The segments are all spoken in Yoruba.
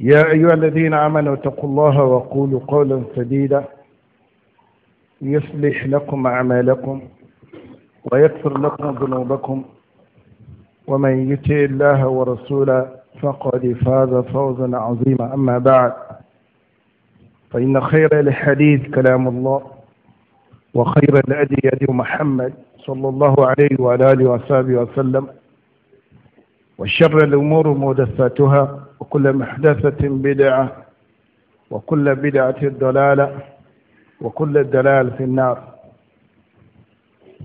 يا أيها الذين آمنوا اتقوا الله وقولوا قولا سديدا يصلح لكم أعمالكم ويغفر لكم ذنوبكم ومن يطع الله ورسوله فقد فاز فوزا عظيما أما بعد فإن خير الحديث كلام الله وخير الأدي أدي محمد صلى الله عليه وعلى آله وصحبه وسلم وشر الأمور محدثاتها وكل محدثة بدعة وكل بدعة ضلالة وكل الدلال في النار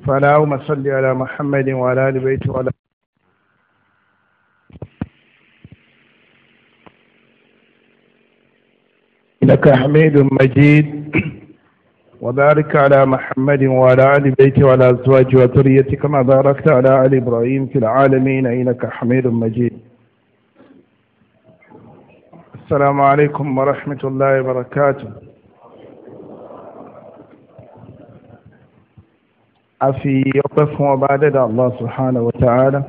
أوم صلي على محمد وعلى آل بيته وعلى إنك حميد مجيد وبارك على محمد وعلى آل بيته وعلى أزواجه وذريته كما باركت على آل إبراهيم في العالمين إنك حميد مجيد السلام عليكم ورحمة الله وبركاته أفي يقف وبعدد الله سبحانه وتعالى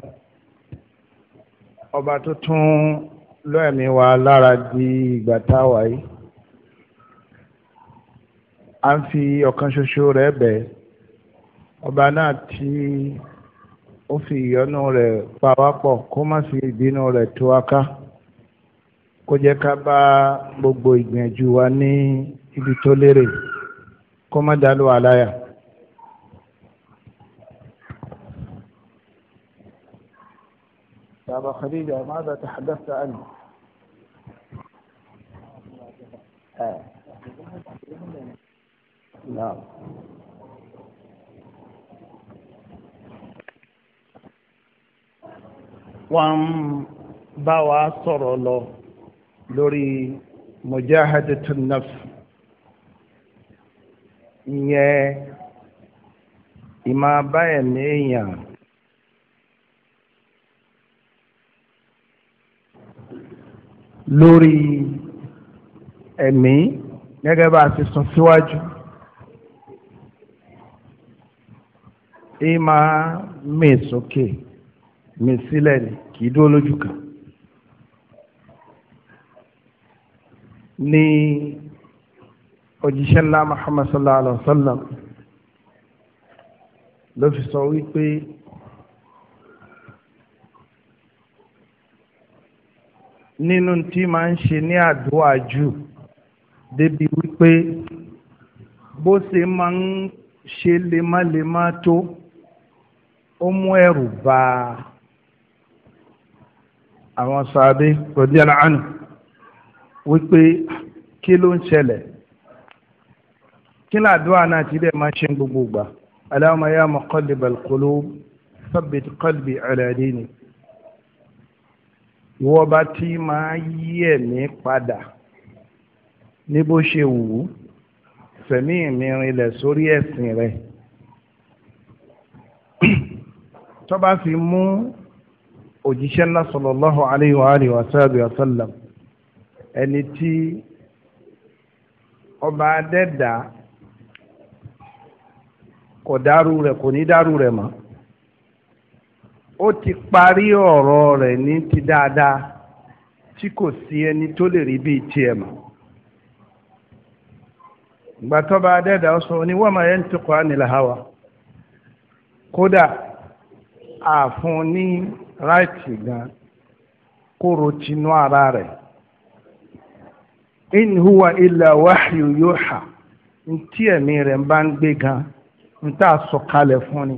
ọba tó tún lọ́ẹ̀mí wa lára di ìgbà tá a wà yìí à ń fi ọ̀kan ṣoṣo rẹ̀ bẹ̀ ọba náà tí ó fi ìyọ́nú rẹ̀ pa wá pọ̀ kó má fi ìbínú rẹ̀ tú wa ká kó jẹ́ ká bá gbogbo ìgbìyànjú wa ní ibi tó lérè kó má dálù àláyà. يا أبا خديجة ماذا تحدثت عنه؟ نعم wọ́n bá wa sọ̀rọ̀ lórí mujahadatun nafs ìyẹn ìmọ̀ abáyẹ̀ ní èèyàn. lórí ẹ̀mí gẹ́gẹ́ bá a ti sọ síwájú. ìmọ̀ mi sókè mi sílẹ̀ kì í dúró lójú kan. ní òjíṣẹ́ ńlá Muhammad sallallahu alaihi wa sallam ló fi sọ wípé nínú tí máa ń ṣe ní àdúrà jù débi wípé bó ṣe máa ń ṣe lemálema tó ó mú ẹ̀rù bà àwọn sàbẹ rọdí àlàánù wípé kí ló ń ṣẹlẹ̀ kí làdúrà náà ti dẹ̀ máa ṣe gbogbo ìgbà Allahumma ya muqallibal qulub thabbit qalbi ala dinik ìwọ bá tí máa yí ẹ̀mí padà ní bó ṣe wù ú fẹ̀mí mi rinlẹ̀ sórí ẹ̀sìn rẹ tó fi mú òjíṣẹ́ ńlá sallallahu alayhi wa alihi wa sallam ẹni tí ọba adẹ́dà kò dárú rẹ̀ kò ní dárú rẹ̀ mọ́ ó ti parí ọ̀rọ̀ rẹ̀ ní ti dáadáa tí kò sí ẹni tó lè rí bíi tiẹ̀ mọ́ gbàtọ́ba adẹ́dà ó sọ ní wọ́n máa yẹn ti kọ́ ànilà kódà àfun ní ráìtì gan kóró tinú ara rẹ̀. in huwa illa wahyu yuha ntí ẹ̀mí rẹ̀ bá ń gbé gan ntá sọ̀kalẹ̀ fún ni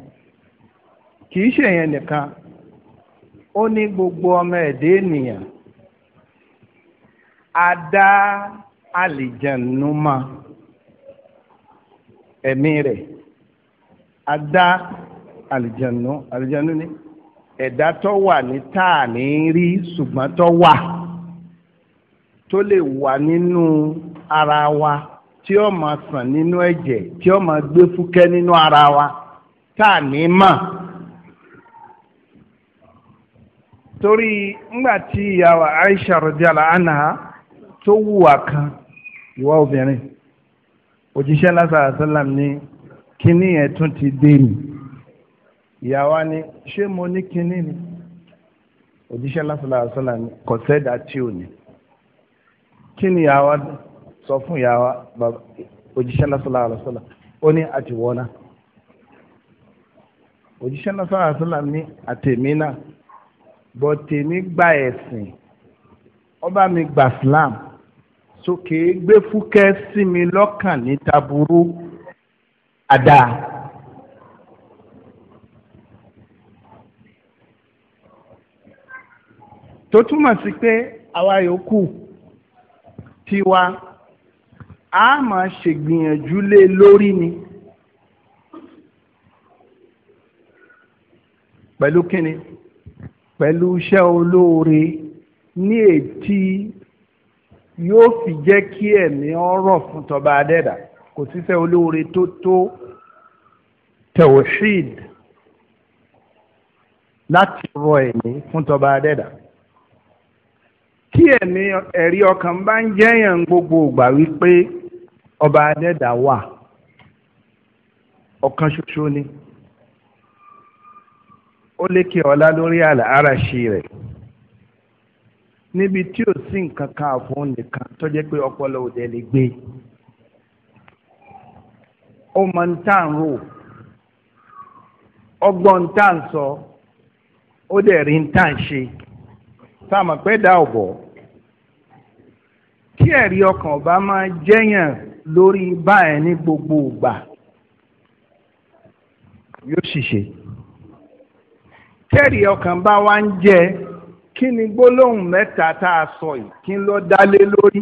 kì í nìkan ó ní gbogbo ọmọ ẹ̀dẹ́ ènìyàn a dá àlìjẹ̀nu mọ́ ẹ̀mí rẹ̀ a dá àlìjẹ̀nu àlìjẹ̀nu ni ẹ̀dá tó tó lè wà nínú ara wa tí ó máa sàn nínú ẹ̀jẹ̀ tí ó máa gbé fúkẹ́ nínú ara wa tá à ní mọ̀. torí ńgbà tí ìyàwó Aisha radiyallahu anha tó wùwà kan ìwà obìnrin òjíṣẹ́ lásàrà sálàm ní kínní yẹn tún ti dé mi ìyàwó ni ṣé mo ní kínní ni òjíṣẹ́ lásàrà sálàm kò sẹ́dá tí ò ní. Kini yawa ìyá wa sọ fún ìyá wa bàbá òjíṣẹ́ lásìlá àlọ́sọ́là ó ní àtiwọ́lá òjíṣẹ́ lásìlá àlọ́sọ́là ní àtẹ̀mí náà bọ́ tèmi gba ẹ̀sìn ọba mi gba Islam sókè gbé fúkẹ́ sí mi lọ́kàn ní taburú àdá. tó túmọ̀ sí pé àwa yòókù tiwa a máa ṣègbìyànjú lé lórí ni pẹ̀lú kíni pẹ̀lú iṣẹ́ olóore ní ètí yóò fi jẹ́ kí ẹ̀mí ọ̀rọ̀ fún tọba adẹ́dà kò síṣẹ́ olóore tó tó tẹ̀wọ̀ṣíìd láti rọ ẹ̀mí fún tọba adẹ́dà kí ẹ̀mí ẹ̀rí ọkàn bá ń jẹ́yàn gbogbo ìgbà wípé ọba adẹ́dà wà ọ̀kan ṣoṣo ni ó lékè ọlá lórí àràṣì rẹ̀ níbi tí ò sí nǹkan kan àfọ̀n nìkan tó jẹ́ pé ọpọlọ òde lè gbé ó mọ ní tá à ń rò ọgbọ́n tá à ń sọ ó dẹ̀ rí ní tá à ń ṣe tá a dá ọ̀bọ̀ tí ẹ̀rí ọkàn bá máa jẹ́yàn lórí báyẹn ní gbogbo ìgbà yóò ṣìṣe tẹ́rì ọkàn bá wá ń jẹ kí ni gbólóhùn mẹ́ta tá a sọ yìí kí ló dá lé lórí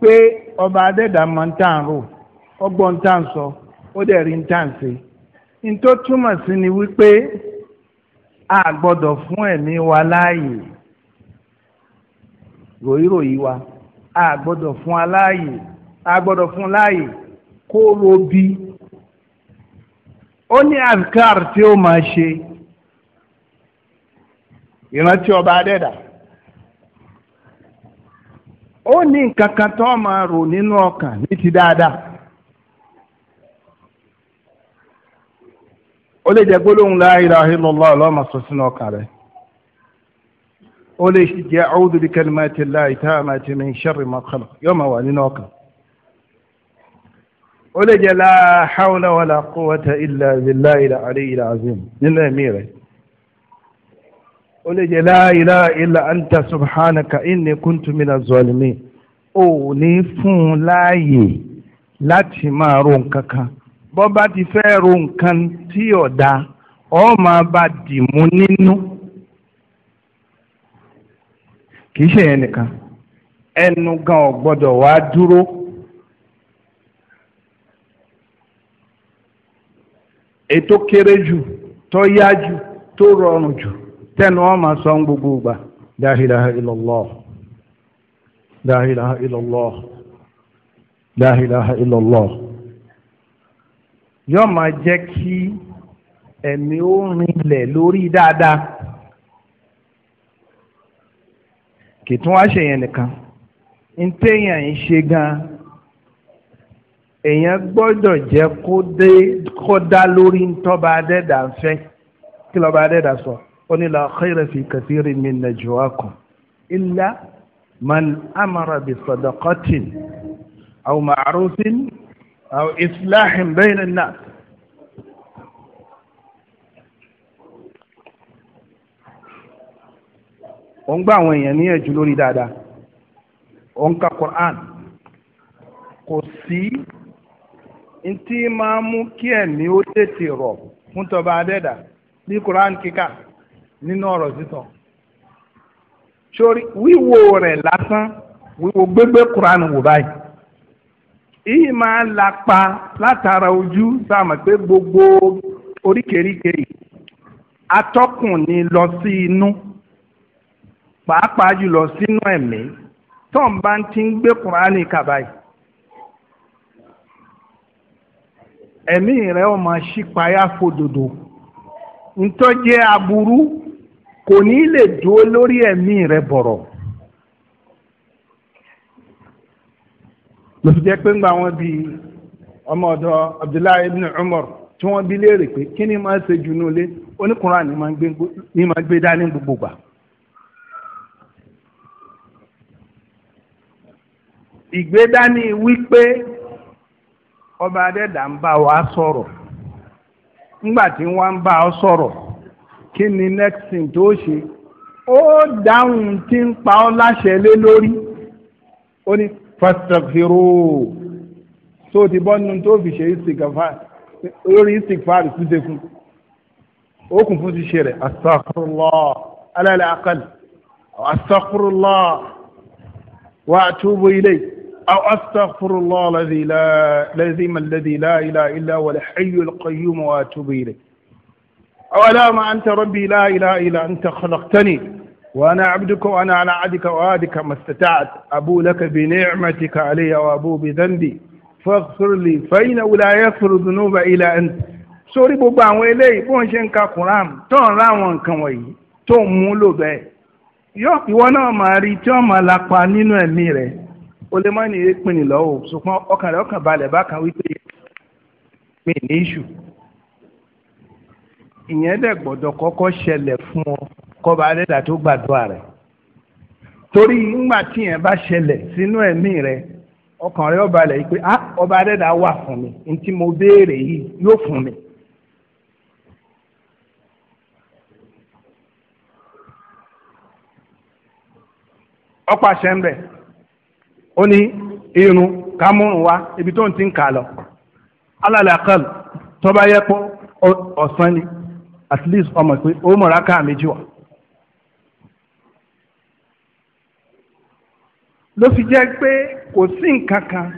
pé ọba adẹ́dà ń tà rò ọgbọ́n tá à sọ ó dẹ̀ rí ń tà ṣe ní tó túmọ̀ sí ni wípé a gbọ́dọ̀ fún ẹ̀mí wa láàyè. ròyìnròyìn wa a gbọdọ fún aláàyè a gbọ́dọ̀ fún láàyè kó ro bí ó ní azkar tí ó máa ṣe ìrántí ọba adẹ́dà ó ní nǹkan kan tó máa rò nínú ọkàn ní ti dáadáa. ó lè jẹ́ gbólóhùn la ilaha illallah lọ́mọ sọ sínú ọkàn rẹ̀. ó lè jẹ́ a'udhu bi kalimatillahi tammati min sharri ma khalaq yóò máa wà nínú ọkàn ó lè jẹ́ la hawla wala quwwata illa billahi al-aliyyil azim nínú ẹ̀mí rẹ̀ ó lè jẹ́ la ilaha illa anta subhanaka inni kuntu minaz zalimin ò ní fún un láti máa ro nǹkan kan bá ti fẹ́ ro nǹkan tí ọ̀dà ọ̀ máa bá dìmú nínú. kìí ṣe yẹn nìkan ẹnu gan ò gbọ́dọ̀ wá dúró ètò kéré jù tó yá jù tó rọrùn jù tẹnu wọn máa sọ gbogbo ìgbà la ilaha illallah la ma illallah la rin máa lórí dáadáa. kì í tún wá ṣe yẹn nìkan ń téèyàn ń ṣe gan èèyàn gbọ́dọ̀ jẹ́ kó dé kó dá lórí ntọ́ba adẹ́dà ń fẹ́ kí lọ́ba adẹ́dà sọ ó ní la khayra fi kathirin min najwakum illa man amara bi sadaqatin aw ma'rufin aw islahin bayna an-nas. ó ń gbà àwọn èèyàn níyànjú lórí dáadáa ó ń ka Quran kò sí ntí máa mú kí ẹ̀mí ó tètè rọ̀ fún tọba adẹ́dà bí Quran kíkà nínú ọ̀rọ̀ sísọ sórí wíwo rẹ̀ lásán wíwo gbégbé Quran wò báyìí èyí máa lapa látara ojú sáàmù pé gbogbo oríkèéríkèé atọ́kùn ni lọ sí inú pàápàá jùlọ sínú ẹ̀mí tó ń bá ti ń gbé kùránì kàbáyì ẹ̀mí rẹ̀ ó máa ṣípayá fòdòdó ntọ́jẹ́ aburú kò ní lè dúró lórí ẹ̀mí rẹ̀ bọ̀rọ̀. lọ́sùn pé ń gba wọn bíi ọmọ ọ̀dọ́ Abdullahi ibn Umar tí wọ́n bí léèrè pé kí ni máa ń ṣe jù nílé oníkùnrin ni máa ń gbé dání gbogbo gbà. ìgbédání wípé ọba adẹ́dà ń bá wa sọ̀rọ̀ ńgbà tí wọ́n bá ọ sọ̀rọ̀ kí ni next thing tó ṣe ó dáhùn tí ń pa láṣẹ lé lórí ó ní fàṣẹfìrò tó ti bọ́ nínú tó fi ṣe istikfar rẹ̀ o kun fún ó kún fún ti ṣe rẹ̀ wa tubu ile. أو أستغفر الله الذي لا لازم الذي لا إله إلا هو الحي القيوم وأتوب إليه أو ما أنت ربي لا إله إلا أنت خلقتني وأنا عبدك وأنا على عهدك وعهدك ما استطعت أبو لك بنعمتك علي وأبو بذنبي فاغفر لي فإنه لا يغفر الذنوب إلا أنت sórí gbogbo àwọn eléyìí bó ń ṣe ń ka quran tó ń ra àwọn nǹkan wọ̀nyí tó ń mú lò bẹ́ẹ̀ yọ ìwọ náà máa rí tí wọ́n máa lapa nínú ẹ̀mí rẹ̀ o lè má ní ìpinnu lọ́wọ́ ṣùgbọ́n ọkàn rẹ̀ ọkàn balẹ̀ bákan wípé mi ní ìṣù ìyẹn dẹ̀ gbọ́dọ̀ kọ́kọ́ ṣẹlẹ̀ fún ọ kọba adẹ́dà tó gbàdúrà rẹ̀ torí ńgbà tí yẹn bá ṣẹlẹ̀ sínú ẹ̀mí rẹ̀ ọkàn rẹ̀ ó balẹ̀ pé ah ọba adẹ́dà wà fún mi ntí mo béèrè yìí yóò fún mi. ọ̀pọ̀ àṣẹ ń bẹ̀ ó ní irun ká múrun wá ibi tó ń ti ń kà lọ alálàkàl tó bá yẹ pọ ọ̀sán ni at least ọmọ pé ó mọ̀ra ká méjì wá. ló fi jẹ́ pé kò sí nǹkan kan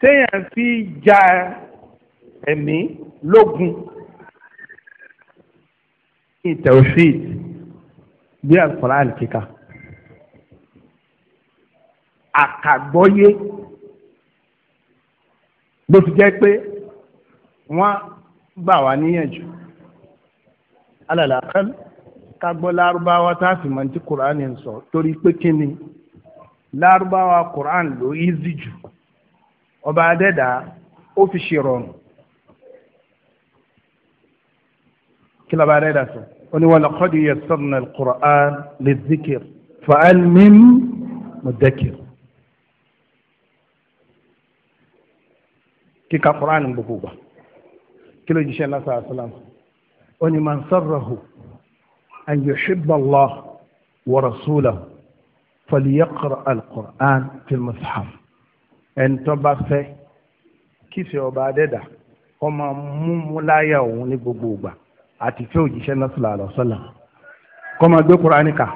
téèyàn fi ja ẹ̀mí lógun ní tẹ̀wọ́fíìd bí àkùrá àlùkíkà àkàgbọ́yé bó ti jẹ́ pé wọ́n gbà wá níyànjú alàlàkán ká gbọ́ lárúbáwá tá a sì mọ̀ tí kùránì ń sọ torí pé kí ni lárúbáwá kùránì ló ízì jù ọba adẹ́dà ó fi ṣe rọrùn kí lọ́ba adẹ́dà sọ ó ní walaqad yassarna al-Qur'an lizikr fa'al min mudakkir. kíka Quran gbogbo gbà kí ló jíṣẹ́ lásà àṣàlám ó ní man sarrahu an yuhibba Allah wa rasulahu falyaqra al-Quran fil mushaf ẹni tó bá fẹ́ kí ṣe ọba adẹ́dà kó máa mú mú láyà òun ní gbogbo ìgbà àti fẹ́ òjíṣẹ́ náà sọ̀rọ̀ àlọ́sọ́là máa gbé Kùránì kà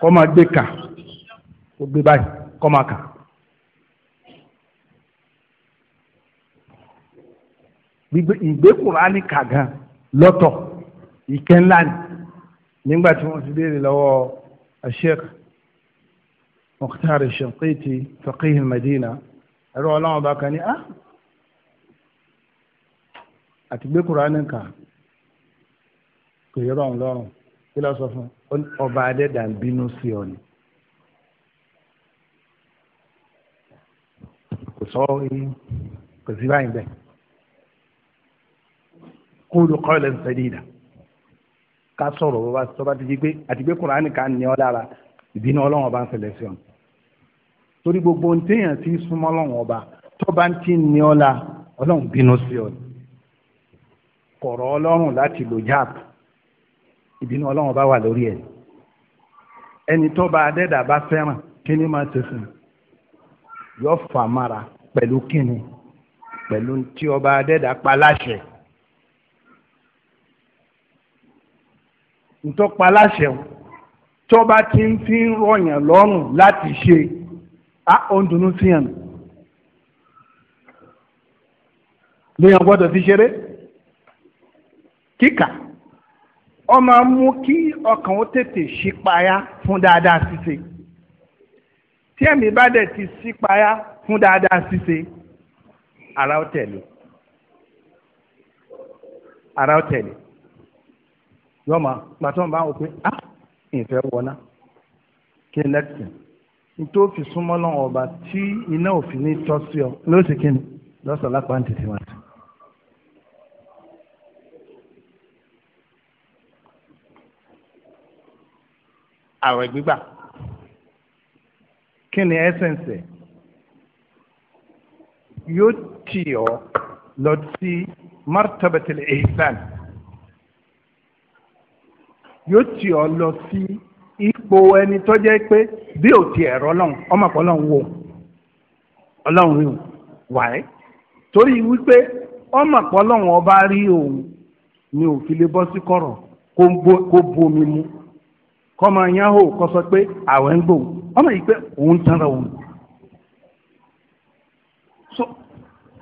kó máa gbé kà gbé báyìí kó máa kà. ìgbé kùránì kàgán lọ́tọ̀ ìkẹ́ ńlá ni nígbà tí wọ́n ti béèrè lọ́wọ́ Sheikh Mukhtar Shinqiti faqih Madina ẹ̀rọ ọlọ́run bá kan ní ah àti gbé kùránì kà kò yẹ rọrùn lọ́rùn kí ló sọ fún ọba adẹ́dà ń bínú sí ọ ni. kò sọ kò sí báyìí bẹ́ẹ̀ kóòlù kọ́ọ̀lẹ̀ ń sẹ́dí ìdá ká sọ̀rọ̀ bó bá sọ bá ti di pé àti pé kùránì ká ní ọ lára ìbínú ọlọ́wọ́n ọba ń ṣẹlẹ̀ sí ọ̀n torí gbogbo ohun téèyàn ti súnmọ́ ọlọ́wọ́n ọba tó bá ń ti ní ọ la ọlọ́wọ́n bínú sí ọ kọ̀rọ̀ ọlọ́run láti lò jáàpù ìbínú ọlọ́run ọba wà lórí ẹ̀ ẹni tó bá adẹ́dà bá fẹ́ràn kíni máa ṣe fún yọ fàmàrà pẹ̀lú kíni pẹ̀lú tí ọba adẹ́dà pa láṣẹ. ntọ́pa aláṣẹ o tọ́ba ti ń fi rọ̀yàn lọ́rùn láti ṣe á ó ń dunnú sí yàn lèèyàn gbọ́dọ̀ fi ṣeré kíkà ó máa mú kí ọkàn ó tètè ṣípayá fún dáadáa ṣíṣe tí ẹ̀mí bá dẹ̀ ti ṣípayá fún dáadáa ṣíṣe ara ó tẹ̀lé ara ó tẹ̀lé yọ ma gbàtọ́ bá wọ pé ah ìfẹ́ wọná kí n lẹ́kìtì nítorí òfin súnmọ́ lọ́wọ́ ọba tí iná òfin ní tọ́ sí ọ lóṣù kí ni lọ́sọ̀ lápá ń tètè wá sí. àwẹ̀ gbígbà kí ni ẹ́sẹ̀nsẹ̀ yóò tì ọ́ lọ sí martabatil ihsan. yóò tì ọ lọ sí ipò ẹni tó jẹ́ pé bí ò ti ẹ̀rọ ọlọ́run ọmọ pọ̀ ọlọ́run wò ọlọ́run rí wàá ọba rí òun ni ò fi lè bọ́ sí kọ̀rọ̀ kó bomi mu kọ́mọ yẹn hò kọ́ sọ pé àwẹ̀ ń ọmọ yìí pé òun tanra òun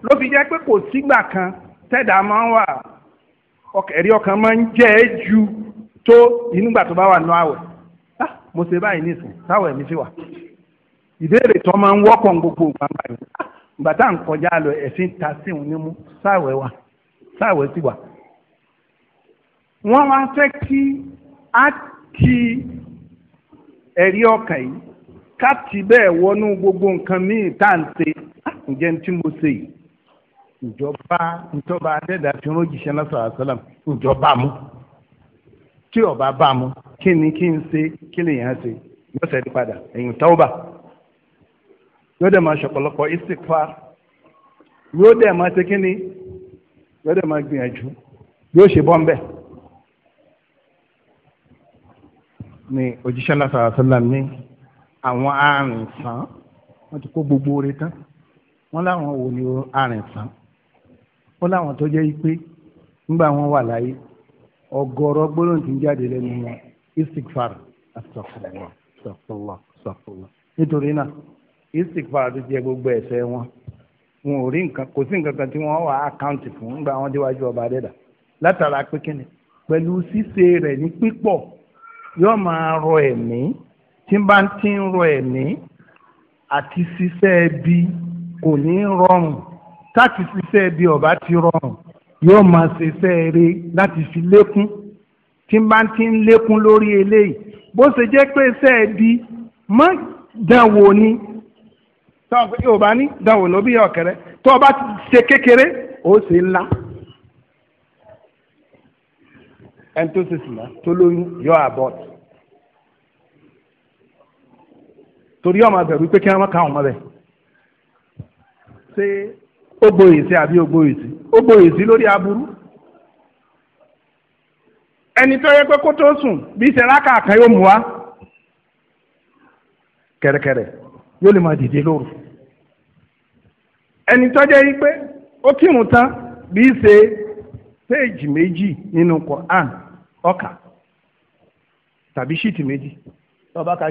ló fi jẹ́ pé kò sígbà kan tẹ́dà máa ń wà ẹ̀rí ọkàn máa ń jẹ́ ju tó ìnígbà tó bá wà nù àwẹ̀ ah mo ṣe báyìí nìsín táwẹ̀ mi fi wà ìbéèrè tó máa ń wọ́pọ̀ gbogbo gbàgbà yìí ah, ìgbà tá à ń kọjá lọ ẹ̀sìn ta sí òun nímú sáwẹ̀ wà sáwẹ̀ sì wà. wọ́n wá fẹ́ kí á ti ẹ̀rí ọkàn yìí ká ti bẹ́ẹ̀ wọnú gbogbo nǹkan míì tá à ń ṣe ah, ǹjẹ́ tí mo ṣe yìí ìjọba ìjọba adẹ́dàá fi ń rojìṣẹ́ náà sọ̀rọ̀ àṣálàm tí ọba bá mu kí ni kí n ṣe kí lè yàn án ṣe yóò ṣẹ́ni padà ẹ̀yìn tọ́wọ́bà yóò dẹ̀ máa ṣọ̀pọ̀lọpọ̀ ìsìkfà yóò dẹ̀ máa ṣe kí ni yóò dẹ̀ máa gbìyànjú yóò ṣe bọ́ ńbẹ́. ni òjíṣẹ́ náà sọ̀rọ̀ sọ́lá ní àwọn àrùn sàn wọ́n ti kó gbogbo oore tán wọ́n láwọn wò ní àrùn sàn wọ́n láwọn tó jẹ́ pé nígbà wọn wà láyé ọgọrọ gbọdọ tí ń jáde lẹ́nu wọn istikfar nítorí náà istikfar ti jẹ gbogbo efe wọn wọn ò rí nǹkan kò sí nǹkan kan tí wọn wà á fún nígbà wọn déwájú ọba adẹ́dà látara pé kíni pẹ̀lú ṣíṣe rẹ̀ ní pípọ̀ yóò máa rọ ẹ̀mí tí bá ti ń rọ ẹ̀mí àti ṣiṣẹ́ ẹbí kò ní ọba ti rọrùn yóò máa ṣe sẹ́ẹ̀rẹ́ láti fi lékún tí n bá ti ń lékún lórí eléyìí bó ṣe jẹ́ pé sẹ́ẹ̀bi mọ́ dánwò ni tọ́ pé yóò bá ní dánwò ló bí ọ̀kẹ́rẹ́ tó o bá ti ṣe kékeré ó ṣe ńlá ẹni tó ṣe sìnà tó lóyún yọ abort torí ọmọ abẹ̀rù pé kí wọ́n máa ka ọmọ bẹ̀ ṣé. ó gboyè sí àbí ó gboyè sí ó lórí aburú ẹni tó yẹ pé kó tó sùn bí sẹ́ráka okimuta yóò mú wa kẹ̀rẹ̀kẹ̀rẹ̀ yóò lè máa dìde lóru ẹni tó jẹ́ yí pé ó ka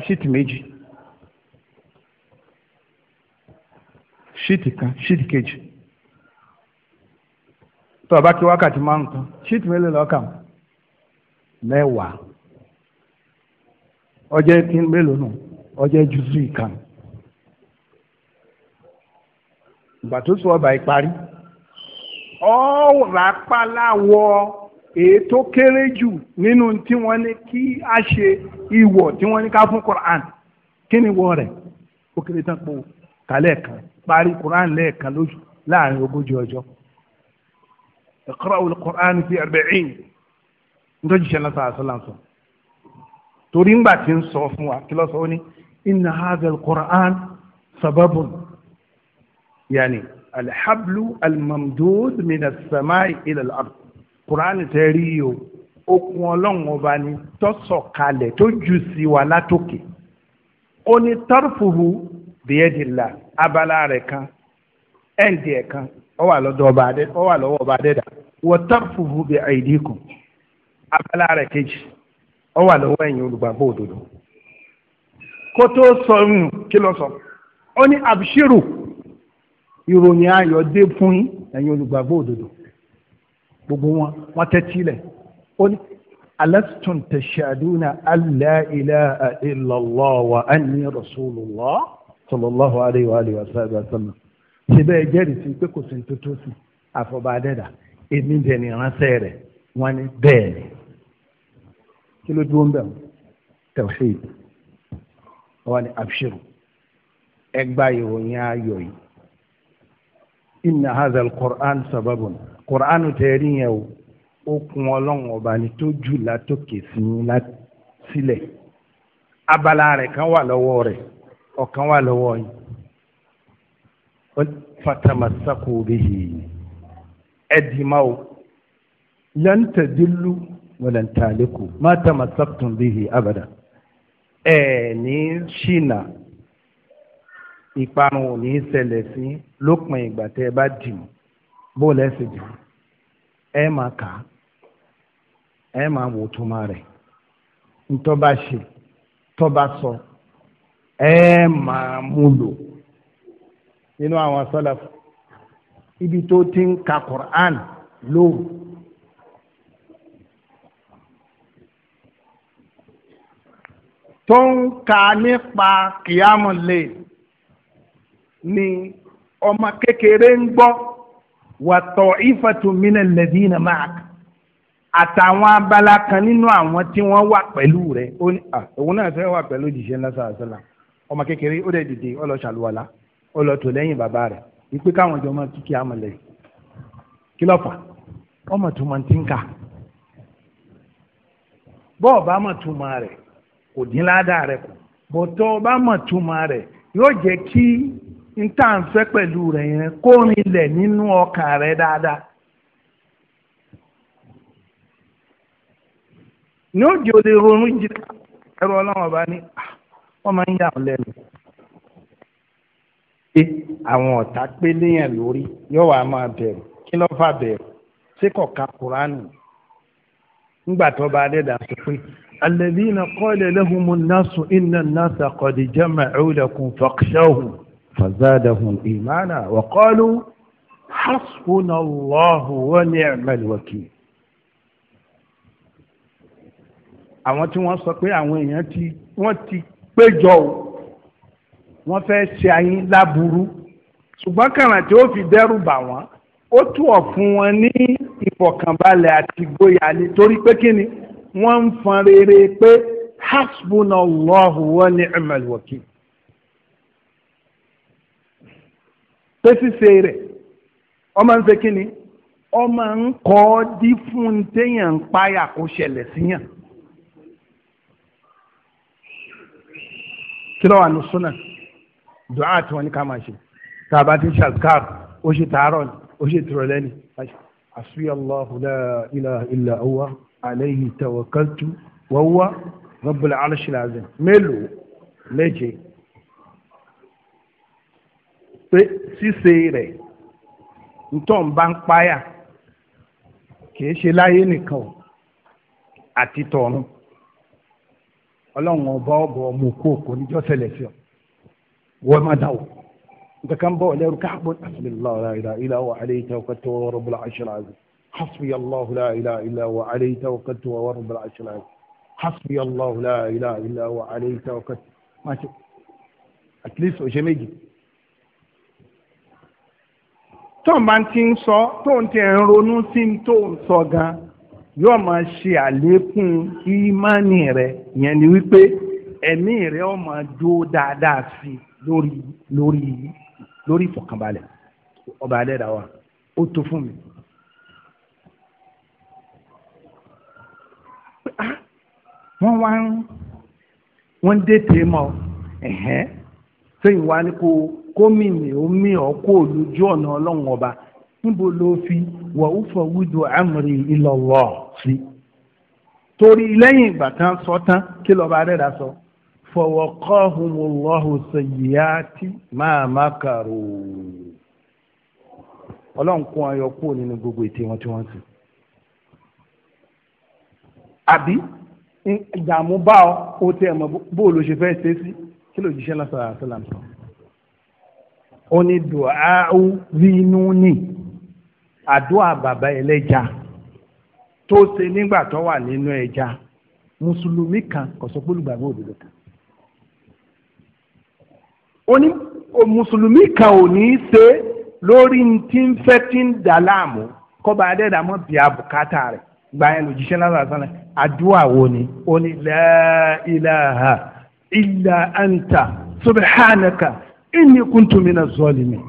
ṣíìtì méjì tó o bá kí wákàtí márùn tán ṣíìtì mélòó lọ́ọ́ kà mọ́ mẹ́wàá ọjọ́ tí mélòó nù ọjọ́ jùzú ìkànnì ìgbà tó sọ ọba ìparí ọ̀rà pàláwọ̀ èyí tó kéré jù nínú tí wọ́n ní kí a ṣe ìwọ̀ tí wọ́n ní ká fún Quran kí ni wọ́n rẹ̀ ó kéré tán po kálẹ̀ kan parí Quran lẹ́ẹ̀kan lójú láàrin ogójì ọjọ́ iqra'u al-Qur'an fi arba'in nítorí jíṣẹ́ náà sàásọ́ là ń sọ torí ńgbà tí ń sọ fún wa kí ló sọ ó ní inna hadha al-Qur'an sababun yani alḥablu almamdud min asamai ila al-ard Qur'an tẹ́ rí o okùn ọlọ́run ọba ni tó sọ̀kalẹ̀ tó jù sí wa látòkè ó ní tarfuhu biyadillah abala rẹ̀ kan ẹ̀ǹdì ẹ̀ kan ọ wà lọ́dọ̀ ọba adé ọ wà lọ́wọ́ ọba adé dà wọ́n tàfùfù bí àìdíkù abala rẹ̀ kejì ọ wà lọ́wọ́ ẹ̀yin òdodo kó tó sọ nù hmm, kí ló sọ ó ní àbíṣírù ìròyìn ayọ̀ dé fún ẹ̀yin olùgbàgbọ́ òdodo gbogbo wọn wọn tẹ́tí lẹ̀ ó ní alastun tashaduna alla ilaha illallah wa anni rasulullah sallallahu alayhi wa alihi ṣe bẹ́ẹ̀ jẹ́rìí sí pé kò sí ní tuntun sí àfọ̀bá adẹ́dà èmi dẹ̀ ní ìránṣẹ́ rẹ̀ wọ́n ní bẹ́ẹ̀ ni kí ló dúró ń bẹ̀ wọ́n tawhid wọ́n ní abshiru ẹ ìròyìn ayọ̀ yìí inna hazal qur'an sababun qur'an tẹ̀rí yẹn o ó kun ọlọ́run ọba ni tó jù látòkè sí i sílẹ̀ abala rẹ̀ kan wà lọ́wọ́ rẹ̀ ọ̀kan wà lọ́wọ́ yìí fatamasaku bihi ẹdìmáwò lantadilu wàlantaliku matamasakutun bihi abada ẹ ní ṣìnà ìparun ò ní ṣẹlẹ̀ sí lópin ìgbà tẹ́ ẹ bá dìmú bóòlù ẹsẹ̀ jù ẹ máa kà á ẹ máa wò túmọ̀ rẹ̀ ntọ́ bá ṣe tọ́ bá sọ ẹ máa múlò nínú àwọn salaf ibi tó ti ń ka Qur'an lóru. tó ń ka nípa kìámù lè ni ọmọ kékeré ń gbọ́ wàtọ̀ ìfàtúmínà lẹ́dínà máàk àtàwọn abala kan nínú àwọn tí wọ́n wà pẹ̀lú rẹ̀ ah, òun náà fẹ́ wà pẹ̀lú òjìṣẹ́ ńlá ọmọ kékeré ó dẹ̀ dìde ó ọlọtọ lọ lẹ́yìn bàbá rẹ̀ ìpè káwọn jọ máa kíkí àmọ̀lẹ̀ ọmọ tó máa ti ń kà bọ́ọ̀ bá mọ̀ rẹ̀ kò dín ládàá rẹ̀ kù bọ̀tọ̀ bá mọ̀ rẹ̀ yóò jẹ́ kí n tà ń fẹ́ pẹ̀lú rẹ̀ yẹn kó rinlẹ̀ nínú ọkàn dáadáa. ní òjò lè ronú jìnnà ọlọ́run ọba ní ah, wọ́n pé àwọn ọ̀tá pélé yẹn lórí yóò wá máa bẹ̀rù kí ló fà bẹ̀rù ṣé kọ̀ọ̀ka kúránù nígbà tó bá dẹ́dà sọ pé alladhina qala lahumu nnasu inna nnasa qad jama'u lakum fakhshawhum fazadahum imana wa qalu hasbunallahu wa ni'mal wakil. àwọn tí wọ́n sọ pé àwọn èèyàn ti wọ́n ti péjọ o wọ́n fẹ́ ṣe ayín láburú ṣùgbọ́n kàràn tí ó fi dẹ́rù bà wọ́n ó tù ọ̀ fún wọn ní ìfọ̀kànbalẹ̀ àti ìgboyà ni torí pé kí ni wọ́n ń fọn rere pé hasbunallahu wa ni'mal wakil. pé ṣíṣe rẹ̀ ọmọ ń ṣe kí ni ọmọ ń kọ́ ọ́ dí fún téèyàn ń páyà kó ṣẹlẹ̀ síyàn. kí ló wà ní súnà dùá tí wọ́n ní ká máa ṣe tá a bá ti ṣàzkár ó ṣe tààrọ̀ ni ó ṣe tìrọ̀lẹ́ ni àṣùyí Allahu la ilaha illa huwa alayhi tawakkaltu wa huwa rabbul arshil azim mélòó méje pé ṣíṣe rẹ̀ ntọ́n bá ń páyà kìí ṣe láyé nìkan o àti tọ̀run ọlọ́run ọba ọ̀bọ̀ ọmọ òkú òkú níjọ́ ṣẹlẹ̀ sí ọ wọ́n máa dà o nǹkan kan bọ̀ lẹ́rù káàbọ̀ asibirilahi la ilaha illa wa alayhi tawakkaltu wa rabbul arshil azim hasbi allahu la ilaha illa wa alayhi tawakkaltu wa rabbul arshil azim hasbi allahu la ilaha illa wa alayhi tawakkaltu máa ṣe at least ọ̀ṣẹ́ méjì tó ń bá ti ń sọ tó ń tẹ̀ ń ronú sí tó ń sọ gan yóò máa ṣe àlékún ìmánì rẹ̀ yẹn ni wípé ẹ̀mí rẹ̀ ó máa jó dáadáa sí lórí lórí lórí ìfọ̀kànbalẹ̀ ọba adẹ́dà wa ó tó fún mi. wọ́n wá ń wọ́n dé tèémọ̀ ẹ̀hẹ́n sẹ́yìn wá ní kó kó mi mi ó mi ọ́ kó lójú ọ̀nà ọlọ́run ọba níbo ló fi wà ó fọ wíjọ amri ilallah sí. torí lẹ́yìn ìgbà tán sọ tán kí lọ́ba adẹ́dà sọ. So fọwọ́kọ́hùnmùlọ́hùn الله سيئات ما مكروا. ọlọ́run kún ayọ̀ kúrò nínú gbogbo ète wọn tí wọ́n ti. àbí ìdààmú bá ọ ó tẹ ẹ̀ mọ́ bó o lọ ṣe fẹ́ ṣe sí kí ló jíṣẹ́ lásán àti làǹtọ̀. ó ní dùáù zinúnì àdúrà bàbá ẹlẹ́ja tó ṣe nígbà tó wà nínú ẹja mùsùlùmí kan kò sọ pé kan. Oni mùsùlùmí kan ò ní í ṣe lórí tí ń fẹ́ tí ń dà láàmú kọ́ba adẹ́dàmọ́ bí abùkátà rẹ̀ gba yẹn lòjíṣẹ́ lásán sánà àdúrà wo ni ó ní la ilaha illa anta subhanaka inni kuntu minaz zalimin.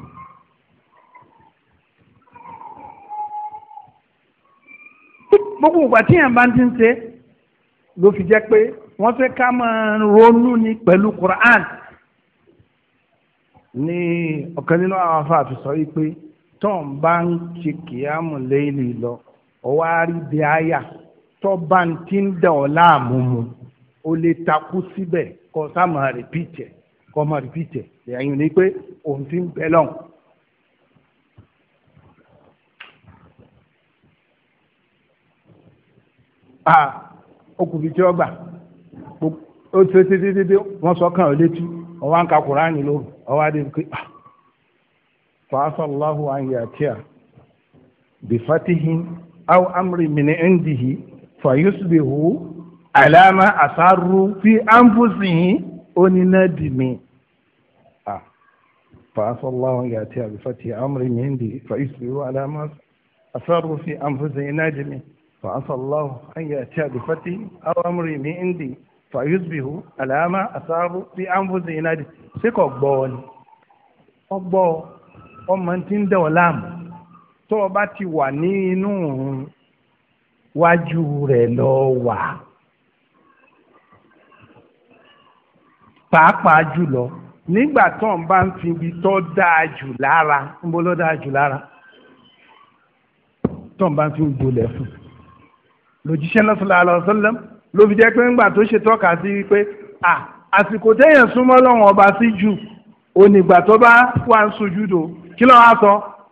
gbogbo ìgbà tí yẹn bá ti ń ṣe ló fi jẹ́ pé wọ́n fẹ́ ká máa ronú ni pẹ̀lú Qur'an ní ọ̀kan nínú àwọn afáàfin sọ yìí pé tọ́n bá ń ṣe kìámù léèlì lọ ọwọ́ àárí bí àyà tọ́ bá ń ti ń dà ọ́ láàmú mu o lè takú síbẹ̀ kọ́ sáàmù rìpíìtì kọ́ mọ̀ rìpíìtì ẹ̀yìn ni pé òun ti ń bẹ́ lọ́hùn. okùnfin tí ó gbà ó ṣe títí títí wọ́n sọ kàn ó létí wọ́n ń ka kùránì lóru ọwọ́ adé pé ah, fàáfàláhù àyè àti à bìfàtìhì àwọn amúrì mìíràn ń dìhì fàyọ́sùbìhù àlàmà àsárù fi àǹfùsìn onínàdìmí. فعفى الله أن يأتيها بفتح أمر من عندي فيصبحوا على ما أصروا في أنفسهم ناجمين فعفى الله أن يأتيها بفتح أمر من عندي fàyúsbìhù àlàámà àsáàbù tí àǹfọ̀sì ìnádì ṣé kò gbọ́ ọ ni ọ gbọ́ ọ ọmọ tí ń dẹ̀wọ̀ láàmú tó o bá ti wà ní inú òun wájú rẹ̀ lọ wà pàápàá jùlọ nígbà tó ń bá ń fi ibi tó dáa jù lára ń bó ló dáa jù lára tó ń bá ń fi gbolẹ̀ fún lójíṣẹ́ lọ́sọ̀lá àlọ́ sọ́lẹ́mù ló fi jẹ́ pé ńgbà tó ṣe tọ́ka sí pé àsìkò téèyàn súnmọ́ lọ́wọ́n ọba sí jù onígbà tó bá wà ń sojúdo kí ló wá sọ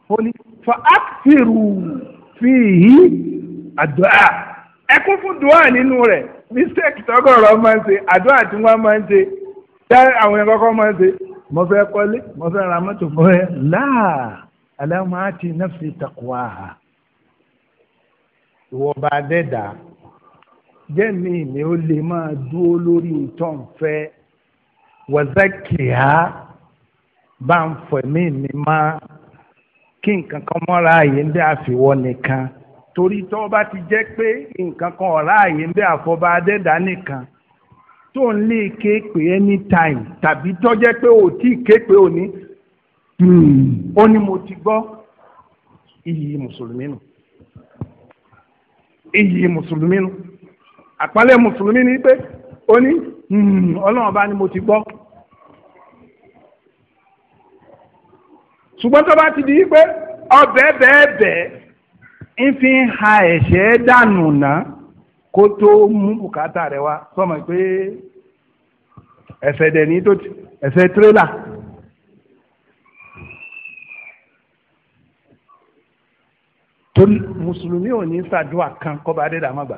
ó ní fa ákìrù fi hí àdúrà ẹkún fún dùá nínú rẹ̀ mistake tọ́gọ̀rọ̀ máa ń ṣe àdúrà tí wọ́n máa ń ṣe tẹ́ àwọn yẹn kọ́kọ́ máa ń ṣe mo fẹ́ kọ́lé mo fẹ́ ra mọ́tò mo fẹ́ láà alámọ̀ á ti náà fi takùwà ìwọ̀ba dẹ́dàá jẹ́mi mi ó lè máa dúró lórí ìtọ́nfẹ́ wọ́sẹ̀kìá bá ń fẹ̀mí mi máa kí nǹkan kan mọ́ra ààyè ń bẹ́ àfiwọ́ nìkan torí tó bá ti jẹ́ pé nǹkan kan ọ̀rá ààyè ń bẹ́ àfọba adẹ́dá nìkan tó ń lè ké pé anytime tàbí tọ́jẹ́ pé ò tí ì ké pé òní hmm, ó ní mo ti gbọ́ iyì mùsùlùmí nù iyì mùsùlùmí nù àpálẹ̀ mùsùlùmí ni pé ó ní hmm, ọlọ́run bá ní mo ti gbọ́. ṣùgbọ́n tó bá ti di pé ọbẹ̀ bẹ́ẹ̀ bẹ́ẹ̀ ń fi ha ẹ̀ṣẹ̀ dànù ná kó tó mú bùkátà rẹ wá sọmọ pé ẹsẹ̀ dẹ̀ ní tó ẹsẹ̀ tírélà. mùsùlùmí ò ní ṣàdúrà kan kọ́ba adédàmọ́gbà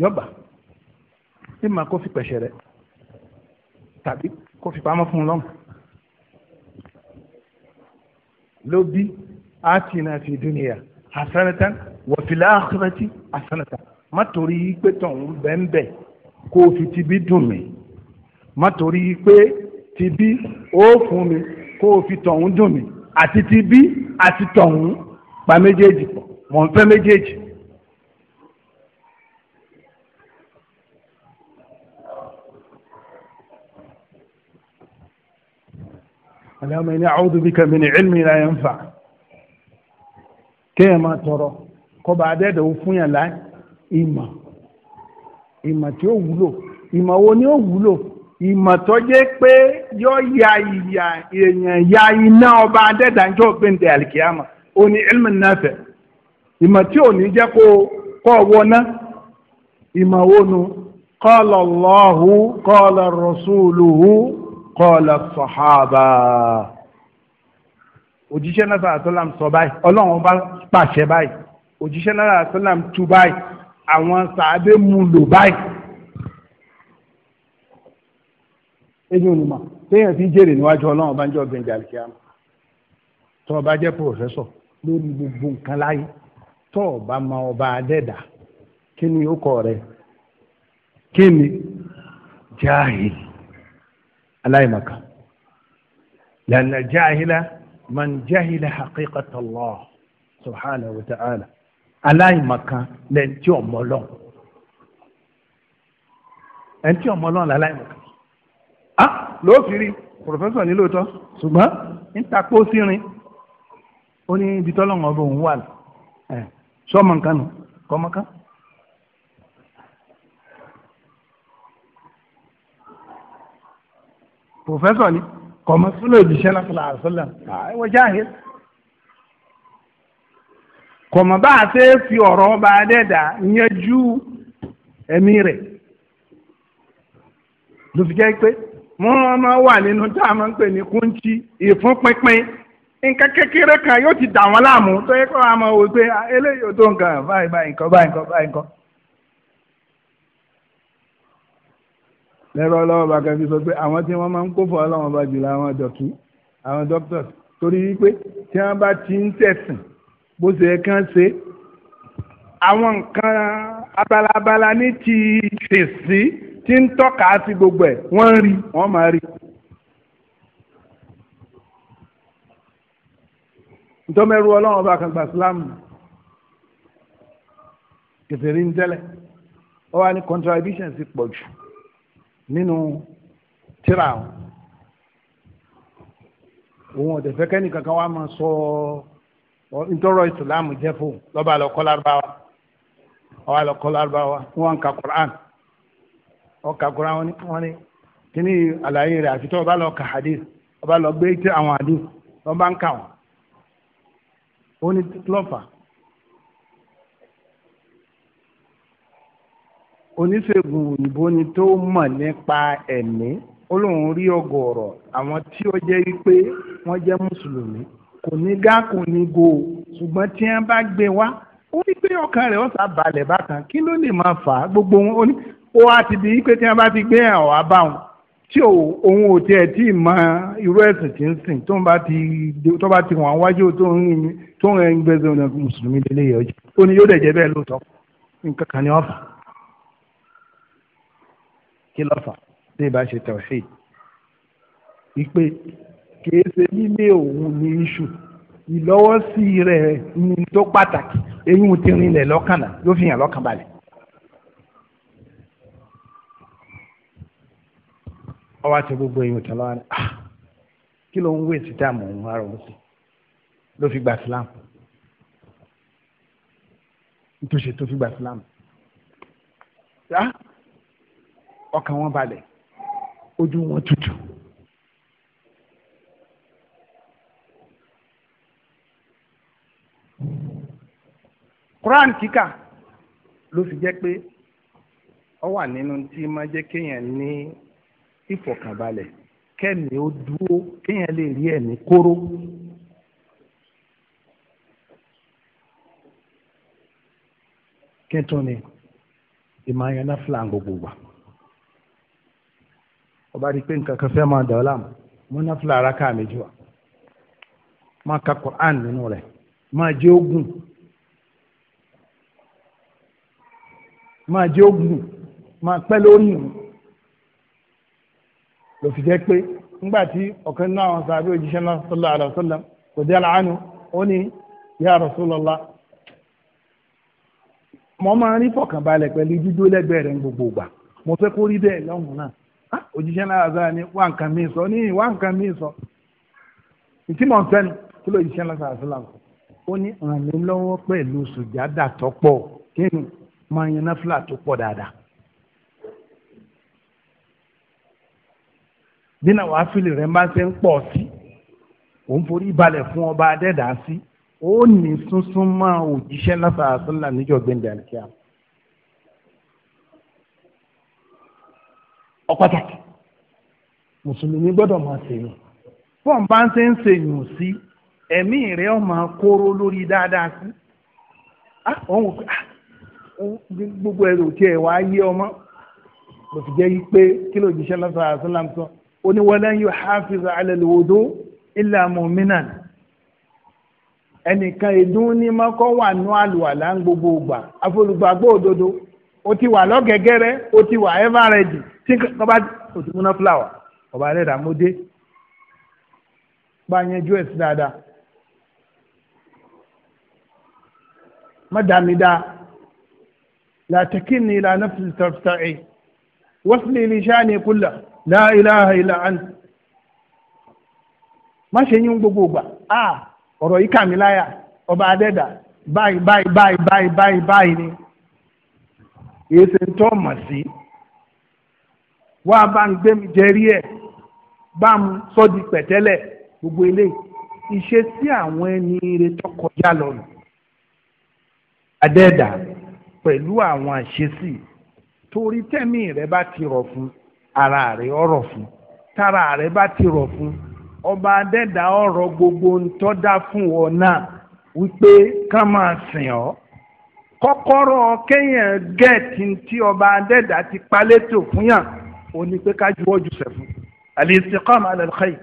yọgbà ẹ máa kó fi pẹ̀sẹ̀ rẹ tàbí kó fi pamọ́ fún un lọ́mù ló bí atina fi dunya hasanatan wa fil akhirati hasanatan má torí pé tọ̀hún bẹ́ẹ̀ kó o fi tibí dùn mí má torí pé tibí ó fún mi kó o fi tọ̀hún dùn mí àti tibí àti tọ̀hún pa méjèèjì pọ̀ mọ̀ n fẹ́ méjèèjì. اللهم إني أعوذ بك من علم لا ينفع kéèyàn máa tọrọ kọba adẹ́dẹ̀wò fún yàn láì ìmọ̀ ìmọ̀ tí ó wúlò ìmọ̀ wo ni ó wúlò ìmọ̀ tó jẹ́ pé yóò ya ìyà èèyàn ya iná ọba adẹ́dàjọ́ gbẹ̀ǹdẹ̀ àlìkíyàmà ó ní ilmu nàfẹ̀ ìmọ̀ tí ò ní jẹ́ kó kọ́ wọná ìmọ̀ wo nu qala Allahu qala rasuluhu kọ́ọ̀lá sọ̀hábà òjíṣẹ́ náà sàlám sọ báyìí ọlọ́run bá pàṣẹ báyìí òjíṣẹ́ náà sàlám tú báyìí àwọn sàábé mú lò báyìí. ẹni onímọ̀ téèyàn fi jèrè níwájú ọlọ́run bá ń jẹ́ ọ̀gbìn jàlìkíá tó o bá jẹ́ pòfẹ́sọ̀ lórí gbogbo nǹkan láyé tó o bá mọ ọba adẹ́dà kí ni ó kọ rẹ kí ni jáhìlì aláìmọ̀kan lànà jáhìlá man jáhìlá haqiqata Allah subhanahu wa ta'ala aláìmọ̀kan lẹ́ni tí ọmọ lọ́n ẹni tí ọmọ lọ́n láláìmọ̀kan ah lóò fi rí pòfẹ́sọ̀ ní lóòótọ́ ṣùgbọ́n ń takpó sírin ó ní ibi tọ́lọ́wọ́n ọba òun wà sọ́mọ nǹkan nù kọ́mọ́kan. Professor ni kọ̀mọ́ súnà ìjíṣẹ́ náà fúnra àṣọlá àìwọ̀ jáde kọ̀mọ́ bá a ṣe fi ọ̀rọ̀ ọba adẹ́dà yanjú ẹ̀mí rẹ̀ ló fi jẹ́ pé wọ́n máa wà nínú tá a máa ń pè ní kúńtì ìfúnpínpín nǹkan kékeré kan yóò ti dà wọ́n láàmú tó yẹ kó a máa wò pé ah, eléyìí ò tó nǹkan báyìí báyìí nǹkan báyìí nǹkan báyìí nǹkan. lẹ́rọ ọlọ́wọ́ bá kan fi sọ pé àwọn tí wọ́n máa ń kó fún ọlọ́wọ́ bá jùlọ àwọn dọ̀tí àwọn doctors torí wípé tí wọ́n bá ti ń tẹ̀sìn bó ṣe yẹ kán ṣe àwọn nǹkan abalabala ní ti fèsì tí ń tọ́ka sí gbogbo ẹ̀ wọ́n ń rí wọ́n máa rí. ntọ́mẹ́rú ọlọ́run bá kan gba sílámù kẹsìrín tẹ́lẹ̀ ó wà ní contradiction sí pọ̀ jù. nínú tíra òun ọ̀dẹ̀ fẹ́ kẹ́ni máa sọ ọ ntọ́rọ̀ ìsìlámù jẹ́ fún lọ́ba lárúbáwá ọba lọ lárúbáwá wọn ka Quran ọkà Quran wọn ni kíní àlàyé rẹ̀ àfitọ́ ọba lọ ka hadith ọba lọ gbé tí hadith wọn bá ń kà wọn ó ní oníṣègùn òyìnbó ni tó mọ̀ nípa ẹ̀mí ó lóun rí ọ̀gọ̀ọ̀rọ̀ àwọn tí ó jẹ́ wípé wọ́n jẹ́ mùsùlùmí kò ní gá kò ní go ṣùgbọ́n tí wọ́n bá gbé wá ó ní pé ọkàn rẹ̀ ó sá balẹ̀ bákan kí ló lè máa fà á gbogbo wọn ó ní ó wá ti di pé tí wọ́n bá ti gbé hàn wá bá wọn tí òun ò tiẹ̀ tí ì mọ irú ẹ̀sìn tí ń sìn tó bá ti tó bá ti wọ́n wájú tó ń rìn tó ń rìn gbẹ́sẹ̀ ọ̀nà mùsùlùmí lélẹ́yẹ̀ ọjọ́ ó ní yóò dẹ̀ jẹ́ bẹ́ẹ̀ lóòótọ́ nǹkan kan ni wọ́n fà á kí ló fà tí ìbá ṣe tawhid ìpè kìí ṣe nílé òun ní iṣu ìlọ́wọ́sí rẹ̀ ní tó pàtàkì eyín ti rinlẹ̀ lọ́kànlá yóò fi hàn lọ́kàn balẹ̀. ọwọ́ àti gbogbo eyín tán lọ́wọ́ ni ah, kí ló ń wé síta mọ̀ ń wá rọ̀ sí ló fi gba Islam nítòsí tó fi gba Islam. Ah, ọkàn wọn balẹ̀ ojú wọn tutù. Quran kíkà ló fi jẹ́ pé ó wà nínú tí máa jẹ́ kéèyàn ní ìfọ̀kànbalẹ̀ kẹ́mi ó dúró kéèyàn lè rí ẹ̀mí kóró. kẹ́tọ́ ni ìmọ̀ ayọ̀ náà fìlà gbogbo wa ọba rí i pé nǹkan kan fẹ́ máa dà ọ́ láàmú múnáfìlà araka méjì wa máa ka Quran nínú rẹ̀ máa jẹ́ ogun máa jẹ́ ogun máa pẹ́ lórí ìrùn ló fi jẹ́ pé ńgbà tí ọ̀kan náà àwọn sàbí òjíṣẹ́ náà sallallahu alaihi wasallam kò dé àlàánú ó ní ya Rasulullah mo máa ń rí fọkànbalẹ̀ pẹ̀lú dídó lẹ́gbẹ̀ẹ́ rẹ̀ gbogbo ìgbà mo fẹ́ kó rí bẹ́ẹ̀ lọ́hùn náà òjíṣẹ́ náà sáà ní wà nǹkan mi sọ ní wà nǹkan mi sọ ìtí mọ̀ nfẹ́ ni kí ló òjíṣẹ́ náà sáà sílà sọ ó ní ràn mí lọ́wọ́ pẹ̀lú sùjádà tó pọ̀ kí ni máa yan náfìlà tó pọ̀ dáadáa. dínà wàá fìlì rẹ̀ máa ṣe ń pọ̀ sí òun forí balẹ̀ fún ọba adẹ́dàá sí ó ní súnsún máa òjíṣẹ́ náà sáà sílà níjọ́ gbẹ̀ndẹ̀ àlùkíyàmù. ọ̀pàtàkì mùsùlùmí gbọ́dọ̀ máa ṣèyàn fọ́n bá ń ṣe ń ṣèyàn sí ẹ̀mí rẹ̀ ó máa kóró lórí dáadáa sí àwọn òkè ah, gbogbo ẹ̀rọ tí ẹ̀ wá yé ọmọ kò sì jẹ́ pé kí ló jíṣẹ́ lọ́sọ̀ àṣàlám sọ ó ní wa lan yuhafiza ala al-wudu illa mu'minan ẹnìkan ìdún ní mọ́kọ́ wà ní àlùwàlá gbogbo ògbà afọlùgbàgbọ́ òdodo o ti wà lọ́gẹ̀gẹ̀rẹ̀ o ti wà ẹ́fàrẹ́jì tí kọ́ba o ti múná fúláwà ọba rẹ̀ rà mọ́dé bá yẹn jú ẹ̀ sí dáadáa má dàmí dáa làtẹ̀kínni ìlànà fìtàfìtà ẹ̀ wọ́sílẹ̀ ilé iṣẹ́ ni kúlà láìláha ìlà àn má ṣe yín gbogbo ìgbà a ah, ọ̀rọ̀ yìí kà mí láyà ọba adẹ́dà báyìí báyìí báyìí báyìí báyìí ni kìí ṣe tó mọ̀ sí wá bá ń gbé mi jẹrí ẹ̀ bá ń sọ di pẹ̀tẹ́lẹ̀ gbogbo eléyìí ìṣe sí àwọn ẹni ire tó kọjá lọ nù adẹ́ẹ̀dà pẹ̀lú àwọn àṣesí torí tẹ́mí rẹ bá ti rọ̀ fún ara rẹ ọ̀rọ̀ fún tára rẹ bá ti rọ̀ fún ọba adẹ́ẹ̀dà ọ̀rọ̀ gbogbo ń tọ́ da fún ọ náà wípé ká máa sìn ọ́ kọ́kọ́rọ́ kéèyàn gẹ̀ẹ́tì tí ọba adẹ́dà ti palétò fún yàn ó ní pé ká juwọ́ jùsẹ̀ fún al-istiqama ala al-khayr.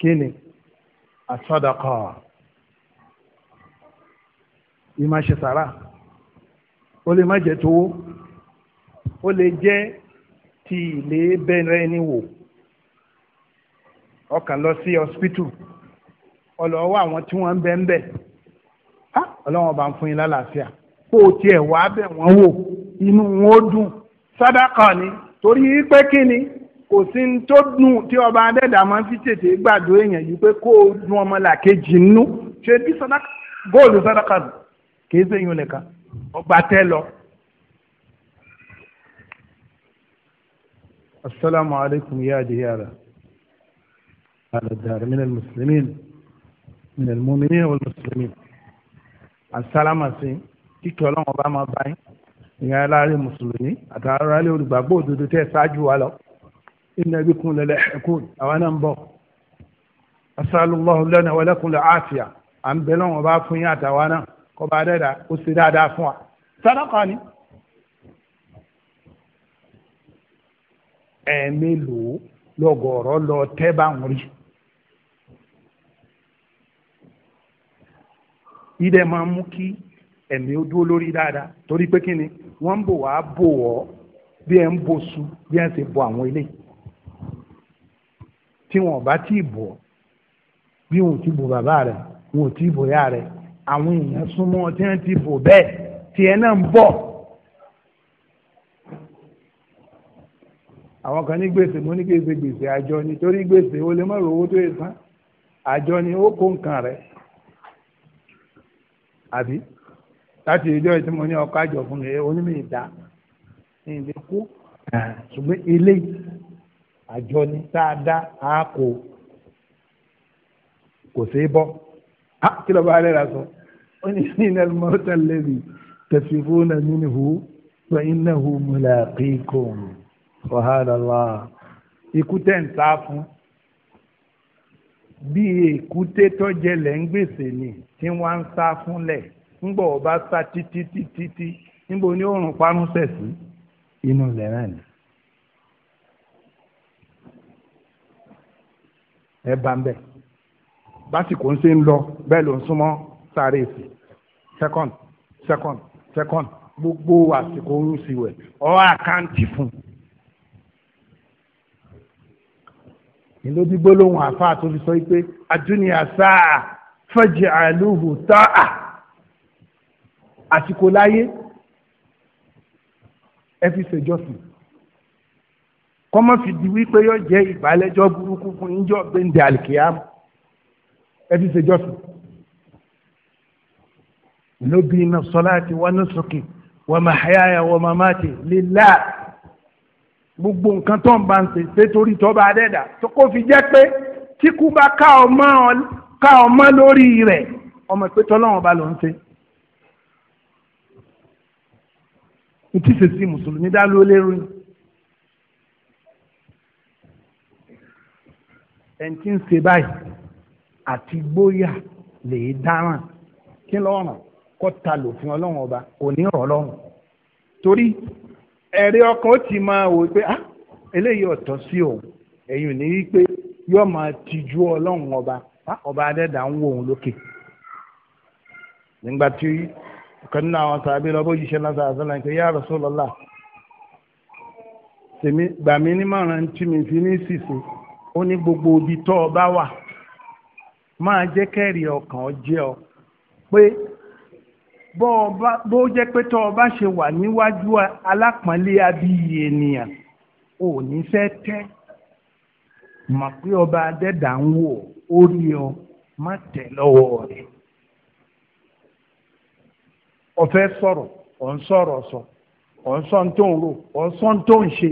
kíni asadaqa ìmọ̀ ṣe sàrà ó lè má jẹ́ tówó ó lè jẹ́ ti ilé bẹ́ẹ̀rẹ̀ ni wò ọkàn lọ sí hospital ọlọ́wọ́ àwọn tí wọ́n ń bẹ́ ń bẹ̀ á ọlọ́wọ́n bá ń fún yín lálàáfíà kó o tiẹ̀ wá bẹ̀ wọ́n wò inú wọn ó dùn sádàkà ni torí pé kí ni kò sí ní tó dùn tí ọba adẹ́dàá máa ń fi tètè gbàdúrà èèyàn yìí pé kó o dun ọmọ làkejì nínú ṣe bí sádàkà góòlù sádàkà kì í sèyún nìkan ọgbà tẹ lọ. السلام عليكم يا ديارة على الدار من المسلمين من المؤمنين والمسلمين السلام عليكم kíkẹ́ ọlọ́run ọba máa bá yín ìyá aláàárẹ̀ mùsùlùmí àtàrà alẹ́ olùgbàgbọ́ òdodo tẹ́ ẹ ṣáájú wa lọ inú ẹbí kun lẹ́lẹ́ ẹ̀kú àwa náà ń bọ̀ asálùmọ́ọ́ lẹ́nu ọlẹ́kùnlẹ̀ àáfíà à ń bẹ lọ́run ọba fún yín àtàwa náà kọba adẹ́dà ó ṣe dáadáa fún wa sádọ́kà ni. ẹ̀ẹ́mẹ́lòó lọ́gọ̀ọ̀rọ̀ lọ tẹ́ bá ń rí. ìdẹ máa mú kí ẹ̀mí ó dúró lórí dáadáa torí pé kí ni wọ́n ń bò wá bò wọ́ bí ẹ ń bò su bí ẹ ń ṣe bò àwọn ilé tí wọn bá tí ì bò bí wọn ò tí ì bò bàbá rẹ wọn ò tí ì bò yá rẹ àwọn èèyàn súnmọ́ tí wọ́n ti bò bẹ́ẹ̀ tiẹ̀ náà ń bọ̀. àwọn kan ní gbèsè mo ní kí n ṣe gbèsè àjọ ni torí gbèsè o lè má tó yẹ tán àjọ ni ó kó nǹkan rẹ̀ àbí láti ìjọ tí mo ní ọkọ àjọ fún mi onímọ̀ ìdá ní ìdí kú ṣùgbọ́n eléyìí àjọ ni tá a dá a kò kò sí bọ́ á kí ló bá rẹ̀ rà sọ ó ní sí iná mọ́tà lẹ́bi tasifuna minhu wa innahu mulaqikum wa hada Allah ikú tẹ̀ ń sá fún bí èkúté tọ́jẹ lẹ̀ ń gbèsè ni tí wọ́n ń sá fúnlẹ̀ ńgbọ̀ ọba sá títí títí tí níbo ni òòrùn parun sẹ̀ sí inú ilẹ̀ náà ni. ẹ bá ń bẹ̀ básìkò ń ṣe ń lọ bẹ́ẹ̀ ló ń súnmọ́ sáré sí second second second gbogbo àsìkò ń sì wẹ̀ ọ́ àkáǹtì fún un. ní ló dìgbò lóhùn àfáà tó fi sọ pé àdúnyà sáà fẹjì àlùhù táà àsìkò láyé ẹ fi ṣèjọsìn kọ́mọ́ fi di wípé yóò jẹ́ ìbálẹ́jọ́ burúkú fún yíjọ́ gbẹ̀ǹdẹ̀ àlìkìyàmù ẹ fi ṣèjọsìn lóbi iná sọláàtì wa nusuki wa mahayaya wa mamati lillah gbogbo nǹkan tó ń bá ń ṣe ṣe torí tọ́ba adẹ́dà tó kó fi jẹ́ pé tíkú bá ká ọmọ ká ọmọ lórí rẹ̀ ọmọ pé tọ́lọ́wọ́n ba ló ń ṣe. ìtì sèṣì mùsùlùmí dá ló lérò ni. ẹni tí ń ṣe báyìí àti gbóyà lè dáràn kí lọ́rùn kọ́ta lòfin ọlọ́run ọba kò ní rọ̀ lọ́rùn torí ẹ̀rí ọkàn ó ti máa wò pé ah eléyìí ọ̀tọ̀ sí o ẹ̀yìn ní wípé yóò máa tijú ọlọ́run ọba ah, ọba adẹ́dà ń wò òun lókè nígbà tí ọ̀kan nínú àwọn sàbí lọ́bọ̀ yìí ṣe lásán àṣà náà pé ya gbà mí tí mi fi ní ó gbogbo ibi bá wà máa jẹ́ kẹ́rì ọ jẹ́ bó jẹ́ pé tọ́ ọ bá ṣe wà níwájú alápọ̀nlé abíyí ènìyàn ò ní fẹ́ tẹ́ pé ọba adẹ́dà ń wò ó ọ má tẹ̀ lọ́wọ́ rẹ̀ ọ̀fẹ́ sọ̀rọ̀ ọ̀ ń sọ̀rọ̀ sọ ọ̀ ń sọ tó ń rò ọ̀ ń sọ tó ń ṣe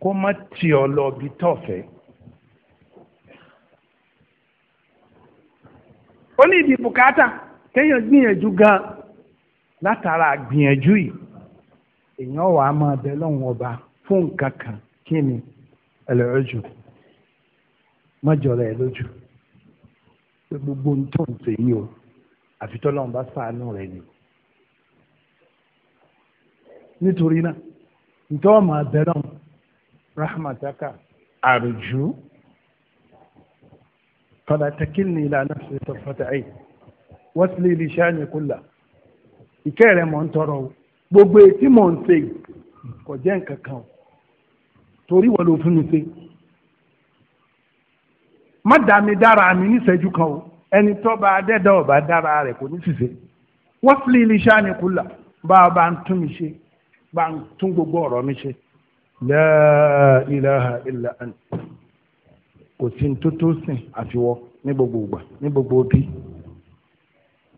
kó má tì ọ lọ bí tọ̀fẹ́. ó ní ìdí bùkátà kéèyàn gbìyànjú gan látara gbìyànjú yìí èèyàn wà á máa bẹ lọ́wọ́n ọba fún nǹkan kan kí ni ẹlẹ́rọ̀jù mọ́jọ́rẹ́ lójú pé gbogbo ń tó ń yìí o àfi tọ́lọ́run bá ṣàánú rẹ̀ ni nítorí náà ntọ́ máa bẹ lọ́wọ́n rahmataka arju fala takilni ila nafsi tarfata ayn wasli li shani kulla ìkẹ́ rẹ̀ mọ̀ ń tọrọ o gbogbo etí mọ̀ ń ṣe kò jẹ́ nǹkan kan o torí wọ́n ló fún mi ṣe má dá mi dára mi níṣẹ́jú kan o ẹni tó bá dẹ́dá ọ̀bá dára rẹ̀ kò ní ṣìṣe wasli li shani kulla bá a bá ń tún mi ṣe bá ń tún gbogbo ọ̀rọ̀ mi ṣe. la ilaha illa ant tó tó sìn àfiwọ́ ní ní gbogbo òbí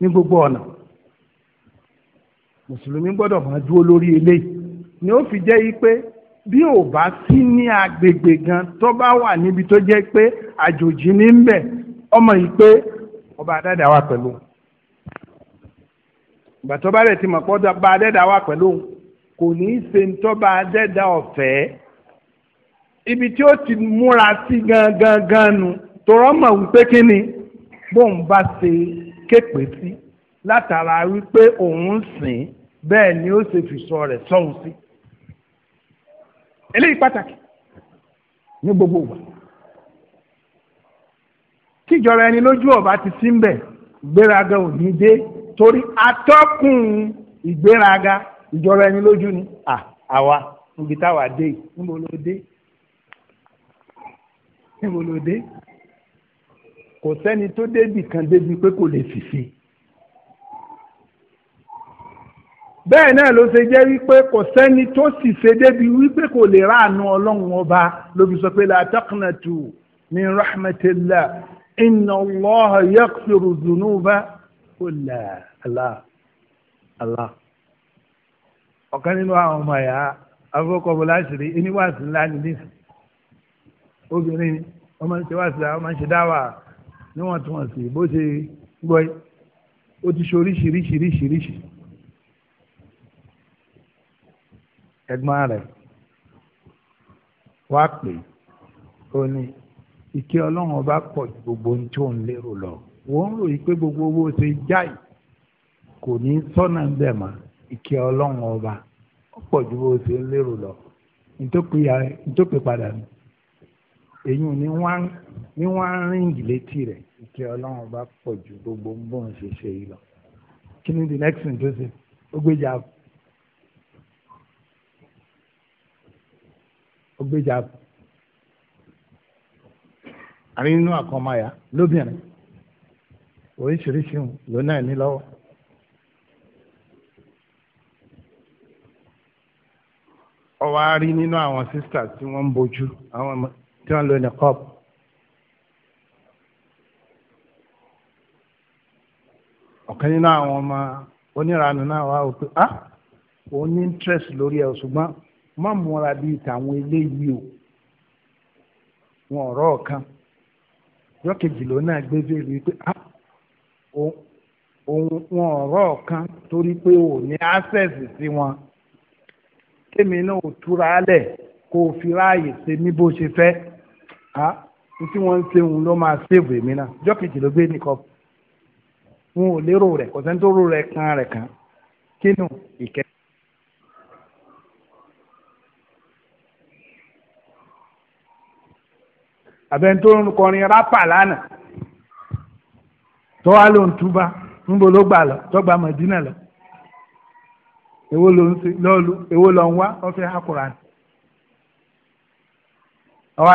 ní gbogbo ọ̀nà lórí ni o fi jẹ́ yìí pé bí ò bá sí ní agbègbè gan tó bá wà níbi tó jẹ́ pé àjòjì ní ń ọmọ yìí pé ọba àdáda wà pẹ̀lú ìgbà tó bá rẹ̀ ti mọ̀ kò ní í ṣe ń tọ́ba adẹ́dá ọ̀fẹ́ ibi tí ó ti múra sí gangan gan nu tọrọ mọ̀ wípé kí ni bóun bá ṣe képe sí látara wípé òun sìn bẹ́ẹ̀ ni ó ṣe fìṣọ rẹ̀ sọ́hun sí eléyìí pàtàkì ní gbogbo ìgbà tíjọba ẹni lójú ọba ti sí ń bẹ ìgbéraga ò ní dé torí atọ́kùn ìgbéraga ìjọra ẹni lójú ni àwa níbi táwa dé níbo ló dé níbo ló dé kò sẹ́ni tó débì kan débi pé kò lè fìfì. bẹ́ẹ̀ náà ló ṣe jẹ́ wípé kò sẹ́ni tó sì ṣe débi wípé kò lè ráàánú ọlọ́run ọba ló fi sọ pé la taqnatu min rahmatillah inna allaha yaghfiru dhunuba kullaha Allah Allah ọ̀kan nínú àwọn ọmọ ẹ̀yà afọkọ̀bọ̀ láṣìírí ẹni wàásù ńlá ni nísì obìnrin ọmọ ń ṣe wàásù ọmọ ń ṣe dáwà níwọ̀ntúnwọ̀nsì bó ṣe gbọ́ ó ti ṣe oríṣiríṣiríṣiríṣi ẹ̀gbọ́n rẹ̀ wá pè ó ní ìkẹ́ ọlọ́run ọba pọ̀ gbogbo ohun tí òun lérò lọ wọ́n ń ròyìn pé gbogbo owó ṣe jáì kò ní sọ́nà ń bẹ̀ mọ́ ìkẹ́ ọlọ́run ọba ọ̀pọ̀ ju bó ṣe ń lérò lọ nítòpè padà nù èyí ni wọ́n ní wọ́n ríǹgì létí rẹ̀ ìkẹ́ ọlọ́run ọba pọ̀ ju gbogbo ń bọ̀ ń ṣe ṣe yìí lọ kí ni the next thing tó ṣe ó gbéjà ó gbéjà àrí àkànmáyà lóbìnrin oríṣiríṣi lónà ní lọ́wọ́. wá rí nínú àwọn sisters tí wọ́n ń bojú àwọn tí wọ́n lo niqab. ọ̀kan nínú àwọn ọmọ oníranù náà wá wò pé ah òun ní interest lórí ẹ̀ ṣùgbọ́n má múra bíi tàwọn eléyìí o wọn ọ̀rọ̀ kan yọ́kejì ló náà gbé bèrè pé ah òun wọn ọ̀rọ̀ kan torí pé ò ní access sí wọn. Si kémi náà ò túra lẹ̀ kó o fi ráàyè ṣe mí bó ṣe fẹ́ ha n tí wọ́n ń ṣe òun ló máa ṣèwé mi náà ọjọ́ kejì ló gbé nìkan wọn ò lérò rẹ̀ kò sẹ́ni tó rò rẹ̀ kan rẹ̀ kan kínú ìkẹ́. àbẹ̀ni ń kọrin rápà lánàá tọ́wá ló ń túbá ń bolo gbà lọ tọ́gbà mọ̀dínà lọ. èwo nwa ń ṣe lọ́ọ̀lù èwo lọ ń wá àwọn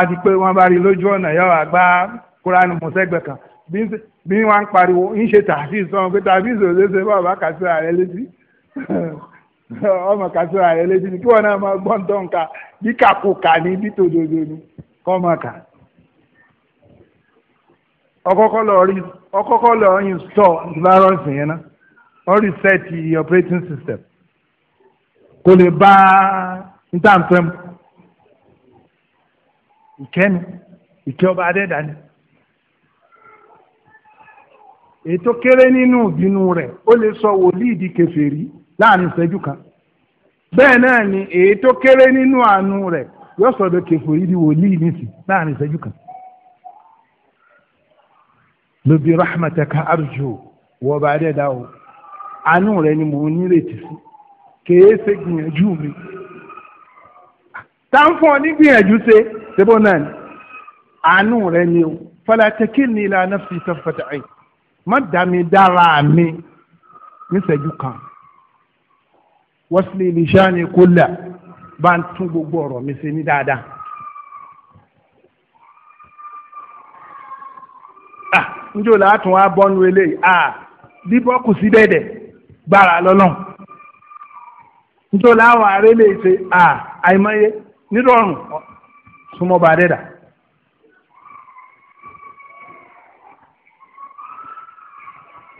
àti pé wọ́n bá rí lójú ọ̀nà yọ mọ̀sẹ́gbẹ̀ kan bí pariwo ń ṣe tàbí sọ̀rọ̀ pé tàbí ìṣòro ṣe bá bàbá kàṣí ààrẹ létí ọmọ kàṣí ààrẹ létí ni kí wọ́n náà máa gbọ́n tó nǹka bí kàkókà ní bí tòdodo ni kọ́ máa kà ọkọ́kọ́ lọ install virus yẹn ọ operating kó lè bá nítàǹfẹ́ mu ìkẹ́ni ọba adẹ́dá ni ètò kéré nínú ìbínú rẹ̀ ó lè wòlíì di kefeeri láàrin ìṣẹ́jú kan bẹ́ẹ̀ náà ni ètò kéré nínú àánú rẹ̀ yóò sọ̀dọ̀ kèfèrí di wòlíì láàrin ìṣẹ́jú kan ni mò ń sí. kèé ṣe gbìyànjú mi táǹfọ̀n ní gbìyànjú ṣe ṣebó náà ni àánú rẹ ni o falatẹ́kì ní ilà nafsi tafata ẹ̀ má dàmí dára mi níṣẹ́jú kan wọ́sílẹ̀ ìlíṣà ni kó là bá ń tún gbogbo ọ̀rọ̀ mi ṣe ní dáadáa. ah njó làá tún wá bọ́nu eléyìí ah bíbọ́ kù sí dẹ́dẹ̀ gbára lọ́lọ́run nítorí àwọn ààrẹ lè ṣe à àìmọye nírọ̀rùn súnmọ́ bá dẹ́dà.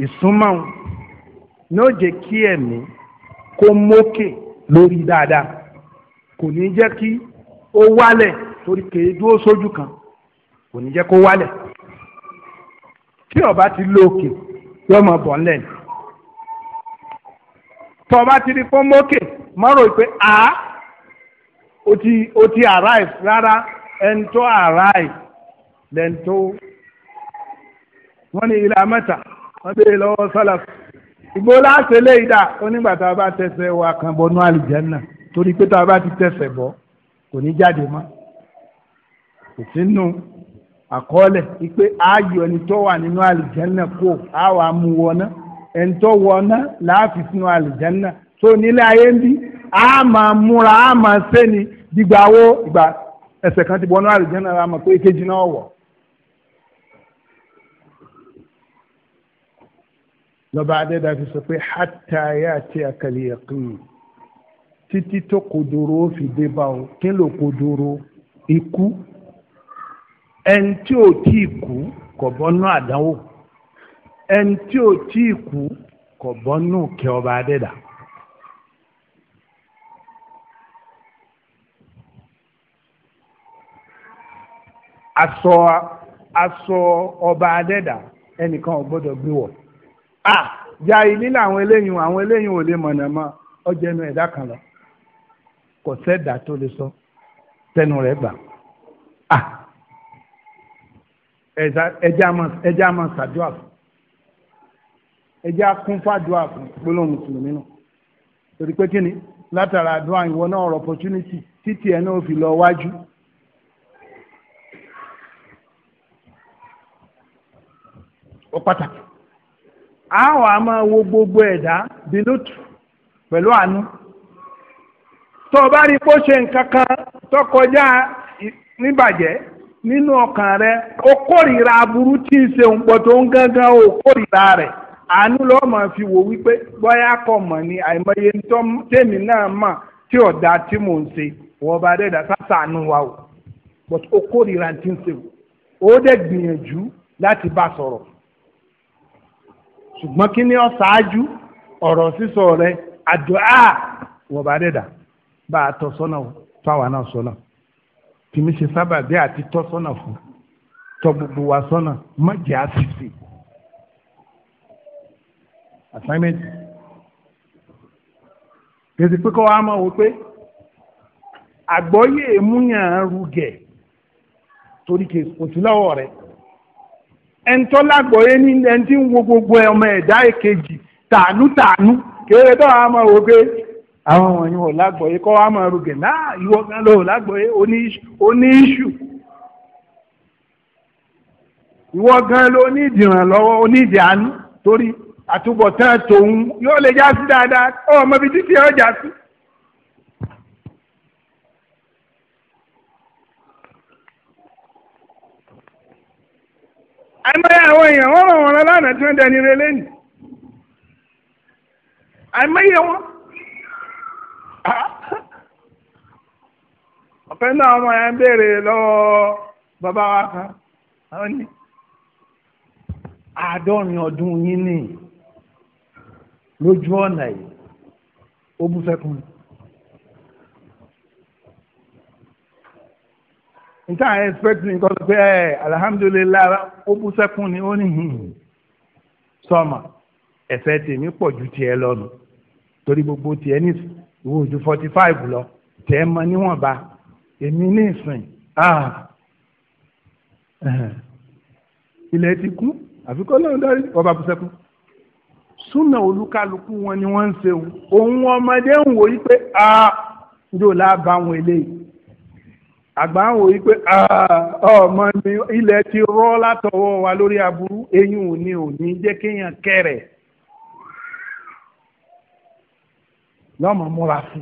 ìsúnmọ́ ní ó jẹ́ kí ẹ̀mí kó mókè lórí dáadáa kò ní jẹ́ kí ó wálẹ̀ torí kèé dúró sójú kan kò ní jẹ́ kó wálẹ̀ tí ó bá ti lókè yóò máa bọ̀ ńlẹ̀ ni tọba ti di fún mókè mọ́rò pé a o ti o ti arrive rárá ẹni tó arrive then tó wọ́n ní ilé amẹ́ta wọ́n bèèrè lọ́wọ́ sálàf ìgbó láti eléyìí dà onígbà tá a bá tẹsẹ̀ wa kan bọ́ nú torí pé tá a bá ti tẹsẹ̀ bọ́ kò ní jáde mọ́ kò sí nù àkọọ́lẹ̀ wípé ààyò ẹni tó wà nínú àlùjànnà kó a wà ẹni tó wọná láàfin sínú àlùjànnà so nílé ayé ń bí a máa múra a máa sẹ́ni gbígbà wo ìgbà ẹsẹ̀ kan ti bọ́ ní àlùjànnà náà àmọ́ pé èkejì náà wọ̀. lọ́ba adẹ́dá fi sọ pé hatta ya'ti akal yaqin títí tó kodoro ó fi dé bá o kí ló kodoro ikú ẹni tí ò tí ì kú kò bọ́nú àdánwò ẹni tí ò tí ì kú kò bọ́nú kẹ ọba adẹ́dá. Aso aso ọba adẹ́dà ẹnìkan ò gbọ́dọ̀ gbé wọ̀ à ya ilé làwọn eléyìn àwọn eléyìn ò lè mọ̀nà mọ́ ọjọ́ ẹnu ẹ̀dá kan lọ kò sẹ́dà tó lè sọ tẹnu rẹ̀ gbà à ẹjẹ́ àmọ́ ṣàdúrà fún ẹjẹ́ àkún fàdúrà fún gbólóhùn mùsùlùmí náà torí pé kí ni látara àdúrà ìwọ náà ọ̀rọ̀ opportunity títí ẹ̀ náà fi lọ wájú. ó pàtàkì a máa wo gbogbo ẹ̀dá pẹ̀lú àánú tó o bá rí kó ṣe nǹkan kan tó nínú ọkàn rẹ okorira kórìíra aburú tí ń ṣe ń pọ̀ tó ń gángan o kórìíra rẹ̀ àánú máa fi wò wípé bóyá kò mọ̀ ni àìmọye tèmi náà mà tí tí mò ń ṣe wọ́n bá wa o but kórìíra tí ń gbìyànjú láti bá sọ̀rọ̀ ṣùgbọ́n kí ni ó ṣáájú ọ̀rọ̀ sísọ rẹ àdúà wọ̀ bá dẹ̀ dà bá a tọ́ sọ́nà fáwọn náà sọ́nà tìmí ṣe sábà bí àti tọ́ sọ́nà fún tọ́ gbogbo wa sọ́nà má jẹ́ àṣìṣe assignment kèsì pé kọ́ wa máa wò pé àgbọ́yé èmúyàn rúgẹ̀ torí kò sí lọ́wọ́ rẹ̀ ẹ̀ńtọ́lágbọ̀ọ́yé ní ẹni tí ń wo gbogbo ọmọ ẹ̀dá èkejì tàánú tàánú kéré tó a máa wò pé àwọn wọ̀nyí wọ̀ lágbọ̀ọ́yé kọ́ máa rògè náà ìwọ kan ló oní torí àtúbọ̀tán tòun yóò lè ọmọ ibi títí ọjà sí. àìmọye àwọn èèyàn wọ́n ràn wọ́n lọ lánàá tí wọ́n dẹni relé nì àìmọye wọn ọ̀pẹ́ náà ọmọ yẹn béèrè lọ́wọ́ bàbá wa kan àwọn ní àádọ́rin ọdún yín ní lójú ọ̀nà yìí ó bú fẹ́kùn ni. nta à expect ní kọ́ pé ẹ eh, alihamudulilayi ó bú sẹ́kùn ni ó ní hìn hmm, sọ́mà ẹ̀fẹ́ tèmi pọ̀ ju tiẹ̀ lọ́nu torí gbogbo tiẹ̀ ní ìwò ju forty five lọ tẹ̀ mọ níwọ̀nba èmi ní ìsìn ah, ilẹ̀ ti kú àfikún lóun dárí ọba bú sẹ́kùn súnà olúkálukú wọn ni wọ́n ń ṣe òun ọmọdé ń wòye pé a ń jò láàbá wọn eléyìí. àgbà ń wò yí pé ọmọ mi ilẹ̀ ti rọ́ látọwọ́ wa lórí aburú eyín ò ní ò ní jẹ́ kéèyàn kẹ̀rẹ̀ lọ́mọ múra sí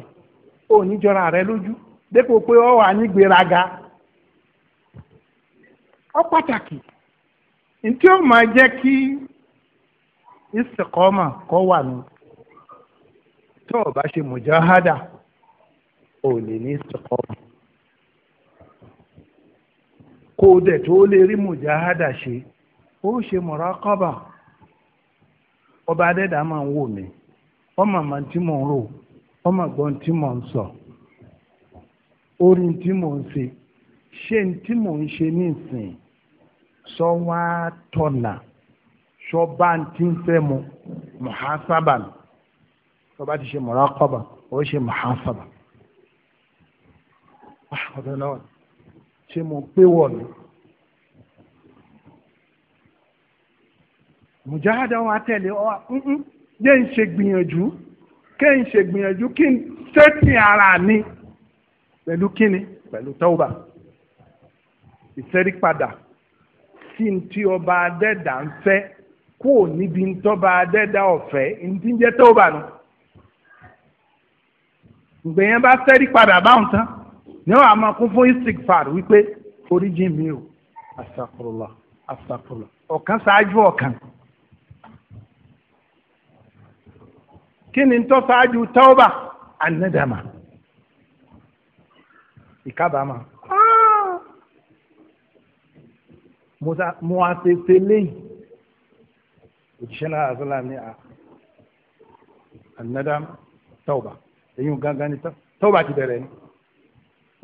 ní jọra rẹ lójú dépò pé ọ wà ní gbéraga ọ pàtàkì ntí ó máa jẹ́ kí ìsìkọ́mà kọ́ wà nù tó o bá ṣe mùjáhádà ò lè ní ìsìkọ́mà. kó o dẹ̀ tó lè rí mùjáhádà ṣe ó ṣe mùrákàbà ọba adẹ́dàá máa ń wò mí ọmọ màá tí mò ń rò ọmọ gbọ́n tí mò ń sọ orin tí mò ń ṣe ṣé n tí mò ń ṣe nísìnyí sọ wá tọ̀nà sọ bá ń tí ń fẹ́ mu mùhásábà ni ọba ti ṣe mùrákàbà ó ṣe mùhásábà. ṣé mo pé wọ̀ ni. mùjáhádà wa tẹ̀lé ọ jẹ́ ń ṣe gbìyànjú kẹ́ ń ṣe gbìyànjú kí n tẹ́tì ara mi pẹ̀lú kíni pẹ̀lú tọ́wọ́bà ìsẹ́rípadà sí ti ọba adẹ́dà ń fẹ́ kó o níbi ntọ́ba adẹ́dà ọ̀fẹ́ ntí ń jẹ́ tọ́wọ́bà nù. ìgbẹ̀yẹn bá sẹ́rípadà báwọn tán ní wàá máa kún fún istigfar wípé oríjì mi o astaghfirullah astaghfirullah ọ̀kan ṣáájú ọ̀kan. kí ni tó ṣáájú tauba anadama ìkábàámà ah! mo á ṣe ṣe léyìí òjíṣẹ́ náà àṣọlá ní anadama ah, tauba èyí gangan ni tauba ti bẹ̀rẹ̀ ni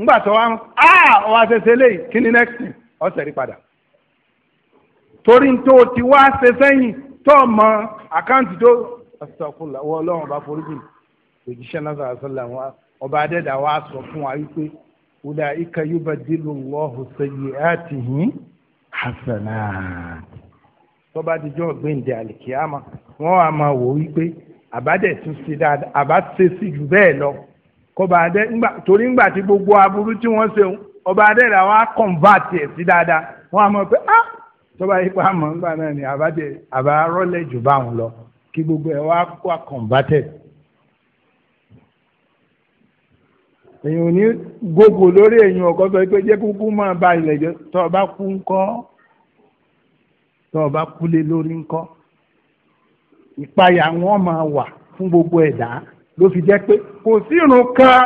ńgbà tó wá ah ọwọ́ àṣẹṣe lè kí ni next thing ọ̀sẹ̀ rí padà torí tó ti wá ṣe sẹ́yìn tó mọ àkáǹtì tó ọ̀sọ̀kùnlá wọ ọlọ́run ọba foríjì òjíṣẹ́ náà sọ̀rọ̀ sọ́lá wọn ọba adẹ́dà wa sọ fún wa wípé wúdà ìka yóba dìlù lọ́hùn sẹ́yìn àti yín hasana tọ́ba dijọ́ gbẹ̀ǹdẹ̀ àlìkíyàmá wọ́n á máa wò wípé àbádẹ̀ tún sí dáadáa àbá ṣe sí jù bẹ́ẹ̀ lọ kọba adé ńgbà torí ńgbà tí gbogbo aburú tí wọ́n ṣe ọba adé rà wá convert ẹ̀ sí dáadáa wọ́n á pé ah tọ́ba yìí pa àmọ́ ńgbà náà ni àbájẹ àbá rọ́lẹ̀ jù bá wọn lọ kí gbogbo ẹ̀ wá wá converted. èyàn ò ní gbogbo lórí èyàn ọ̀kọ́ sọ pé jẹ́ kúkú máa ba ilẹ̀ jẹ́ tọ́ ọ bá kú ńkọ́ tọ́ ọ bá kúlé lórí ńkọ́ ìpayà wọn máa wà fún gbogbo ẹ̀dá ló fi jẹ́ pé kò sí irun kan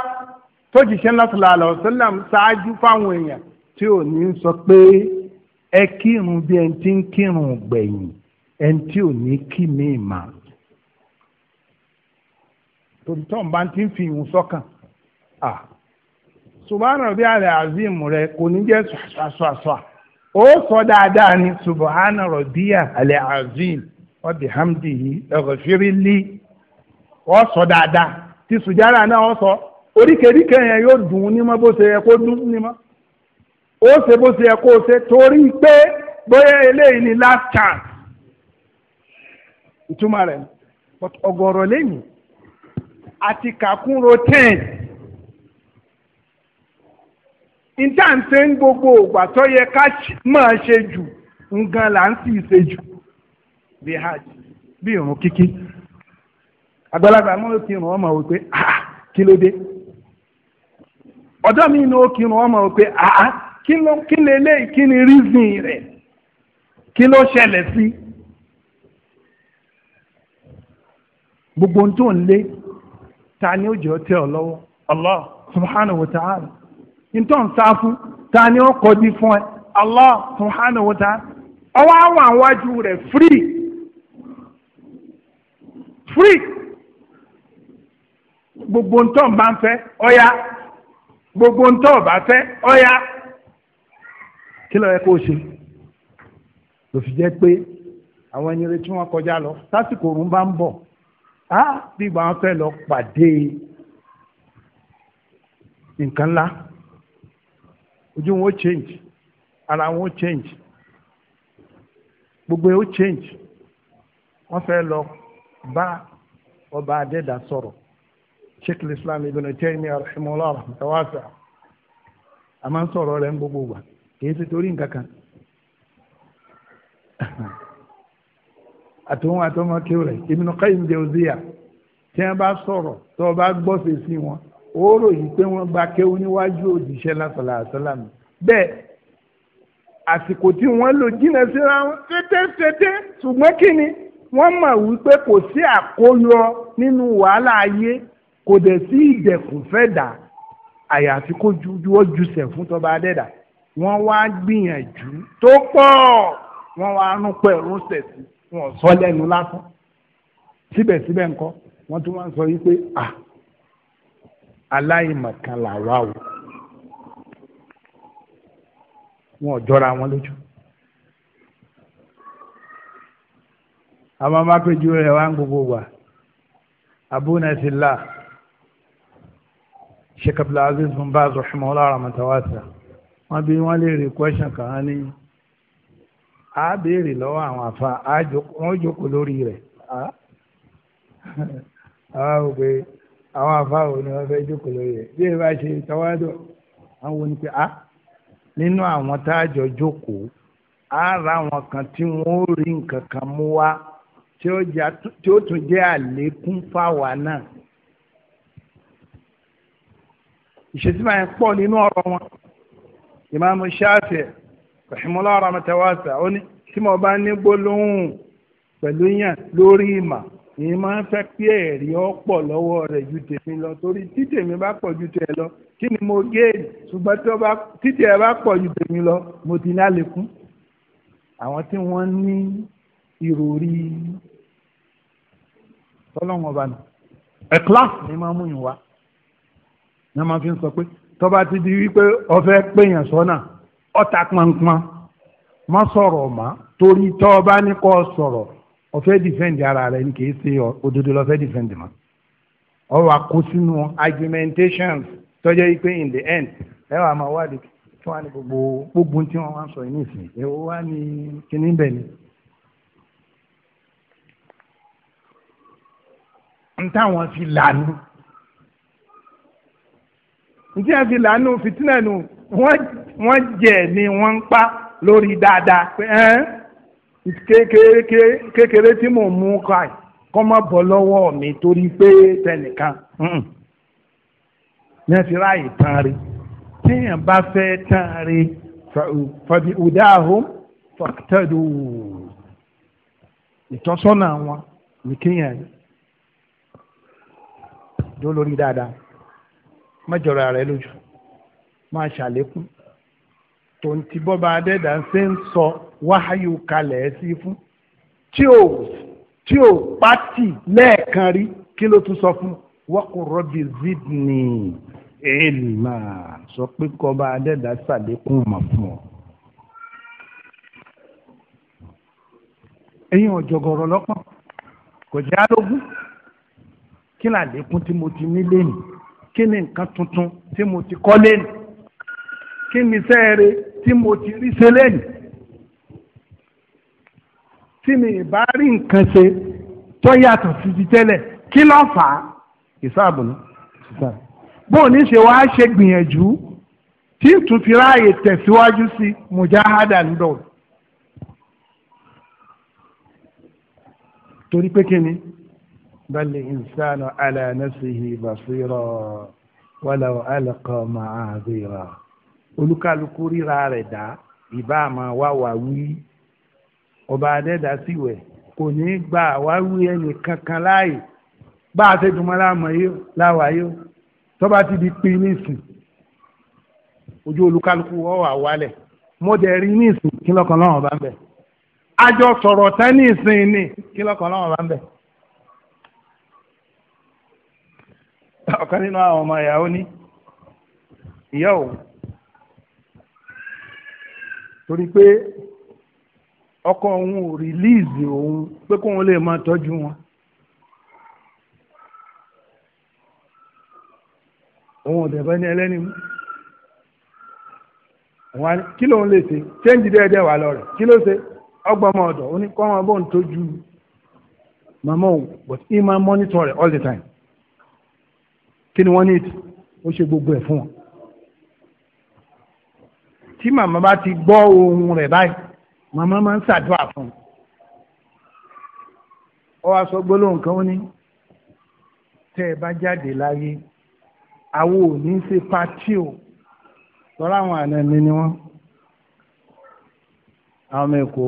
tó jìṣẹ́ ńlá sàlàlà ọ̀sẹ́lẹ̀ ṣáájú fáwọn èèyàn tí ò ní sọ pé ẹ kírun bí ẹni tí ń kírun gbẹ̀yìn ẹni tí ò ní kí mi mà tòbítọ́ ń bá ti ń fi ìhùn sọ́kàn à rabi ali azim rẹ kò ní jẹ́ ṣàṣàṣà ó sọ dáadáa ni subhana rabi ali azim wa bihamdihi ẹ̀rọ fírí lé. ọ sọ dáadáa tí sùjárà náà ọ sọ oríkèéríkèé yẹn yóò dùn ún nímọ́ bó ṣe yẹ kó dùn ún nímọ́ ó ṣe bó ṣe yẹ kó ṣe torí pé bóyá eléyìí ni last chance ìtumọ̀ rẹ̀ but ọ̀gọ̀rọ̀ lẹ́yìn àti kàkún rotain intanse ń gbogbo ògbà tó yẹ ká máa ṣe jù nǹkan là ń sì ṣe jù bí hajj bí irun kíkí. agbalagba mọ́ kírun ọmọ wò pé ah, ah kí ló dé ọjọ́ mi ní ó kírun ọmọ wò pé kilo ah, ah, kí ló gbogbo ohun tó ń lé ta ni ó ji ọ tẹ́ ọ lọ́wọ́ Allah subhanahu wa ta'ala ta ni ó kọjú fún ẹ Allah subhanahu wa ta'ala ọwọ́ àwọn àwájú rẹ̀ free free. gbogbo ntọ bá ń fẹ́ gbogbo ntọ bá fẹ́ ọ̀ya kí ló yẹ kó o ṣe ló fi jẹ́ pé àwọn ẹni retí wọn kọjá lọ sásìkò òun bá ń bọ̀ á bí ìgbà wọn fẹ́ lọ pàdé nǹkan ńlá ojú wọn ó change ara wọn ó change gbogbo ẹ ó change wọn fẹ́ lọ bá ọba adẹ́dà sọ̀rọ̀. sheikh islam ibn Taymiyyah rahimahullah rahmatawasa a máa ń sọ̀rọ̀ rẹ̀ ń gbogbo wa kì í ṣe torí nǹkan kan àtòun àtọmọ kí o rẹ̀ Ibn Qayyim Jawziyya tí wọ́n bá sọ̀rọ̀ tó o bá gbọ́ sí sí wọn ó ròyìn pé wọ́n gba kéwú níwájú òjíṣẹ́ lásàlá àsálàm bẹ́ẹ̀ àsìkò tí wọ́n lò jìnnà síra wọn tètètètè ṣùgbọ́n kí ni wọ́n mọ̀ wípé kò sí àkóyọ nínú wàhálà ayé kò dẹ̀ sí ìdẹ̀kùn fẹ́ dà àyàfi kó ju wọ́n ju sẹ̀ fún tọ́ba adẹ́dà wọ́n wá gbìyànjú tó pọ̀ wọ́n wá rún pẹ̀ rún sẹ̀ sí wọn sọ lẹ́nu lásán síbẹ̀síbẹ̀ ńkọ́ wọ́n tún wọ́n sọ yí pé à aláìmọ̀kan làwa o wọn jọra wọn lójú. àwọn bá péjú rẹ̀ wá ń gbogbo wà abúnasílà sheikh abdulaziz bin baz rahimahullah rahmatawasa wọ́n bí wọ́n lè rí question kan á ní a béèrè lọ́wọ́ àwọn afa wọ́n jókòó lórí rẹ̀ àwọn ò pé àwọn afa wo ni wọ́n fẹ́ jókòó lórí rẹ̀ bí ẹ bá ṣe tọ́wádọ̀ àwọn wo ni pé a nínú àwọn tá a jọ jókòó a ra àwọn kan tí wọ́n rí nǹkan kan mú wá tí ó tún jẹ́ àlékún fáwa náà ìṣesí máa ń pọ̀ nínú ọ̀rọ̀ wọn ìmáàmù ṣáàtì rahimahullah rahmatan wasi'a ó ní tí mo bá ní gbólóhùn pẹ̀lú yàn lórí ìmà ní máa ń fẹ́ pé ẹ̀rí ọ pọ̀ lọ́wọ́ rẹ̀ ju tèmi lọ torí tí tèmi bá pọ̀ ju tèmi lọ kí ni mo géèlì ṣùgbọ́n tí tèmi bá pọ̀ ju tèmi lọ mo ti ní àlékún àwọn tí wọ́n ní ìròrí ọlọ́run nù ẹ̀ kíláàsì ni máa mú yín wá ni wọ́n máa fi ń sọ pé tọ́ba ti di wípé ọ̀fẹ́ péyàn sọ́nà ọ̀tá pọnpọn má sọ̀rọ̀ mọ́ torí tọ́ba ní kọ́ sọ̀rọ̀ ọ̀fẹ́ dìfẹ́ǹdì ara rẹ̀ ni kìí ṣe òdodo lọ́fẹ́ dìfẹ́ǹdì mọ́ ọ wà kó sínú argumentations tọ́jọ́ yìí pé in the end ẹ wà máa wádìí tí wọ́n á ní gbogbo gbogbo tí wọ́n wá ń sọ yìí nísìnyí ẹ wá ní kíní bẹ̀ ni. n táwọn fi lànà ntí yẹn fi lànà fìtínà nù wọ́n jẹ ni wọ́n ń pa lórí dáadáa pé kékeré tí mò ń mú káì kọ́ má bọ́ lọ́wọ́ mi torí pé tẹnìkan ní ẹ fi ráàyè tán rí téèyàn bá fẹ́ tán rí fàbí ọ̀dáhùn fàtẹ́dù ìtọ́sọ́nà wọn ní kéèyàn dó lórí dáadáa mọ́jọ́ra rẹ lójú máa ṣàlékún tòǹtì bọ́ba adẹ́dà ṣe ń sọ wáyù kalẹ̀ sí fún tí ò tí ò pátì lẹ́ẹ̀kan rí kí ló tún sọ fún wọ́kùn rọ́bì zidni ilma sọ pé kọ́ba adẹ́dà ṣàlékún mọ̀ fún ọ. ẹ̀yin ọ̀jọ̀gọ̀rọ̀ lọ́pọ̀ kò jẹ́ alógún kí làlékún tí mo ti ní lẹ́yìn kí ni nǹkan tuntun tí mo ti kọ́ lẹ́nu kí ni sẹ́ẹ̀rẹ̀ tí mo ti rí ṣe lẹ́nu tí mi ìbá rí nǹkan ṣe tó yàtọ̀ sí ti tẹ́lẹ̀ kí ló fà á ìsáàbù ni bóun ní ṣe wàá ṣe gbìyànjú tí tún fi ráàyè tẹ̀síwájú sí mujahada ń dọ̀rọ̀ torí pé kí ni. بل الإنسان على نفسه بصيرا ولو ألقى معاذيرا olúkálukú ríra rẹ̀ dá ìbá máa wá wá wí ọba adẹ́dá sì wẹ̀ kò ní í gba àwáwí ẹnì kankan láàyè bá a ṣe dùnmọ́ láàmọ́ yìí láwàáyé tọ́ba ti di pin nísìn ojú olúkálukú wọ́n wà wálẹ̀ mo dẹ̀ rí nísìn kí lọ́kàn lọ́wọ́ bá ń bẹ̀ àjọ sọ̀rọ̀ tán nísìn ni kí lọ́kàn lọ́wọ́ bá ń bẹ̀. ọ̀kan nínú àwọn ọmọ ìyàwó ní ìyá ò torí pé ọkọ òun ò rìlíìsì òun pé kóun lè máa tọ́jú wọn. òun ò dẹ̀bẹ́ ní ẹlẹ́ni mú wọn kí lóun lè ṣe ṣéǹjì dẹ́ẹ̀dẹ́ wà lọ rẹ̀ kí ló ṣe ọgbọ́n ọmọ ọ̀dọ̀ ó ní kọ́ ọmọ bóun tọ́jú màmá òun but he máa monitor rẹ̀ all the time kí ni wọ́n ní ìtì ó ṣe gbogbo ẹ̀ fún wọn. tí màmá bá ti gbọ́ ohun rẹ̀ báyìí màmá máa ń ṣàdúrà fún un. ó wá sọ gbólóhùn kan ó ní tẹ́ ẹ bá jáde láyé àwọn ò ní ṣe pátí o lọ́la àwọn àna mi ni wọ́n àwọn ọmọ èkó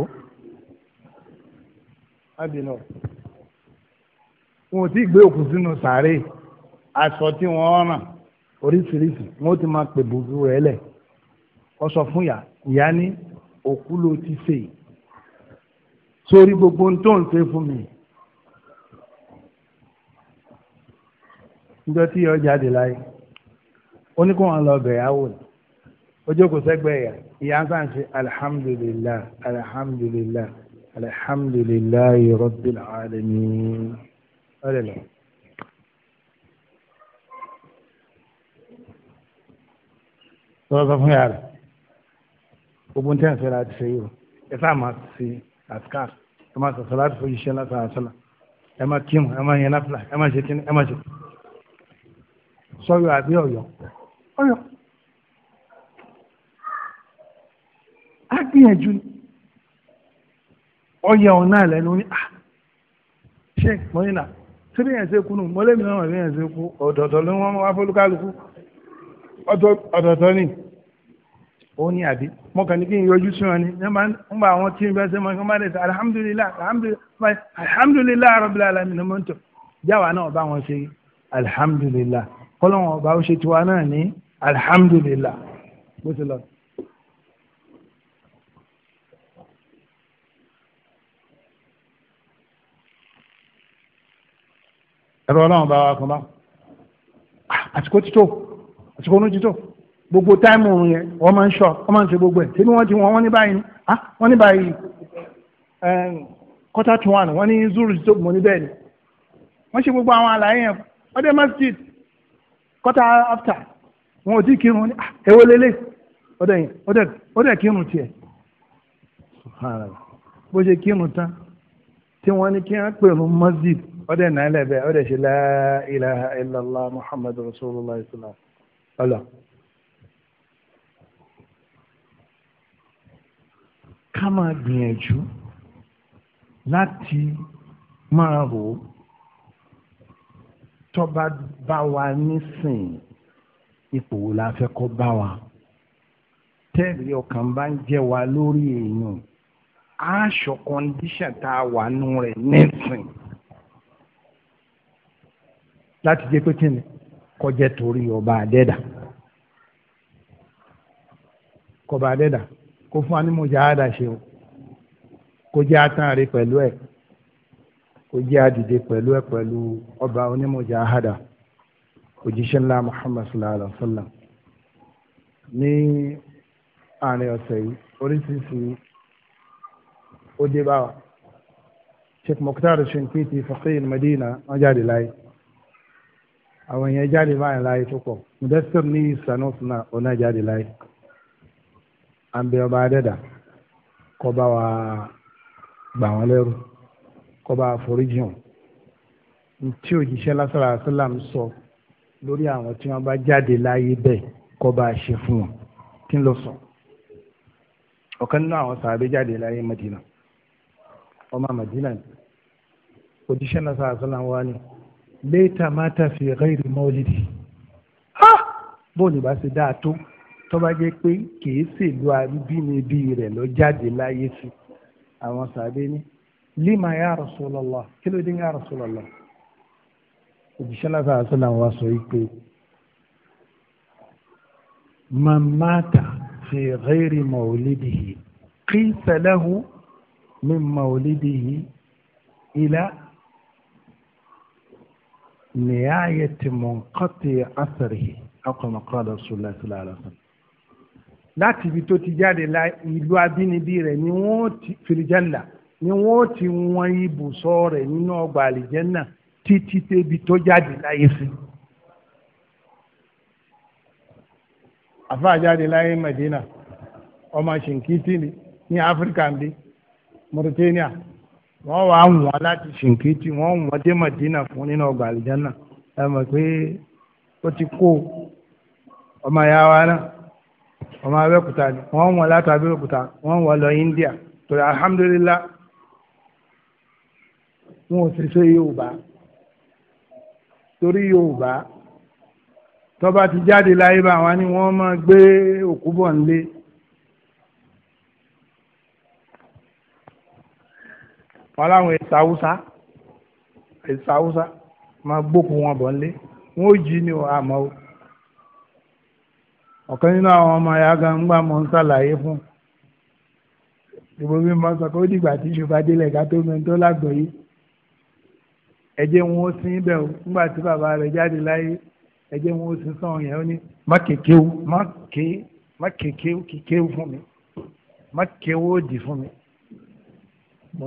ábìlọ wọn gbé òkú sínú sàárè aṣọ tí wọ́n ràn oríṣiríṣi wọ́n ti máa pè bùrú rẹ̀ lẹ̀ ọ sọ fún ìyá ìyá ní òkú ló ti ṣe sórí gbogbo ohun tó ń ṣe fún mi. níjọ́ tí ìyá jáde láyé ó ní kó wọn lọ bẹ̀rẹ̀ àwò ojú kò sẹ́gbẹ́ ìyá ìyá ń ṣe alihamudulilayi alihamudulilayi alihamudulilayi rabbil alamin ọ̀rẹ́ lọ́wọ́ sọ fún yàrá rẹ̀ gbogbo ní tẹ́sán láti ṣe yìí o ẹ sáà máa ṣe àṣkàr ẹ máa sọ̀sọ̀ láti fojú iṣẹ́ láti àṣọlá ẹ máa kí mu ẹ máa yẹn náfìlà ẹ máa ṣe kíní ẹ máa ṣe sọ́yọ́ àbí ọ̀yọ́ ọ̀yọ́ á gbìyànjú ọ̀yẹ́ ọ̀hún náà lẹ́nu ah, ní à ṣe mọ́yìnà tí bí yẹn ṣe kú nù mọ́lẹ́mìíràn bí yẹn ṣe kú ọ̀dọ̀ọ̀dọ̀ ló wọ́n wá fọlúkálukú ọ̀tọ̀ọ̀tọ̀ ni ó ní àbí mo kàn ní kí n yọjú sí wọn ni nígbà àwọn tí n bá ṣe mọ kí n bá dé sọ alihamudulilayi alihamudulilayi rabil alamin mo ń tọ jáwa náà bá wọn ṣe alihamudulilayi kọ́lọ́wọ́n ọba ó ṣe tiwa náà ní alihamudulilayi bó ti lọ. ẹ̀rọ ọlọ́run bá wa kan bá àsìkò títò àsìkò oorun títò gbogbo táìmù oorun yẹn wọ́n máa ń ṣọ́ máa ń ṣe gbogbo ẹ̀ tẹ́lẹ̀ wọn ti wọ́n wọ́n ní báyìí ní báyìí quarter to one wọ́n ní zuru títò mo ní bẹ́ẹ̀ ni wọ́n ṣe gbogbo àwọn àlàyé yẹn dé masjid quarter after wọn ò tí ì kírun ah, yẹn ọlọ. ká máa gbìyànjú láti máa rò ó tọ́ba bá wa nísìn ipò wo la fẹ́ kó bá wa tẹ́ẹ̀lì ọkàn bá ń jẹ́ wa lórí èèyàn aṣọ kọ́ndíṣàn tá a wà nù rẹ̀ nísìn láti jẹ́ pé kí ni kọjẹ́ torí ọba àdẹ́dà kọba àdẹ́dà kó fún anímọ̀já àdàṣe o kó jẹ́ àtàrí pẹ̀lú ẹ̀ kó jẹ́ àdìde pẹ̀lú ẹ̀ pẹ̀lú ọba onímọ̀já àdà òjíṣẹ́ ńlá Muhammad sallallahu alayhi wa sallam ní àárín ọ̀sẹ̀ yìí oríṣiríṣi ó dé bá wa Sheikh Mukhtar Shinkiti faqih Madina wọ́n jáde láyé àwọn èèyàn jáde báyìí láyé tó pọ̀ mùdẹ́sítọ̀ ní sanusi náà ọ̀nà jáde láyé à ń bẹ ọba adẹ́dà kó bá wa gbà wọ́n lẹ́rù kó bá foríjì hàn tí òjíṣẹ́ lásàrà sálàm sọ lórí àwọn tí wọ́n bá jáde láyé bẹ́ẹ̀ kó bá ṣe fún wọn kí n lọ sọ ọ̀kan nínú àwọn sàbẹ jáde láyé Madina ọmọ Madina òjíṣẹ́ lásàrà sálàm wá ní léètà má ta fi ghairi mọ́lìdì ha bóòlù bá ṣe dáa tó tọ́ba jẹ́ pé kìí ṣèlú abínibí rẹ̀ lọ jáde láyé sí àwọn sàbẹ̀ ní lima ya Rasulullah kí ló dé ya Rasulullah òjíṣẹ́ láti àṣìlá wa sọ pé man mata fi ghairi mawlidihi qisa lahu min mawlidihi ila. نهاية منقطع أثره أو كما قال رسول الله صلى الله عليه وسلم láti ibi tó ti jáde la ìlú abínibí rẹ̀ ni wọ́n ti filijanna ni wọ́n ti wọn ibùsọ̀ rẹ̀ nínú ọgbà àlìjẹnà títí débi tó jáde láyé sí. àfa jáde láyé Medina ọmọ ṣìǹkìtì ní Áfíríkà ń bí Mauritania wọ́n wàá wọ́n láti ṣìnkìtì wọ́n wọ́n dé Mọ̀dínà fún nínú ọgbà àlìjánà ẹ mọ̀ pé ó ti kó ọmọ ìyá wa náà ọmọ Abẹ́òkúta ni wọ́n wọ́n láti Abẹ́òkúta wọ́n wọ́n lọ India torí alhamdulillah wọn ò ṣèṣe Yorùbá torí Yorùbá tọ́ba ti jáde láyé bá wa ni wọ́n máa gbé òkú bọ̀ nílé. wọn láwọn èsì haúsá èsì haúsá máa gbókun wọn bọ̀ nílé wọn ò jí ni wọn àmọ́ o ọ̀kan nínú àwọn ọmọ ya gan ń gbà mọ́ ń ṣàlàyé fún ìbomi mọ́ sọ pé ó dìgbà tí ìṣùpá délẹ̀ ká tó mi tó lágbọ̀ọ́ yìí ẹ̀jẹ̀ wọn ó sin bẹ́ẹ̀ o nígbà tí bàbá rẹ̀ jáde láyé ẹ̀jẹ̀ wọn ó sin sọ̀rọ̀ yẹn ó ní má kékeré má ké má kékeré kékeré fún mi má kéwó dì fún mi mo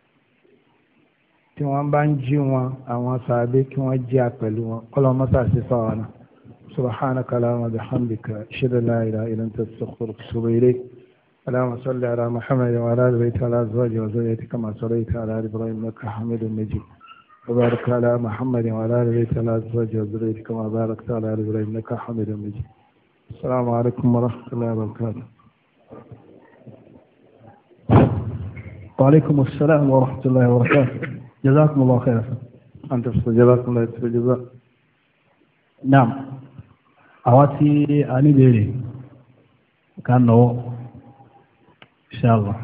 tí wọ́n bá ń jí wọn àwọn sàbẹ kí wọ́n jí a pẹ̀lú wọn kọ́lọ́ mọ́sá sí fáwọn náà subhanaka allahumma bihamdika ashhadu an la ilaha illa anta astaghfiruka wa atubu ilayk اللهم صل على محمد وعلى ال بيته وعلى ازواجه وذريته كما صليت على ال ابراهيم انك حميد مجيد وبارك على محمد وعلى ال بيته وعلى ازواجه وذريته كما باركت على ال ابراهيم انك حميد مجيد السلام عليكم ورحمه الله وبركاته وعليكم السلام ورحمه الله وبركاته جزاكم الله خيرا أنت جزاكم الله خير جزاء نعم àwa tí a ní béèrè ká náwó inshallah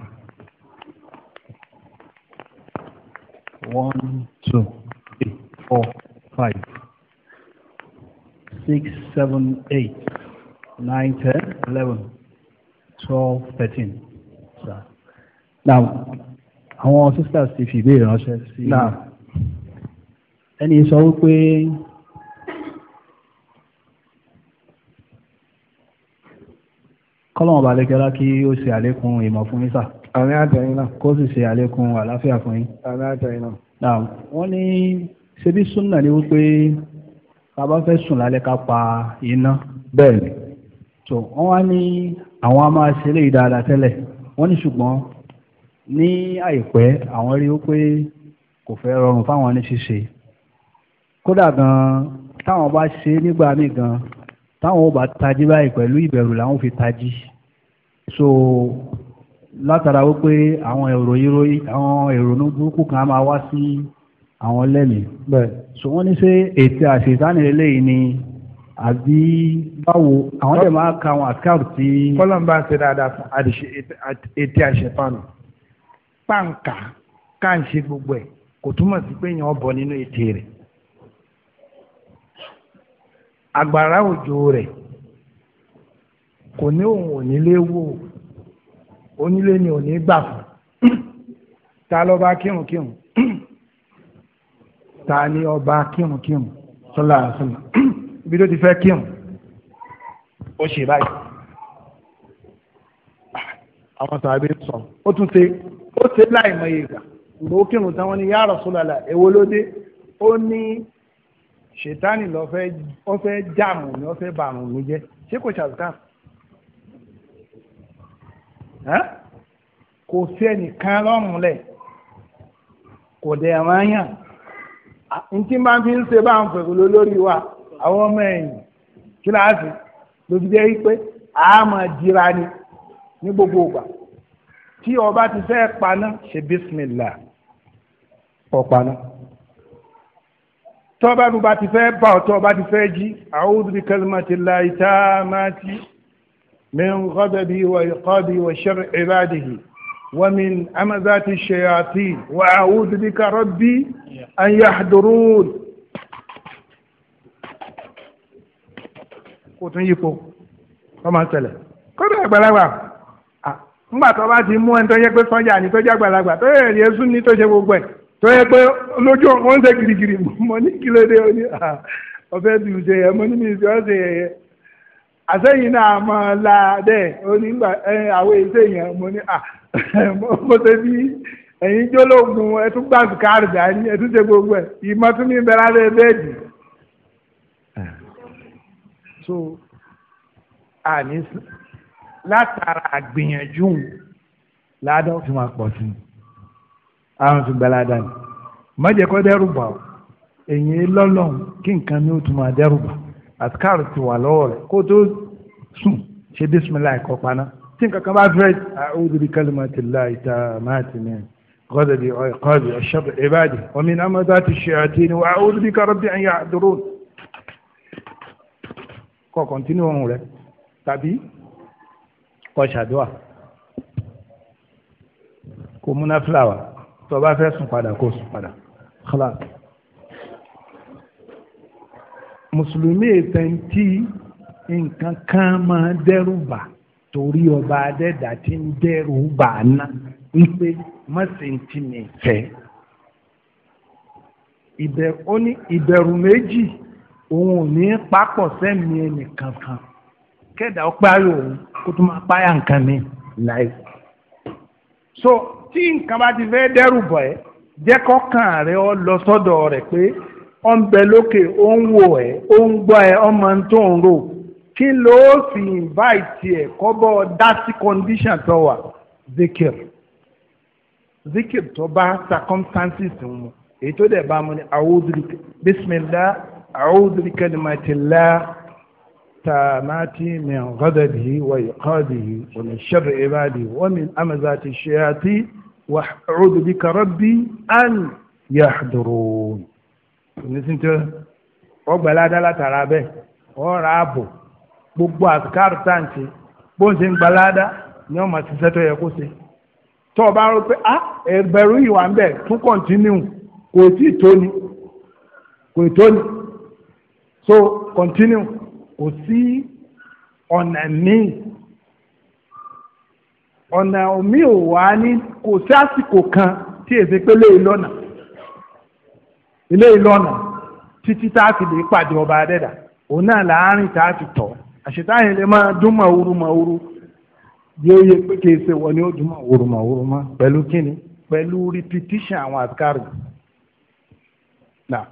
one two three four five six seven eight nine ten eleven twelve thirteen. Now, àwọn sisters ti fi ìbéèrè ránṣẹ́ sí ẹni sọ wípé kọ́lọ̀mù balẹ̀kẹ́lá kí ó ṣe àlékún ìmọ̀ fún yín sà àmín àtẹ̀yìn náà kó sì ṣe àlékún àlàáfíà fún yín àmín àtẹ̀yìn náà wọ́n ní ṣe bí súnà ní wípé ká bá fẹ́ sùn lálẹ́ ká pa iná bẹ́ẹ̀ ni so wọ́n wá ní àwọn a máa ṣe eléyìí dáadáa tẹ́lẹ̀ wọ́n ní ṣùgbọ́n ní àìpẹ́ àwọn rí ó pé kò fẹ́ rọrùn fáwọn ní ṣíṣe kódà gan táwọn bá ṣe nígbà míì gan táwọn ò bá tají báyìí pẹ̀lú ìbẹ̀rù làwọn fi tají so látara wípé àwọn èrò ìròyìn àwọn èrònú burúkú kan máa wá sí àwọn lẹ́mìí bẹ́ẹ̀ so wọ́n ní ṣe ètò àṣetánì eléyìí ni àbí báwo àwọn dẹ̀ máa ka àwọn àkáàrù tí. kọ́lọ̀ ń bá ń ṣe dáadáa fún àdìsí ètò àṣetánì pàǹkà ká ń ṣe gbogbo ẹ̀ kò túmọ̀ sí pé èèyàn bọ̀ nínú ètè rẹ̀ àgbàrá òjò rẹ̀ kò ní òun ò nílé wò onílé ni ò ní gbà fún ta ló bá kírunkírun ta ni ọba kírunkírun sọlá sọlá ibi tó ti fẹ́ kírun ó ṣe báyìí àwọn sàbẹ̀ sọ ó tún ṣe ó ṣe láìmọye ìgbà ìgbà kírun tán wọn ni ya Rasulullah èwo ló dé ó ní ṣètánì lọ fẹ́ jàrùn ni ọ fẹ́ bàrùn ló jẹ́ ṣé kò ṣàzùkà kò sí ẹnìkan lọ́rùn lẹ̀ kò dẹ̀ ẹ̀wọ̀n yàn n tí máa fi ń ṣe bá ń pẹ̀lú lórí wa àwọn ọmọ ẹ̀yìn kíláàsì ló jẹ́ pé a máa ni ní gbogbo ìgbà tí ọba ti fẹ́ paná ṣe bísímìlà ọ̀paná tọ́ba ló bá ti fẹ́ bá ọ̀tọ́ ọba ti fẹ́ jí a'udhu bi kalimatillahi taamati min ghadabi wa iqabi wa sharri ibadihi wa min amazati shayatin wa a'udhu bika rabbi an yahdurun. kò tún yípo ọmọ sẹlẹ̀ kọ́dọ̀ àgbàlagbà. ńgbà tó bá ti mú ẹni tó yẹ pé sọ́jà ni tó jẹ́ àgbàlagbà tó yẹ ni tó ṣe gbogbo ẹ̀ tó yẹ pé lójú girigiri mọ ní kílódé ó ní ah, ọ̀fẹ́ ti ṣe yẹ mọ ní mi ṣe ọ̀ṣẹ̀ yẹ àṣẹyìn náà mọ la dẹ ó gbà ẹ àwọn èsè yẹn mo ní mo ṣe bí ẹ̀yin jólógun ẹtún gbàgbé ṣe gbogbo ẹ̀ ìmọ̀ ní ah. so àní látara àgbìyànjú ládàá ó fi máa pọ̀ sí i àwọn tó gba ládàá ni mọ̀jẹ̀ kọ́ dẹ́rù bà ó èyí lọ́lọ́run kí nǹkan ní ó tún máa dẹ́rù bà àtikáàrù ti wà lọ́wọ́ rẹ̀ kó tó sùn ṣe bísímìlá ẹ̀kọ́ paná tí nǹkan kan bá fẹ́ a'udhu bi kalimatillahi tammati min ghadabi wa iqabi wa sharri ibadi wa min hamazati shayatin wa a'udhu bika rabbi an yahdurun kọ́ kọ́ntínú ọ̀hún rẹ̀ tàbí kó ṣàdúà kó múná fúláwà tó bá fẹ́ sùn padà kó sùn padà kọ́lá. mùsùlùmí ìtẹ̀ntì nǹkan kan máa dẹ́rù bà torí ọba adẹ́dà tí ń dẹ́rù bà ná wípé mọ́sẹ̀ntì mi fẹ́. ìbẹ̀rù méjì òun ò ní papọ̀ sẹ́mi ẹnìkankan kẹ́dà ó páyà òun kó tó máa páyà nǹkan mi láì. so tí nǹkan bá ti fẹ́ dẹ́rù bọ̀ ẹ́ jẹ́ kọ́kàn rẹ ọ lọ sọ́dọ̀ rẹ̀ pé ọ ń bẹ lókè ó ń wò ẹ́ ó ń gbọ́ ẹ ọ máa ń tó ń rò kí ló fi invite ẹ kọ́bọ̀ dá condition tó wà zikir zikir tó bá circumstances mu èyí tó dẹ̀ bá mu ni àwùjọ bismillah àwùjọ kalimatillah. التامات من غضبه وإيقاده ومن شر عباده ومن أمزات الشياطين وأعوذ بك ربي أن يحضرون نسيت؟ ọgbà ládàá látara bẹ́ẹ̀ ọ̀rọ̀ ààbò gbogbo àtikáàrù táǹtì bó ń ṣe ń gba ládàá ni ọmọ àtisẹ́ tó yẹ kó ṣe tó o bá rò pé a ẹ̀bẹ̀rù ìwà ń bẹ̀ tún kọ̀ǹtínú kò tí tóni kò tóni so kọ̀ǹtínú kò sí ọ̀nà míì ọ̀nà omi ò wá ní kò sí àsìkò kan tí èsì pé lé ìlọ́nà ilé ìlọ́nà títí tá a ti lè pàdé ọba adẹ́dà òun náà láàárín tá a ti tọ̀ àṣetáyìn lè máa dún màwúrú màwúrú yóò yẹ pé kì í ṣe wọ ni ó dún màwúrú màwúrú mọ́ pẹ̀lú kíni pẹ̀lú repetition àwọn àtikárù. Nah.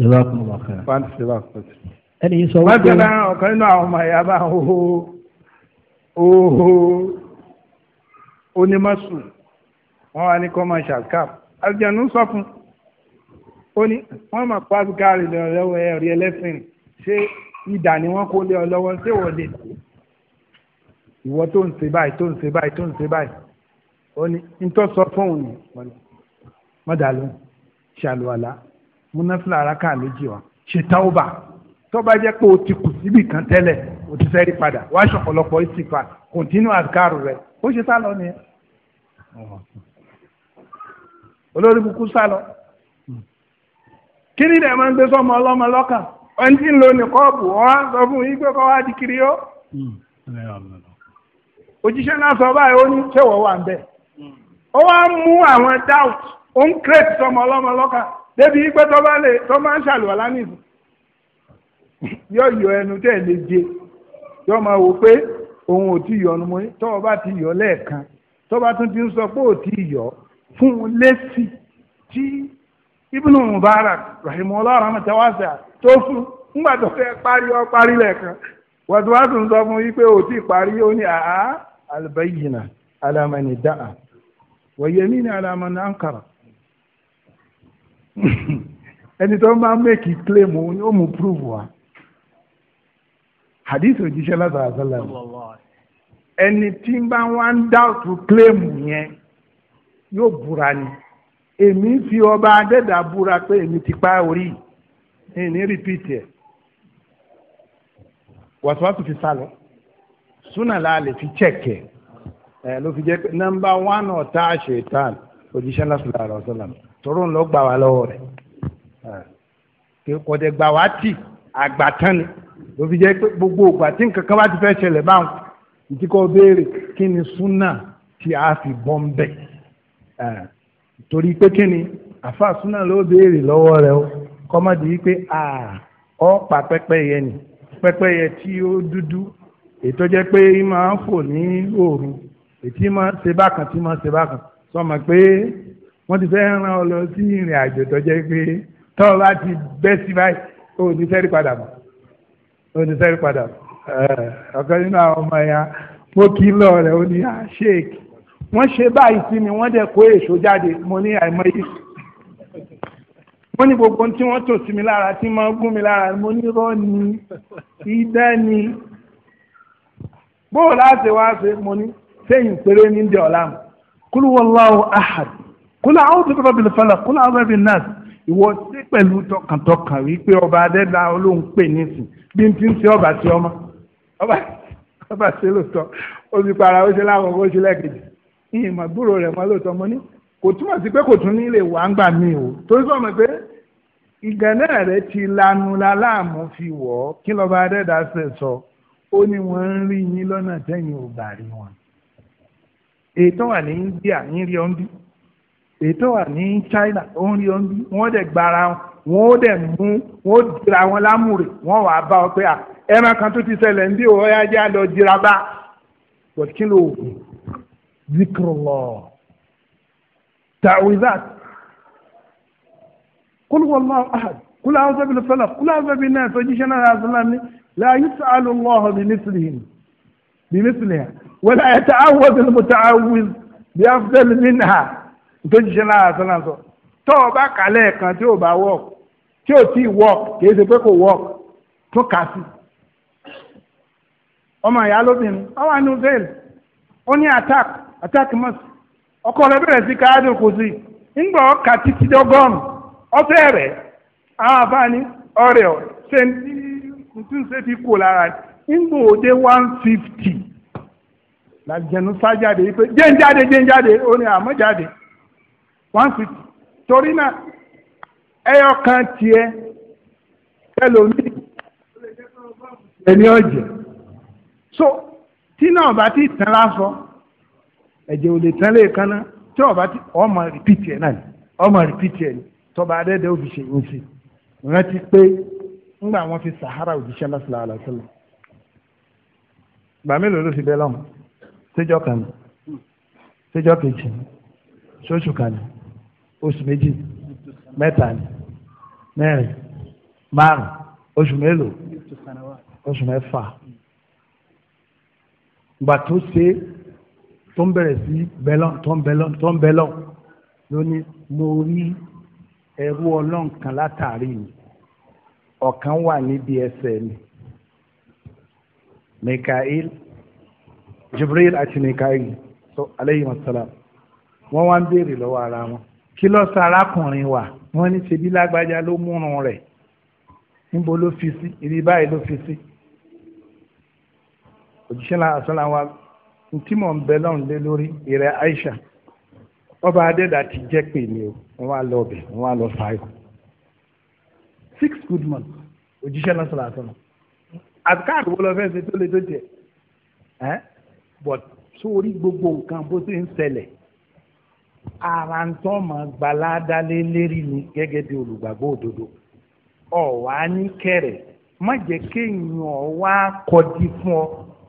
Jazakumullah khairan. Fantastic ẹni yìí sọ wípé. wọ́n ti ra ọ̀kan nínú àwọn ọmọ ìyá bá hoho hoho onímọ̀sùn wọ́n wá ní commercial cap àlùjànnú sọ fún ó ní wọ́n mọ̀ pásítọ̀rì lọ́wọ́ ẹ̀rí ẹlẹ́sìn ṣé ìdà ni wọ́n kó lé ọ lọ́wọ́ ṣé wọ́n lè kó ìwọ tó ń ṣe báyìí tó ń ṣe báyìí tó ń ṣe báyìí ó ní nítọ́ sọ fóun ni mọ́dàlú ṣàlùwàlá múnáfìlà ara káà méjì wa ṣe táwọ́ bá tó bá jẹ́ pé o ti kù síbì kan tẹ́lẹ̀ o ti sẹ́rí padà wá ṣọ̀pọ̀lọpọ̀ ìsìnkà kòntínú àdìkárò rẹ̀ ó ṣe sálọ ni olórí kúkú sálọ kí ni dẹ̀ máa ń gbé sọ́mọ ọlọ́mọ lọ́kàn ẹni tí ń lo ní kọ́ọ̀bù wọn á sọ fún yín pé kọ́ wá di kiri ó òjíṣẹ́ náà sọ báyìí ó ní ṣèwọ́ wà ń bẹ̀ ó wá mú àwọn doubt ó ń crate sọ́mọ ọlọ́mọ lọ́kàn débi pé tó bá lè tó máa ń ṣàlùwàlá nìyí yóò yọ ẹnu tẹ́ ẹ̀ lè je yóò máa wò pé òun ò tí yọnu mo tọ́ ọ bá ti yọ lẹ́ẹ̀kan tọ́ bá tún ti ń sọ pé ò tí yọ fún un lésì tí Ibn Mubarak rahimahullah rahmatan wasi'a tó fún ńgbà tó fẹ́ parí ọ parí lẹ́ẹ̀kan wàtúwàtú ń sọ fún yí pé ò tí parí ó ní àá albayyina ala man idda'a wa yamina ala man ankara ẹni tó máa ń mẹ́kì claim ó mú prove wa hadith òjíṣẹ́ látara sálà ẹni tí ń bá wá ń dáàtú kílẹ̀mù yẹn yóò búra ni èmi fi ọba adẹ́dà búra pé èmi ti pa orí yìí ní rìpíìtì ẹ̀ wàsíwàsí fi sálọ súnà la lè fi chẹ́kẹ̀ ẹ̀ ló fi jẹ́ pé nọ́mbà wán ọ̀tá ṣètàn òjíṣẹ́ lásìlá àrọ̀ sọ́làm tóró ń lọ gbà wá lọ́wọ́ rẹ̀ kò dẹ̀ gbà wá tì àgbàtán ni ló fi jẹ́ pé gbogbo ògbà tí nǹkan kan bá ti fẹ́ ṣẹlẹ̀ báwọn ìdí kò béèrè kí ni súnà tí a fi bọ́ ń bẹ̀ torí pé kí ni àfa súnà ló béèrè lọ́wọ́ rẹ o kọ́mọ́dé yìí pé ọ pa pẹ́pẹ́ yẹn ni pẹ́pẹ́ yẹn tí ó dúdú ètò jẹ́ pé í máa ń fò ní òru ètí máa ṣe bákan tí máa ṣe bákan sọmọ pé wọ́n ti fẹ́ ràn ọ lọ sí ìrìn àjò tó jẹ́ pé tọ́ọ̀ bá ti bẹ́ sí báyìí. O padà o ó padà mọ́ ọ̀kan nínú àwọn ọmọ ya mo kí lọ rẹ̀ ó ní ah, sheik. wọ́n ṣe báyìí sí mi wọ́n dẹ̀ kó èso jáde mo ní àìmọ́ wọ́n ní gbogbo tí wọ́n tò sí mi lára tí gún mi lára mo ní ni ni bóò láti wá ṣe mo ní ahad kúlù kúlù bi ìwọ sí pẹ̀lú tọkàntọkàn wípé ọba adẹ́dá olóhùn pè nísìn bí n ti ń ṣe ọba tí ọmọ ọba ọba ṣe lóòótọ́ ó ti para ó ṣe lákòókò ó ṣe lẹ́ẹ̀kejì ìyìn màgbúrò rẹ̀ mọ́ lóòótọ́ mo ní kò túmọ̀ sí pé kò tún nílé wà ń gbà mí o torí sọ̀mọ̀ pé ìgànnà rẹ̀ ti lanu láàmú fi wọ̀ ọ́ kí lọ́ba adẹ́dá ṣe sọ ó ní wọ́n ń rí yín lọ́nà tẹ́yìn ò bàrí wọn ètò wà ní India ń rí ọ́n bí èyí tó wà ní China ó ń rí ọ́n bí wọ́n dẹ̀ gbara wọn ó dẹ̀ mú wọn ó dira wọn lámùrè wọn wàá bá ọ pé à ẹran kan tó ti ṣẹlẹ̀ ń bí òun ọ̀yá jẹ́ àlọ́ dira bá wọ́n kí ló wù zikrullah ta'wizat qul wallahu ahad qul a'udhu bil falaq qul a'udhu bin náà àzọ́lá mi la yus'alu Allahu bi mithlihim bi mithliha wa la yata'awwadhu al-muta'awwidh bi afdal minha tó ṣiṣẹ́ lára sọ́nà sọ tó o bá kàlẹ́ ẹ̀kan tí ò bá work tí ò tí work kì í ṣe pé kò work tó kà sí ọmọ ìyá lóbìnrin ọmọ inú veil ó ní attack attack must ọkọ rẹ bẹ̀rẹ̀ sí káádùn kù sí ńgbà ọkà títí dọ́gọ́rùn ọfẹ́ rẹ̀ àwọn àbáni ọrẹ ọ ṣe ń tún ṣe fi kú lára ńgbà òde one fifty làjẹnu sájáde yìí pé jẹ́ ń jáde jẹ́ ń jáde ó ní àmọ́ jáde. one sixty torí náà ẹyọ kan tiẹ̀ ẹni ọ̀jẹ̀ so tí náà bá ti tán lásọ ẹ̀jẹ̀ ò lè tán náà tí ọba ti ọmọ rìpítì ẹ̀ náà ọmọ rìpítì tọba adẹ́dẹ́ ó ṣe rántí pé ńgbà wọn fi sahara òjíṣẹ́ lásìlá àlàsílẹ̀ gbà mélòó ló fi kan kejì oṣù méjì mẹ́ta ni mẹ́rin márùn oṣù mélòó oṣù mẹ́fà gbà tó ṣe tó ń bẹ̀rẹ̀ sí bẹ́lọ̀ tó ń bẹ́lọ̀ tó ń bẹ́lọ̀ lónìí mo rí ẹrú ọlọ́run kan látàrí mi ọ̀kan wà níbi ẹsẹ̀ mi mikael jibril àti mikael so aleyhi wa salam wọ́n wá ń béèrè lọ́wọ́ ara wọn kí ló sọ arákùnrin wa wọ́n ní ṣebí lágbájá ló múrun rẹ̀ níbo ló fi sí ibi báyìí ló fi sí òjíṣẹ́ náà àṣọlá wa tí mò ń bẹ lọ́run lé lórí ìrẹ́ Aisha ọba adẹ́dà ti jẹ́ pé mi o wọ́n wá lọ ọbẹ̀ wọ́n wá lọ fàáyọ̀ six good months òjíṣẹ́ náà sọ̀rọ̀ àṣọlá àtikáàdì wo lọ fẹ́ ṣe tó le tó jẹ ẹ́ but sórí gbogbo nǹkan bó ṣe ń ṣẹlẹ̀ ara ń tọ́ mọ̀ gbalada lé lérí ni gẹ́gẹ́ bí olùgbàgbọ́ òdodo ọ̀wá ní kẹrẹ̀ má jẹ́ wá kọjú fún ọ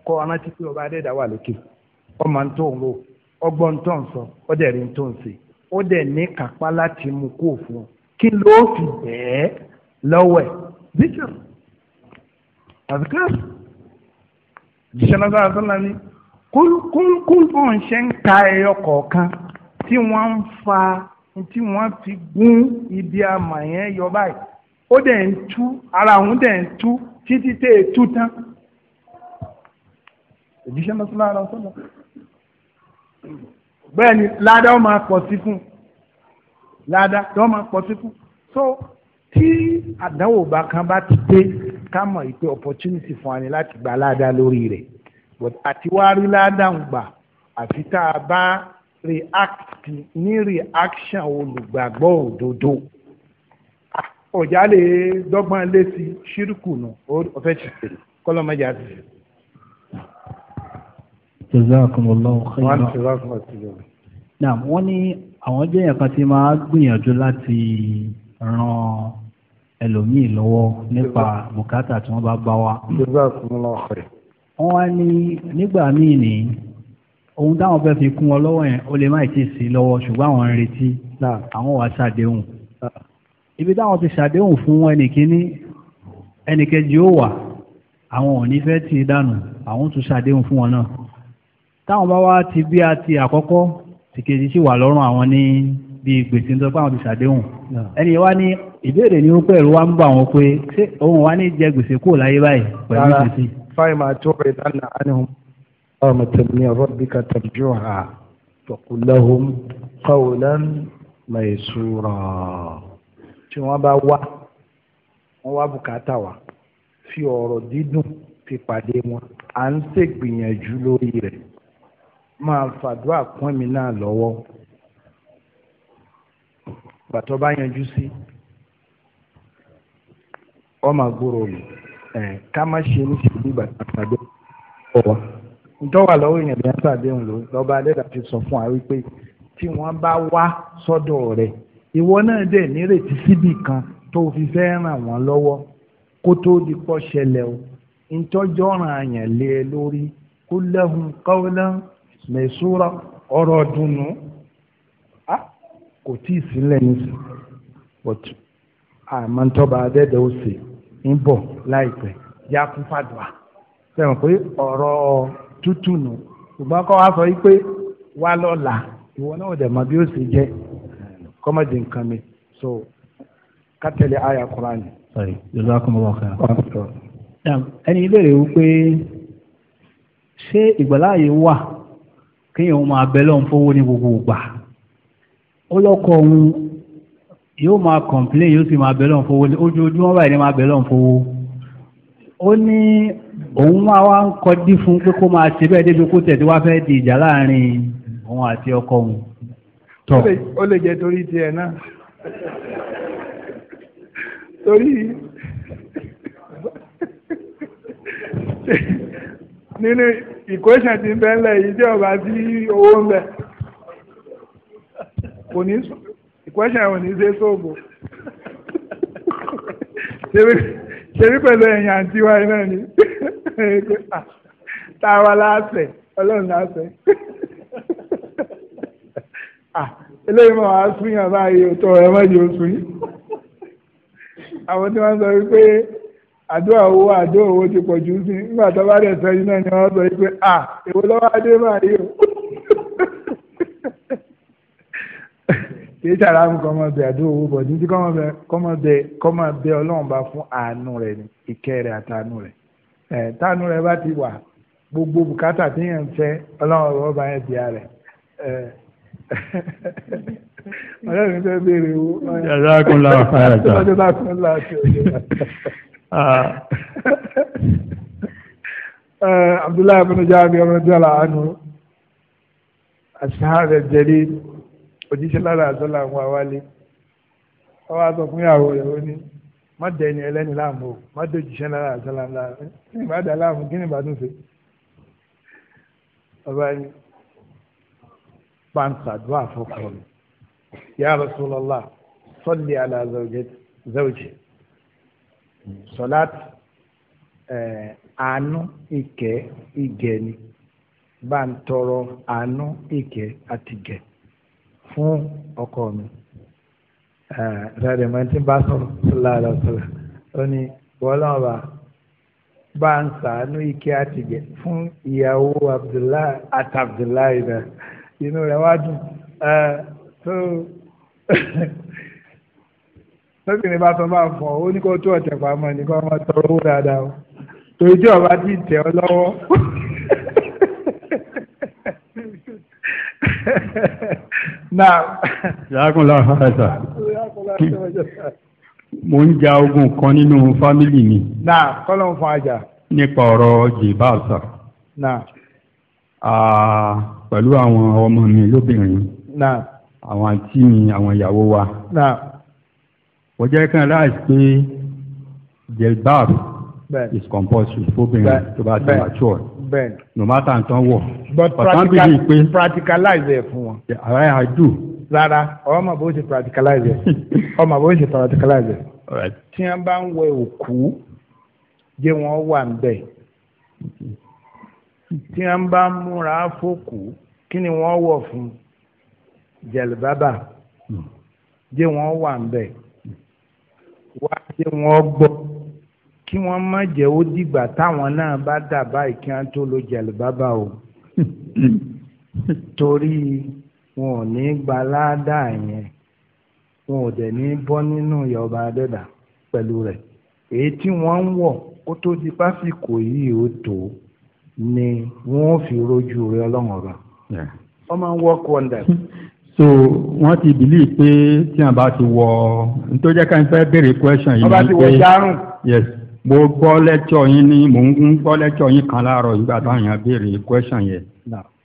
kọ rántí ọba adẹ́dá wà lókè ó ní kápá láti mú kó fún ọ kí ló fi bẹ́ẹ̀ lọ́wọ́ ẹ̀ ka ẹyọ kọ̀ọ̀kan. tí wọ́n ń fa tí wọ́n ti gún ibi àmà yẹn yọ báyìí ó dẹ̀ ń tú ara òun dẹ̀ ń tú títí tẹ̀ é tú tán òjíṣẹ́ mọ́sálá ara sọ́nà bẹ́ẹ̀ ni ládá ó máa sí fún ládá ó máa sí fún so tí àdánwò bá kan bá ti dé ká mọ̀ ìpè opportunity fún wa ni láti gba ládá lórí rẹ̀ but àti wá rí ládá ń gbà àfi tá a bá react ní reaction olùgbàgbọ́ òdodo ọ̀já lè dọ́gbọ́n létí ṣírùkù nù ọ̀fẹ́ ṣìṣẹ̀lẹ̀ kọ́lọ́mọdé àti ṣìṣẹ̀lẹ̀. jazakumullahu khairan. naam wọ́n ní àwọn jẹ́ ẹ̀ka tí máa gbìyànjú láti ran ẹlòmíì lọ́wọ́ nípa bùkátà tí wọ́n bá bá wa. jazakumullahu khairan. wọ́n wá ní nígbà míì ní ohun táwọn fẹ́ fi kún wọn lọ́wọ́ yẹn ó lè má ì tí ì sí lọ́wọ́ ṣùgbọ́n àwọn ń retí àwọn wàá ṣàdéhùn ibi táwọn ti ṣàdéhùn fún ẹnìkíní ẹnìkejì ó wà àwọn ò ní fẹ́ tì í dànù àwọn tún ṣàdéhùn fún wọn náà táwọn bá wá ti bí a ti àkọ́kọ́ tìkejì sì wà lọ́rùn àwọn ní bíi gbèsè ń sọ àwọn ti ṣàdéhùn ẹni wá ní ìbéèrè ni ó pẹ̀lú wa ń bọ̀ àwọn pé ṣé òun wá ní jẹ gbèsè kúrò láyé báyìí pẹ̀lú gbèsè. رحمة من ربك ترجوها فقل لهم قولا ميسورا tí wọ́n bá wá wọ́n wá bùkátà wa fi ọ̀rọ̀ dídùn fi pàdé wọn à ń ṣègbìyànjú lórí rẹ̀ máa fàdúrà kún mi náà lọ́wọ́ bàtọ́ bá yanjú sí ọmọ àgbòrò ẹ̀ ká má ṣe ní ṣèlú ìgbà tàbí ọ̀wá ntọ́wà lọ́wọ́ èèyàn lè ń sàdéhùn ló lọ́ba adẹ́dà ti sọ fún wa wípé tí wọ́n bá wá sọ́dọ̀ rẹ̀ ìwọ náà dẹ̀ nírètí síbì kan tó fi fẹ́ ràn wọ́n lọ́wọ́ kó tó di pọ́ ṣẹlẹ̀ o ntọ́jọ́ ràn àyàn lé e lórí kó lẹ́hùn qawlan maysura ọ̀rọ̀ dùnú ah, kò tí ì sílẹ̀ nísìnyí àmọ́ ntọ́ba adẹ́dà ó sè ń bọ̀ láìpẹ́ yá kún fàdùà sẹ́wọ̀n pé ọ̀rọ̀ tútù nù ṣùgbọ́n kọ́ wa sọ yìí pé wà lọ́la ìwọ náà ò mọ bí ó ṣe jẹ́ kọ́mọ̀dé nǹkan mi so ká tẹ̀lé àyà kúránì. sọ̀rí yorùbá kọ́mọ wọ̀ kan. ẹni ìbéèrè wípé ṣé ìgbàláàyè wà kéèyàn máa bẹ lọ́n fowó ní gbogbo ìgbà ó lọ́kọ̀ òun yóò máa kọ̀ǹpilẹ̀ yóò sì máa bẹ lọ́n fowó ojoojúmọ́ báyìí ni máa bẹ lọ́n fowó ó ní òun wá wá ń kọdí fún pé kó máa ṣe bẹ́ẹ̀ débi kó tẹ̀sí wá fẹ́ di ìjà láàrin òun àti ọkọ òun. tọ́ ó lè jẹ́ torí tiẹ̀ náà torí nínú ìkóṣàn ti ń bẹ́ ńlẹ̀ yìí tí ọba tí owó ń bẹ kò ní ìkóṣàn ò ní ṣe sóògùn ṣe wípé pẹ̀lú ẹ̀yìn àǹtí wa náà ni. táwa láàṣẹ ọlọ́run láàṣẹ ah, eléyìí mọ̀ wá sún yàn báyìí òtọ́ ẹ má jẹ́ oṣù yìí àwọn tí wọ́n sọ wípé àdúrà owó àdúrà owó ti pọ̀ jù sí nígbà tó bá dẹ̀ sẹ́yìn náà ni wọ́n sọ wípé à ah, èwo lọ́wọ́ adé máa yí o kì í ṣàrà mú kọ́mọ bẹ àdúrà owó bọ̀ ní ti kọ́mọ bẹ kọ́mọ bẹ kọ́mọ bẹ ọlọ́run bá fún àánú rẹ̀ ni ìkẹ́ rẹ̀ àtàánú rẹ̀ ẹ̀ tánú rẹ bá ti wà gbogbo bùkátà tí yẹn ń fẹ́ ọlọ́run ọba yẹn di ààrẹ ẹ̀ ọlọ́run fẹ́ béèrè owó. yàrá kún la ọ̀fà rẹ̀ tán. ọjọ́ bá kún la ọ̀fà rẹ̀ tán. Abdullahi bin Jaabi ọmọdéwàlá àánú asahara jẹlé òjíṣẹ́ lára àtọ́là àwọn àwálé ọwọ́ àtọ̀ fún ìyàwó rẹ̀ má dẹni ẹlẹ́ni láàmú o má dojú iṣẹ́ náírà àtàlà ńlá kí ni bá dà láàmú kí ni bá tún ṣe. ọba yìí mi ya Rasulullah salli ala zawji salat àánú ìkẹ́ ìgẹ̀ bá ń tọrọ àánú ìkẹ́ fún ọkọ mi. ìdáde mọ́ tí ń bá sọ̀rọ̀ sọ̀lá àlọ́sọ̀lá ó ní bọ́lá ọba bá ń sàánú ike àtìgẹ̀ fún ìyàwó Abdullahi àti Abdullahi náà inú rẹ̀ wá dùn tó lọ́sìnrin bá sọ máa fọ̀ ó ní kó tó ọ̀tẹ̀ pamọ́ ní kó ọmọ tọrọ owó dáadáa o torí tí ọba ti tẹ̀ ọ lọ́wọ́. náà. mo ń ja ogun kan nínú fámìlì mi. náà kọ́lọ́ fún ajá. nípa ọ̀rọ̀ jìbáà sà. náà. pẹ̀lú àwọn ọmọ mi lóbìnrin. náà. àwọn àǹtí mi àwọn ìyàwó wa. náà. wọ́n jẹ́ kí n pé is compulsory fóbìnrin bẹ́ẹ̀ni. no matter nǹkan wọ̀. but practical practicalize ẹ̀ fún wọn. ara yà dù. rárá ọmọ bó ṣe practicalize ẹ̀ ọmọ bó ṣe practicalize ẹ̀. tí wọ́n bá ń wẹ òkú jẹ́ wọ́n wà ń bẹ̀. tí wọ́n bá ń múra fòkú kí ni wọ́n wọ̀ fún jẹ̀lbábà hmm. jẹ́ wọ́n wà ń bẹ̀. wá jẹ́ wọ́n gbọ́ kí wọ́n má jẹ́ ó dìgbà táwọn náà bá dà báyìí kí wọ́n tó lo jẹ̀lúbábà o torí wọn ò ní gba ládàá yẹn wọn ò dẹ̀ ní bọ́ nínú ìyọba adẹ́dà pẹ̀lú rẹ̀ èyí tí wọ́n ń wọ̀ kó tó di pásíkò yìí ó tó ni wọ́n ò fi rojú rẹ̀ ọlọ́run ọba wọ́n máa ń work wonders. so wọ́n ti believe pé tí wọ́n bá ti wọ nítorí jẹ́ ká ń fẹ́ béèrè question yìí ni pé wọ́n bá ti wọ járùn. yes mo gbọ́ lẹ́tọ̀ yín ní mò ń gbọ́ lẹ́tọ̀ yín kan láàárọ̀ nígbà táwọn yẹn béèrè question yẹn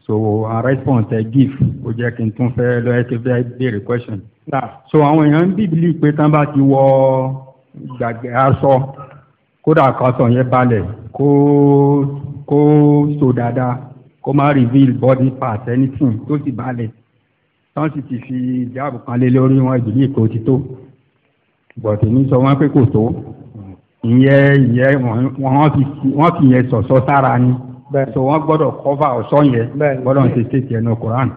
so a response ẹ give ó jẹ́ kí n tún fẹ́ lọ́yẹ́ tó fẹ́ béèrè question so àwọn èèyàn ń bíbélì pé tán bá ti wọ gbàgbé aṣọ kódà kọsọ̀ yẹn balẹ̀ kó kó so dada kó má reveal body part anything tó sì balẹ̀ tán sì ti fi ìjáàbù kan lé lórí wọn ìbílẹ̀ kò ti tó bọ̀tẹ̀ ní sọ wọn pé kò tó ìyẹn ìyẹn wọ́n fi wọ́n fi yẹn sọ̀sọ́ sára ni so wọ́n gbọ́dọ̀ kọ́fà ọ̀sọ́ yẹn gbọ́dọ̀ ṣe tètè ẹnu Quran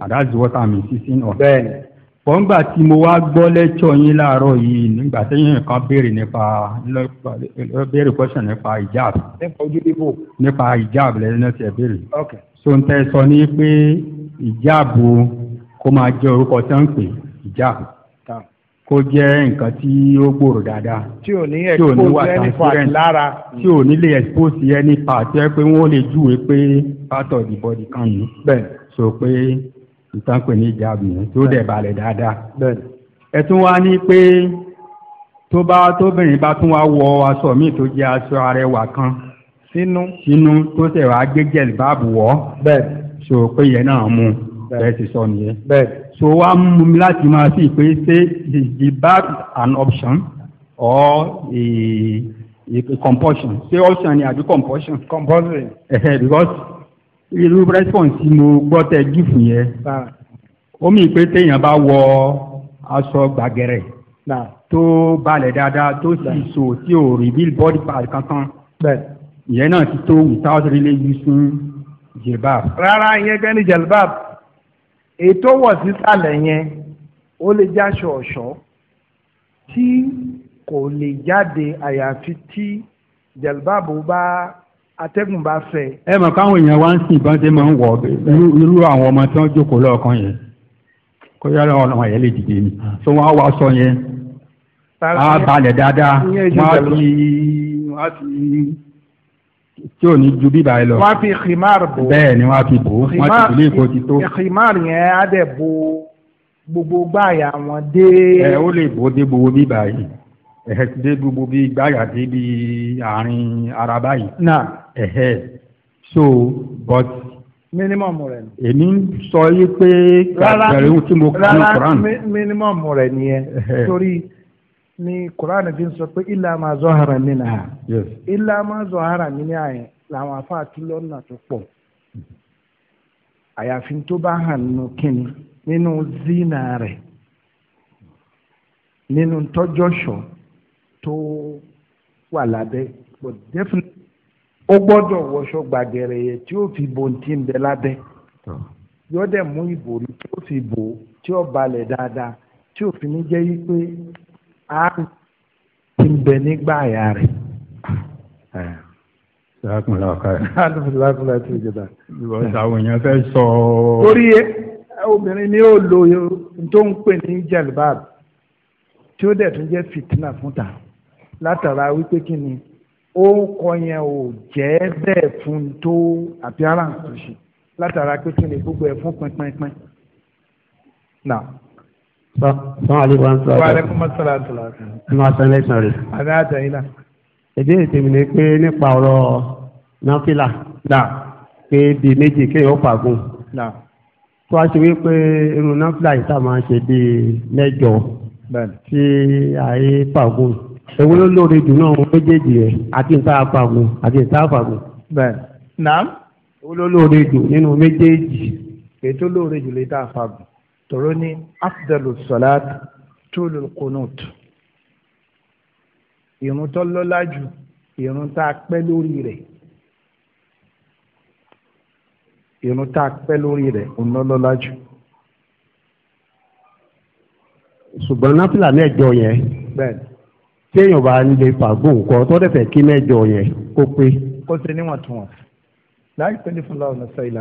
and that's what I'm insisting on. wọ́n gbà tí mo wá gbọ́ lẹ́tọ̀ yín láàárọ̀ yìí nígbà téèyàn kan béèrè nípa béèrè question nípa hijab nípa hijab lẹ́yìn tí ẹ béèrè so n tẹ́ sọ ní pé hijab kó máa jẹ́ orúkọ tí wọ́n ń pè hijab kó jẹ́ nǹkan tí ó gbòòrò dáadáa. tí ò ní expose any part lára. tí ò ní lè expose any part jẹ́ pé wọ́n lè júwe pé part of the body kan nù. bẹ́ẹ̀ so pé ìtàn pè ní ìjà àbùnú tó dẹ̀ balẹ̀ dáadáa. bẹ́ẹ̀ ẹ tún wá ní pé tó bá tóbìnrin bá tún wá wọ aṣọ míì tó jẹ́ aṣọ arẹwà kan. sínú sínú tó tẹ̀ wá gbé jẹ̀lì báàbù wọ̀. bẹ́ẹ̀ so pé yẹn náà mú bẹ́ẹ̀ ti sọ nìyẹn. bẹ́ẹ̀ so wá mú mi láti máa sí pé ṣé is the back an option or a a, a compulsion ṣé option ni àbí compulsion. compulsion. ẹ̀hẹ̀ because irú response tí mo gbọ́ tẹ gífù yẹn ó mì pé téèyàn bá wọ aṣọ gbàgẹ̀rẹ̀ tó balẹ̀ dáadáa tó sì so tí ò reveal body part kankan ìyẹn náà ti tó without really using jilbab. rárá ìyẹn gan ni ètò wọ̀ sísàlẹ̀ yẹn ó lè jáṣọ ọ̀ṣọ́ tí kò lè jáde àyàfi tí jẹ̀lbáàbò bá atẹ́gùn bá fẹ́. ẹ mọ̀ káwọn èèyàn wá ń sìn bá ṣe máa ń wọ̀ irú àwọn ọmọ tí wọ́n jókòó lọ́ọ̀kan yẹn kó yára ọ̀nà ẹ̀yẹ lè dìde ni tó wọ́n á wá sọ yẹn á balẹ̀ dáadáa wọ́n á fi wọ́n á fi tí ò ní ju bíbá ẹ lọ. wọ́n fi khimar bò. bẹ́ẹ̀ ni wọ́n fi bò wọ́n ti bìlẹ̀ kó ti tó. E khimar yẹn á dẹ̀ bo gbogbo gbáàyà wọn dé. ẹ ó lè bò dé gbogbo bíbá yìí ẹ dé gbogbo bí gbáàyà dé bí àárín ara báyìí. na ẹhẹ so but. minimum rẹ ni. èmi ń sọ yìí pé kàtàkì rárá minimum rẹ ni ẹ torí. ni koran fi sọ pé ilà máa zọ mi nà. ilà máa zọ mi ní àyè làwọn afáàtú lọ́nà tó pọ̀. àyàfi tó bá hàn nínú kíni nínú zina rẹ̀ nínú tọ́jọ́ṣọ́ tó but definitely ó gbọ́dọ̀ wọṣọ gbàgẹ̀rẹ̀ yẹ tí ó fi bo ti ń bẹ lábẹ́ yóò dẹ̀ mú ìbò tí ó fi bò tí ó balẹ̀ dáadáa tí ní jẹ́ yí pé àrùn ti ń bẹ nígbà àyà rẹ̀. sàkùnlá ọ̀ka rẹ̀. sàkùnlá ti ń jẹta. ìwọ̀sàwọn èèyàn fẹ́ sọ. torí obìnrin ni yóò lo tó ń pè ní jalbab tí ó dẹ̀ tún jẹ́ fitna fún ta látara wípé kí ni ó kọ yẹn ò jẹ́ bẹ́ẹ̀ fún tó appearance tó ṣe látara pé kí ni gbogbo ẹ̀ fún pínpínpín. now sọ́n àlè wa ń sọ. wa aleykum salaam salaam. ẹ máa san lẹ́sàn rẹ̀. àbẹ́ àtẹ̀yìn náà. ìbéèrè tèmi ni pé nípa ọ̀rọ̀ náfìlà. nà. pé bíi méjì kéèyàn ó fàgùn. nà. tó a ṣe wípé irú náfìlà yìí tá a máa ṣe bíi mẹ́jọ. bẹ́ẹ̀ni. tí àyè fàgùn. èwo ló lóore jù náà méjèèjì rẹ̀ àti ìta fàgùn àti ìta fàgùn. bẹ́ẹ̀ni. nà. èwo ló lóore jù nínú méjèèjì. ètò lóore jù lè tá a fàgùn tòró ní afdalu salat القنوت qunut ìrun tó lọ́lá jù ìrun tá a pẹ́ lórí rẹ̀ ìrun tá a pẹ́ lórí rẹ̀ òun ló lọ́lá jù. ṣùgbọ́n náfìlà mẹ́jọ yẹn tí èèyàn bá ń lè fàgbó nǹkan tó dẹ̀ fẹ́ kí mẹ́jọ yẹn kó pé. kó ṣe níwọ̀ntúnwọ̀n láì pẹ́lú fúnra ọ̀nà sọ ìlà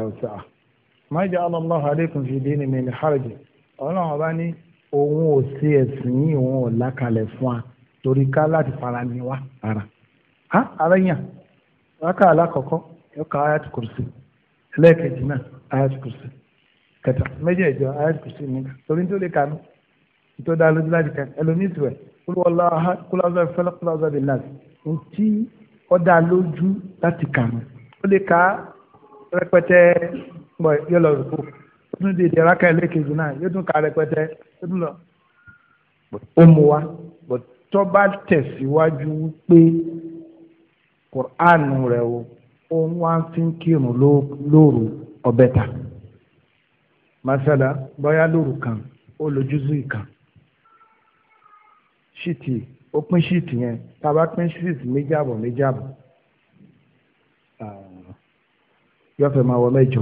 ma ja'ala Allahu alaykum fi dini min haraj ọlọ́run ọba ní òun ò sí ẹ̀sìn yìí òun ò lákalẹ̀ fún wa torí ká láti fara ni wá ara ha ara yàn wákà alákọ̀ọ́kọ́ ẹ̀ka ayat kursi ẹlẹ́ẹ̀kejì náà ayat kursi kẹta méjèèjọ ayat kursi nìkan torí tó lè kánú tó dá lójú láti kan ẹlòmíì tiwẹ̀ kúlọ́ọ̀lá kúlọ́ọ̀lá fẹ́lẹ́ bọ̀ yóò lọ rúkú ó tún dìde rákà ẹlẹ́kejì náà yóò tún ka rẹpẹtẹ ó tún lọ. ó mu wa tó bá tẹ̀síwájú pé kùránù rẹ̀ o ó ń wá fi kírun lóru ọbẹ̀ ta masala bóyá lóru kan ó lo júzù kan ṣíìtì ó pín ṣíìtì yẹn tá a bá pín ṣíìtì méjì àbọ̀ méjì àbọ̀ ah, yóò máa wọ mẹ́jọ.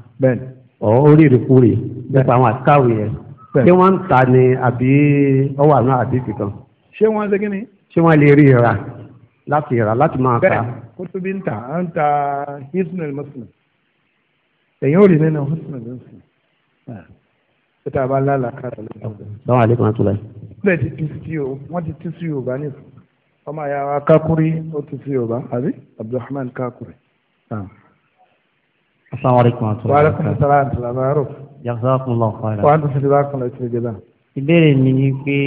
bẹ́ẹ̀ni. ọ̀ orí ìrìkúrì nípa àwọn àtikáwì yẹn ṣé wọ́n ń ta ni àbí ọwọ́ àná àbí kìkan. ṣé wọ́n ṣe kíni. ṣé wọ́n lè rí ra láti ra láti máa ta. bẹ́ẹ̀ kó tó bí ń ta à ń ta hisnul muslim èyàn ò rí nínú hisnul muslim pété àbá lálàkàrà lọ́wọ́. báwa lè kàn tó la. bẹ́ẹ̀ ti tu sí o wọ́n ti tu sí o bá nìkan ọmọ àyàwó akákúrí ó tu sí o bá àbí abdulrahman kakuri. Ah. السلام عليكم ورحمة الله وعليكم السلام ورحمة الله وبركاته جزاكم الله خيرا وأنتم في جزاكم الله خير جدا ìbéèrè mi ni pé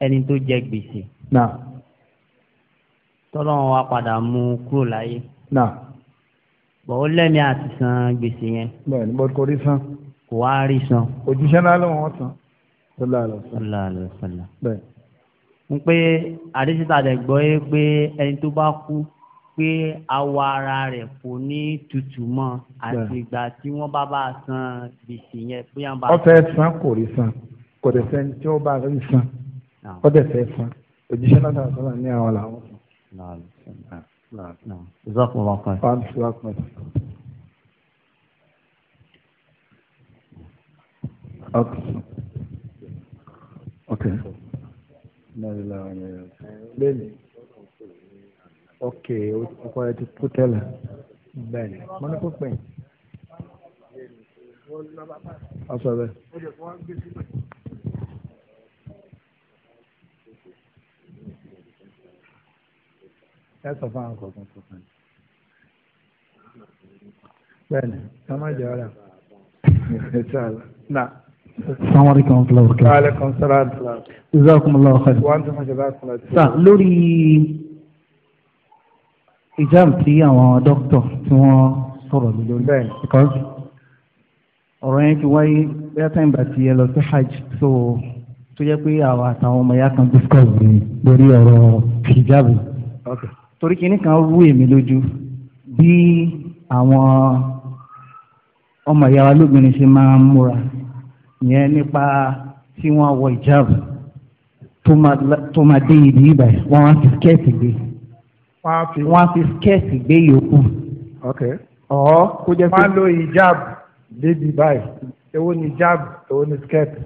ẹni tó jẹ gbèsè. náà. tọ́lọ́run wa padà mú kúrò láyé. náà. bọ̀ ó lẹ́ni àti san gbèsè yẹn. bẹ́ẹ̀ni bọ kò rí san. kò wá rí san. òjíṣẹ́ náà ló wọ́n san. sọlá àlọ́ sọlá àlọ́ sọlá. bẹ́ẹ̀. n pé àdéṣítà dẹ̀ gbọ́ yé pé ẹni tó bá kú pé awọ ara rẹ̀ kò ní tutù mọ́ àti ìgbà tí wọ́n bá bá san gbèsè yẹn bóyá bá. ó san kò rí san kò dẹ̀ sẹ́ni tí ó bá rí san ó dẹ̀ fẹ́ san òjíṣẹ́ náà sọ̀rọ̀ sọ̀rọ̀ ní àwọn làwọn. Okay. Okay ok o ọkọ ẹ ti kú tẹ́lẹ̀ bẹ́ẹ̀ ni mo ní kó pè é ọsọ bẹ́ẹ̀. ẹ sọ fún àwọn kọ̀ọ̀kan kọ̀ọ̀kan bẹ́ẹ̀ ni ká má jẹ ọ́rẹ́ náà. Assalamu alaikum warahmatullahi wabarakatuh. Wa alaikum assalam. Jazakumullahu khairan. Wa antum jazakumullahu khairan. Sa lórí exam tí àwọn dókítà tí wọ́n sọ̀rọ̀ lé lórí. bẹ́ẹ̀ because ọ̀rọ̀ yẹn ti wáyé bẹ́ẹ̀ tẹ́ ìgbà tí ẹ lọ sí hajj so tó jẹ́ pé àwọn àtàwọn ọmọ ya kan discuss lórí ọ̀rọ̀ hijab. torí kinní kan rú èmi lójú bí àwọn ọmọ ìyá wa lóbìnrin ṣe máa ń múra yẹn nípa tí wọ́n wọ hijab tó máa dé ibi ibà wọ́n á ti skẹ́ẹ̀tì gbé wọ́n á fi. wọ́n á fi skẹ́ẹ̀tì gbé yòókù. ok ọ̀ọ́ kó jẹ́ pé. wọ́n á lo hijab débi báyìí èwo ni hijab èwo ni skẹ́ẹ̀tì.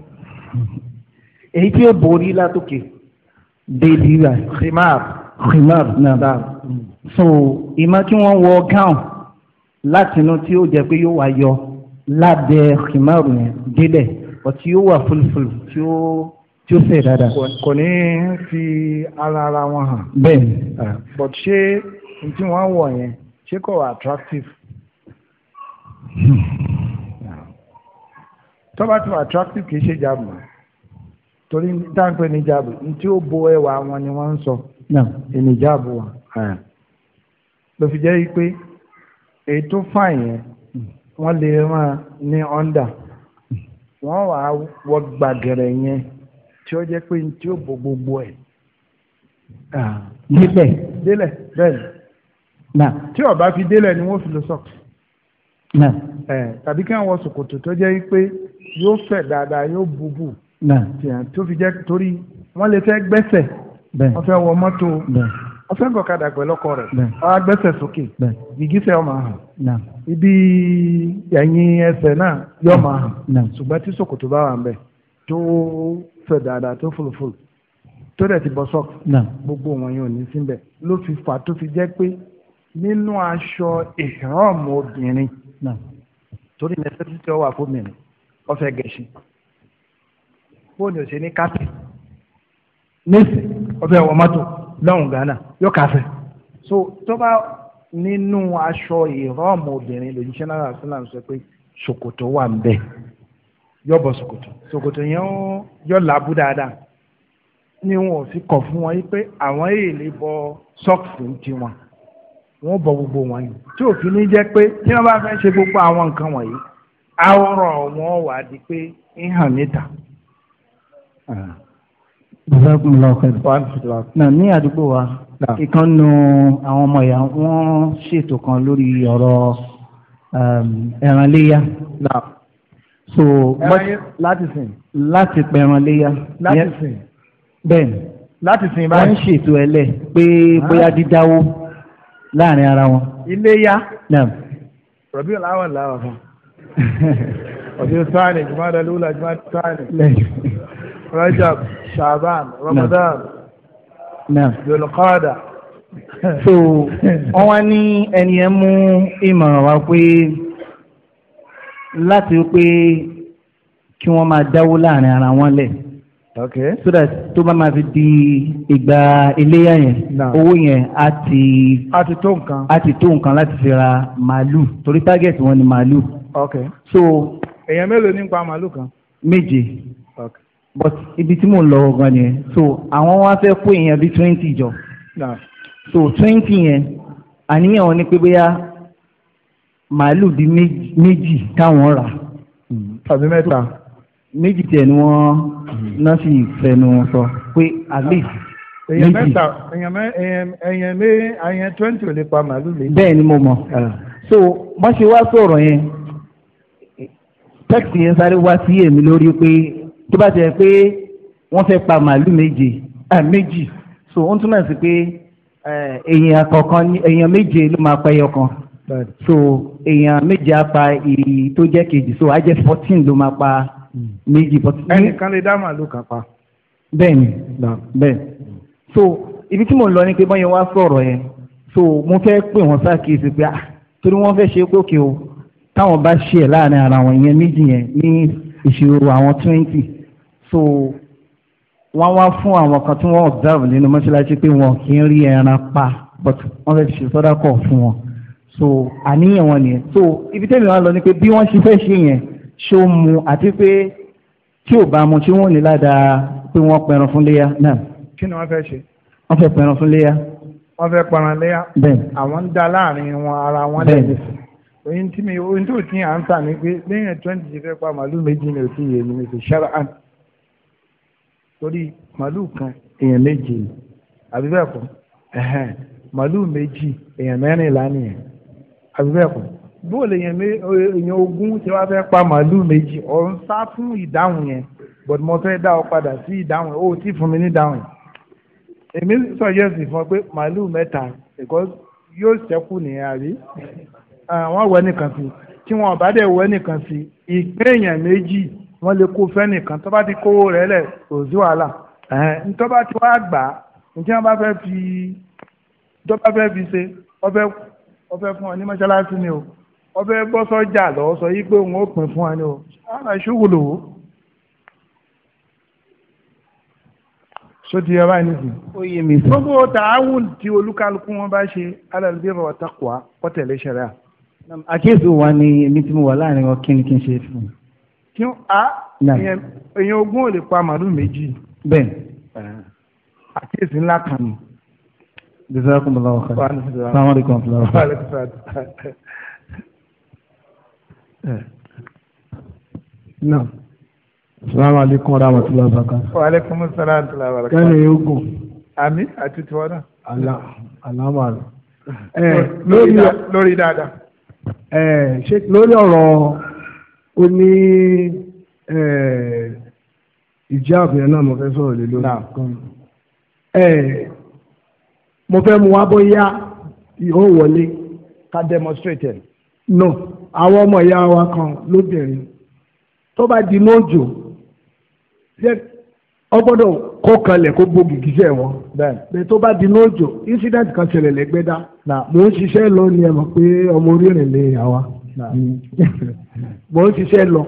èyí tí ó borí látòkè. débi báyìí. khimar. khimar náà. so ìmọ̀ tí wọ́n wọ gown látinú tí ó jẹ́ pé yóò wá yọ lábẹ́ khimar yẹn délẹ̀ ọtí yóò wà fúlùfúlù tí ó. tí ó fẹ̀ dáadáa. kò ní fi ara ara wọn hàn. but ṣé n wọ́n wọ̀ yẹn ṣé kò hmm. wà attractive. attractive kì í ṣe jáàbù mọ́ torí ní jáàbù n wọn sọ. ẹni jáàbù wọn. ló fi jẹ́ pé èyí tó yẹn wọ́n lè máa ní under hmm. wọ́n wàá wọ gbàgẹ̀rẹ̀ tí ó jẹ́ pé ní tí ó bo gbogbo ẹ̀. délẹ̀ délẹ̀ bẹ́ẹ̀ ni tí ó bá fi délẹ̀ ni wọ́n fi lo sọ́ọ̀kì tàbí kí wọ́n wọ ṣòkòtò tó jẹ́ pé yóò fẹ̀ dáadáa yóò bubù tó fi jẹ́ torí wọ́n lè fẹ́ gbẹ́sẹ̀ wọ́n fẹ́ wọ mọ́tò wọ́n fẹ́ gọ̀kadà pẹ̀lú ọkọ rẹ̀ wọ́n á gbẹ́sẹ̀ sókè gìgísẹ̀ ọmọ hàn ibi ẹ̀yìn ẹsẹ̀ náà yọ ọmọ hàn ṣùgbọ́n tí ṣòkòtò bá wà ń bẹ̀ tó fẹ̀ dáadáa tó fòlòfòlò tó dẹ̀ ti bọ́ gbogbo wọn yóò ní síbẹ̀ ló fi fà tó fi jẹ́ pé nínú aṣọ ìhànmọ́ obìnrin torí nẹ́sẹ̀tì tí ó wà fún mi ọ̀fẹ́ gẹ̀ẹ́sì fóònù ò ṣe ní kápẹ́ nísì ọ̀fẹ́ mọ́tò lọ́hùn gánà yóò so tó bá nínú aṣọ ìhànmọ́ obìnrin lòjíṣẹ́ náà sílẹ̀ sọ pé ṣòkòtò wà ń yọ bọ ṣòkòtò ṣòkòtò yẹn ó yọ làbú dáadáa ni wọn ò fi kọ fún wọn yìí pé àwọn èèlè bọ sọọkì ti wọn wọn bọ gbogbo wọn yìí tí òfin ní jẹ́ pé tí wọn bá fẹ́ ṣe gbogbo àwọn nǹkan wọ̀nyí àwòrán wọn wà á di pé ń hàn níta. Ìjọba ní àdúgbò wa, ìkan nu àwọn ọmọ ìyá wọn ṣètò kan lórí ọ̀rọ̀ um, ẹran léyà so láti sìn. láti pẹran léyà. láti sìn. bẹ́ẹ̀ni láti sìn báyìí. wọ́n ń ṣètò ẹlẹ́ pé ah. bóyá dídáwó láàrin ara wọn. iléyà. naam. rọ̀bí làwọn làwọn kan. ọ̀sẹ̀ sáàni jùmọ̀dá lula jùmọ̀dá sáàni. rajab shaban ramadan. naam. dulqada. so wọ́n wá ní ẹni ẹ mú ìmọ̀ràn wá pé láti pé kí wọ́n máa dáwó láàrin ara wọn lẹ̀. ok so that tó bá máa fi di ìgbà iléyà yẹn owó yẹn á ti. á ti tó nǹkan. láti fi ra màálù torí target wọn ni màálù. so. èèyàn mélòó ní pa màálù kan. méje. but ibi tí mò ń lọ gan yẹn so àwọn wá fẹ́ kó èèyàn bíi twenty jọ. so twenty yẹn àníyàn wọn ni pé bóyá màálùú di méjì táwọn rà. tàbí mẹ́ta. méjì tiẹ̀ ni wọ́n hmm. náà sì fẹnu wọn sọ pé at least èèyàn mẹ́ta èèyàn mé èèyàn twenty ò lè pa màálùú lè. bẹ́ẹ̀ ni mo mọ̀ ah. so wọ́n ṣe wá sọ̀rọ̀ yẹn tẹ́kìtì yẹn sáré wá sí èmi lórí pé tó bá jẹ́ pé wọ́n fẹ́ pa màálùú méje méjì so ó túmọ̀ sí pé eh, èèyàn kọ̀ọ̀kan èèyàn méje ló máa pa ẹyọ so èèyàn méje á pa èyí tó jẹ́ kejì so á jẹ́ fourteen ló máa pa méjì fourteen. ẹnìkan lè dá màálù kan pa. bẹ́ẹ̀ni bẹ́ẹ̀ so ibi tí mo lọ ni pé bọ́yẹn wá sọ̀rọ̀ yẹn so mo fẹ́ pè wọ́n ṣàkíyèsí pé ah torí wọ́n fẹ́ ṣe gòkè o táwọn bá ṣe ẹ̀ láàrin ara wọn yẹn méjì yẹn ní ìṣirò àwọn twenty so wọ́n wá fún àwọn kan tí wọ́n observe nínú mọ́ṣáláṣí pé wọn kì í rí ẹran pa but wọ́n fẹ́ ṣe sọ́dá kọ̀ fún wọn so àníyàn wọn nìyẹn so ibi tẹ́mi wọn lọ ni pé bí wọ́n ṣe fẹ́ ṣe yẹn ṣé ó mu àti pé tí ò bá mu tí wọ́n ní ládàá pé wọ́n pẹran fún léyà náà. kí ni wọ́n fẹ́ ṣe. wọ́n fẹ́ pẹran fún léyà. wọ́n fẹ́ pẹran léyà. bẹ́ẹ̀ àwọn ń da láàrin wọn ara wọn lẹ́yìn oyin tí mi oyin tó ti à ń tà ní pé lẹ́yìn twenty ti fẹ́ pa màálù méjì ni ò tí yé mi fi ṣára hàn torí màálù kan èèyàn méjì àbí bẹ́ẹ̀ kọ́ màálù méjì èèyàn mẹ́rìnlá nìyẹn àbí bẹ́ẹ̀ kọ́ bóòlù èèyàn ogún tí wọ́n fẹ́ pa màálùú méjì ọ̀ ń sá fún ìdáhùn yẹn but mo fẹ́ dá ọ padà sí ìdáhùn ó tí fún mi ní ìdáhùn yẹn èmi sọ̀yẹ́sì fún ọ pé màálùú mẹ́ta because yóò ṣẹ́kù nìyẹn àbí wọ́n wọ ẹnìkan sí tí wọ́n bá dẹ̀ wọ ẹnìkan sí ìpín èèyàn méjì wọ́n lè kó fẹ́nìkan tó bá ti kówó rẹ̀ lẹ̀ kò sí wàhálà tó bá ti wá gbà á tí wọ́n bá fẹ́ fi tó bá fẹ́ fi ṣe wọ́n fẹ́ ó fẹ́ fún ọ ní mọ́ṣáláṣí ni o ó fẹ́ bọ́ sọ́jà lọ́ọ́ sọ yí pé òun ó pín fún ọ ni o ara ìṣòwòlò wò. sóti ẹ báyìí nìsín. ó yé mi sọ. gbogbo tààwùn tí olúkálukú wọn bá ṣe alàlùbẹ́rẹ̀ ọ̀tá kọ́ ọ̀tẹ̀lẹ̀ ṣẹlẹ̀ à. àkíyèsí wa ni èmi tí mo wà láàrin wọn kí ni kí n ṣe fún un a èèyàn ogún ò lè pa màálù méjì. bẹ́ẹ̀ àkíyèsí ńlá kan ni jazakum allah khair assalamu alaikum wa rahmatullahi eh. naam assalamu alaikum wa rahmatullahi wa barakatuh wa alaikum assalam wa rahmatullahi kẹ́ni ogun àmì àti tiwọ́nà aláàmà rẹ̀ eh, eh, lórí dáadáa lórí ọ̀rọ̀ ó ní ìjáàbù yẹn náà mo fẹ́ sọ̀rọ̀ lé lórí mo fẹ́ mu wá bóyá ìhó wọlé ká demonstrate no àwọn ọmọ ìyá wa kan lóbìnrin tó bá di nójò ọ gbọ́dọ̀ kó kalẹ̀ kó bo wọn tó bá di incident kan ṣẹlẹ̀ lẹ́gbẹ́dá mò ń ṣiṣẹ́ lọ ni ẹ pé ọmọ lè yà wá mò ń lọ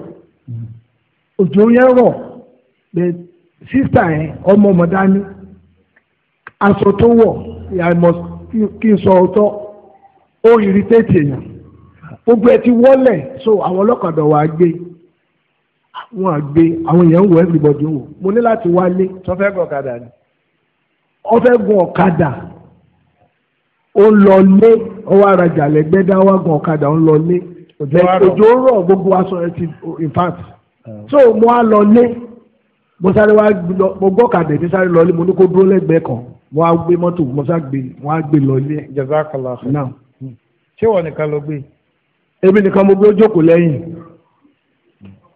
òjò yẹn sísà ọmọ ọmọ dání aṣọ tó I must kí n sọ ọtọ́ ó irritate èèyàn gbogbo ẹ ti wọ́lẹ̀ so àwọn ọlọ́kadà wa gbé àwọn àgbé àwọn èèyàn ń wọ everybody ń wò mo ní láti wálé. tó fẹ́ gun ọ̀kadà ni. ó fẹ́ gun ọ̀kadà ó ń lọ lé ọwọ́ arajà lẹ́gbẹ́ dá wá gun ọ̀kadà ó ń lọ lé òjò rọ̀ gbogbo aṣọ ẹ ti in fact ah. so mo á lọ lé mo sáré wá mo gbọ́ ọ̀kadà èmi sáré lọ lé mo ní kó dúró lẹ́gbẹ̀ẹ́ kan wọ́n á gbé mọ́tò mọ́sá gbé wọ́n á gbé lọ ilé. jazakallah khair náà. ṣé wọ́n nìkan ló gbé. èmi nìkan mo gbé ó jókòó lẹ́yìn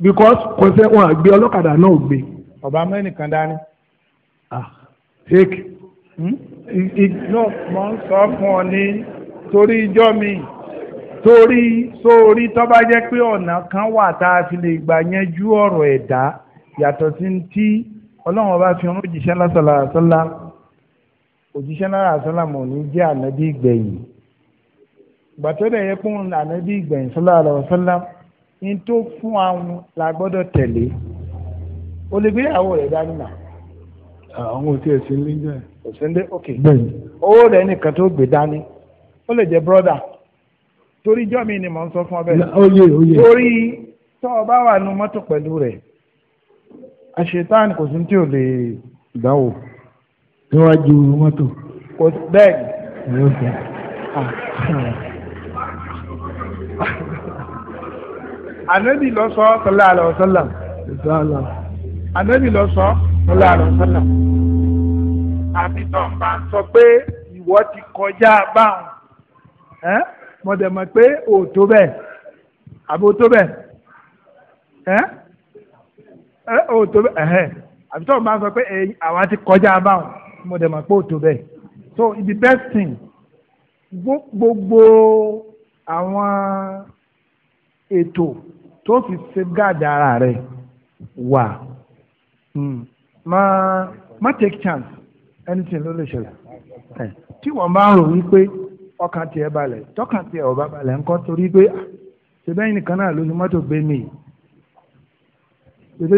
because kọ́sẹ́ wọn àgbé ọlọ́kadà náà ò gbé. ọba mẹ́nìkan dání. ah fake. Hmm? no mo ń sọ fún ọ ní torí ijọ́ mi torí sórí tó bá jẹ́ pé ọ̀nà kan wà tá a fi lè gbà yanjú ọ̀rọ̀ ẹ̀dá yàtọ̀ sí ti ọlọ́run ọba fi ọ̀run jíṣẹ́ lásàlàsọ́lá. òjíṣẹ́ náírà sálàmù ní jẹ́ ànábì ìgbẹ̀yìn gbàtọ́dẹ̀ yẹ kó ń ànábì ìgbẹ̀yìn sallallahu alaihi wasallam ní tó fún àwọn la gbọ́dọ̀ tẹ̀lé o lè gbéyàwó dání nà. àwọn ok owó nìkan tó gbé dání ó lè torí ni mò ń sọ fún torí bá wà nu mọ́tò pẹ̀lú rẹ̀ àṣetán kò sí ní tí níwájú mọ́tò. kò bẹ́ẹ̀ ni. ànábì lọ sọ sọlá àlọ sọlá. ànábì lọ sọ sọlá àlọ sọlá. àbí náà bá ń sọ pé ìwọ ti kọjá báwọn mo dẹ̀ mọ̀ pé ò tó bẹ́ẹ̀ àbò tó bẹ́ẹ̀ ẹ́ ò tó bẹ́ẹ̀ àbí tó o máa sọ pé àwa ti kọjá báwọn mo dẹ̀ mọ̀ pé ó tó bẹ́ẹ̀ so the best thing gbogbo àwọn ètò tó fi safeguard ara rẹ̀ wà hmm, má má take chance anything ló lè ṣẹlẹ̀ tí wọ́n bá ń rò wípé ọkàn tiẹ̀ balẹ̀ tọkàn tiẹ̀ ò bá balẹ̀ ńkọ́ torí pé ah, ṣẹbẹ́ ẹnìkan náà ló fi mọ́tò gbé mi ṣẹbẹ́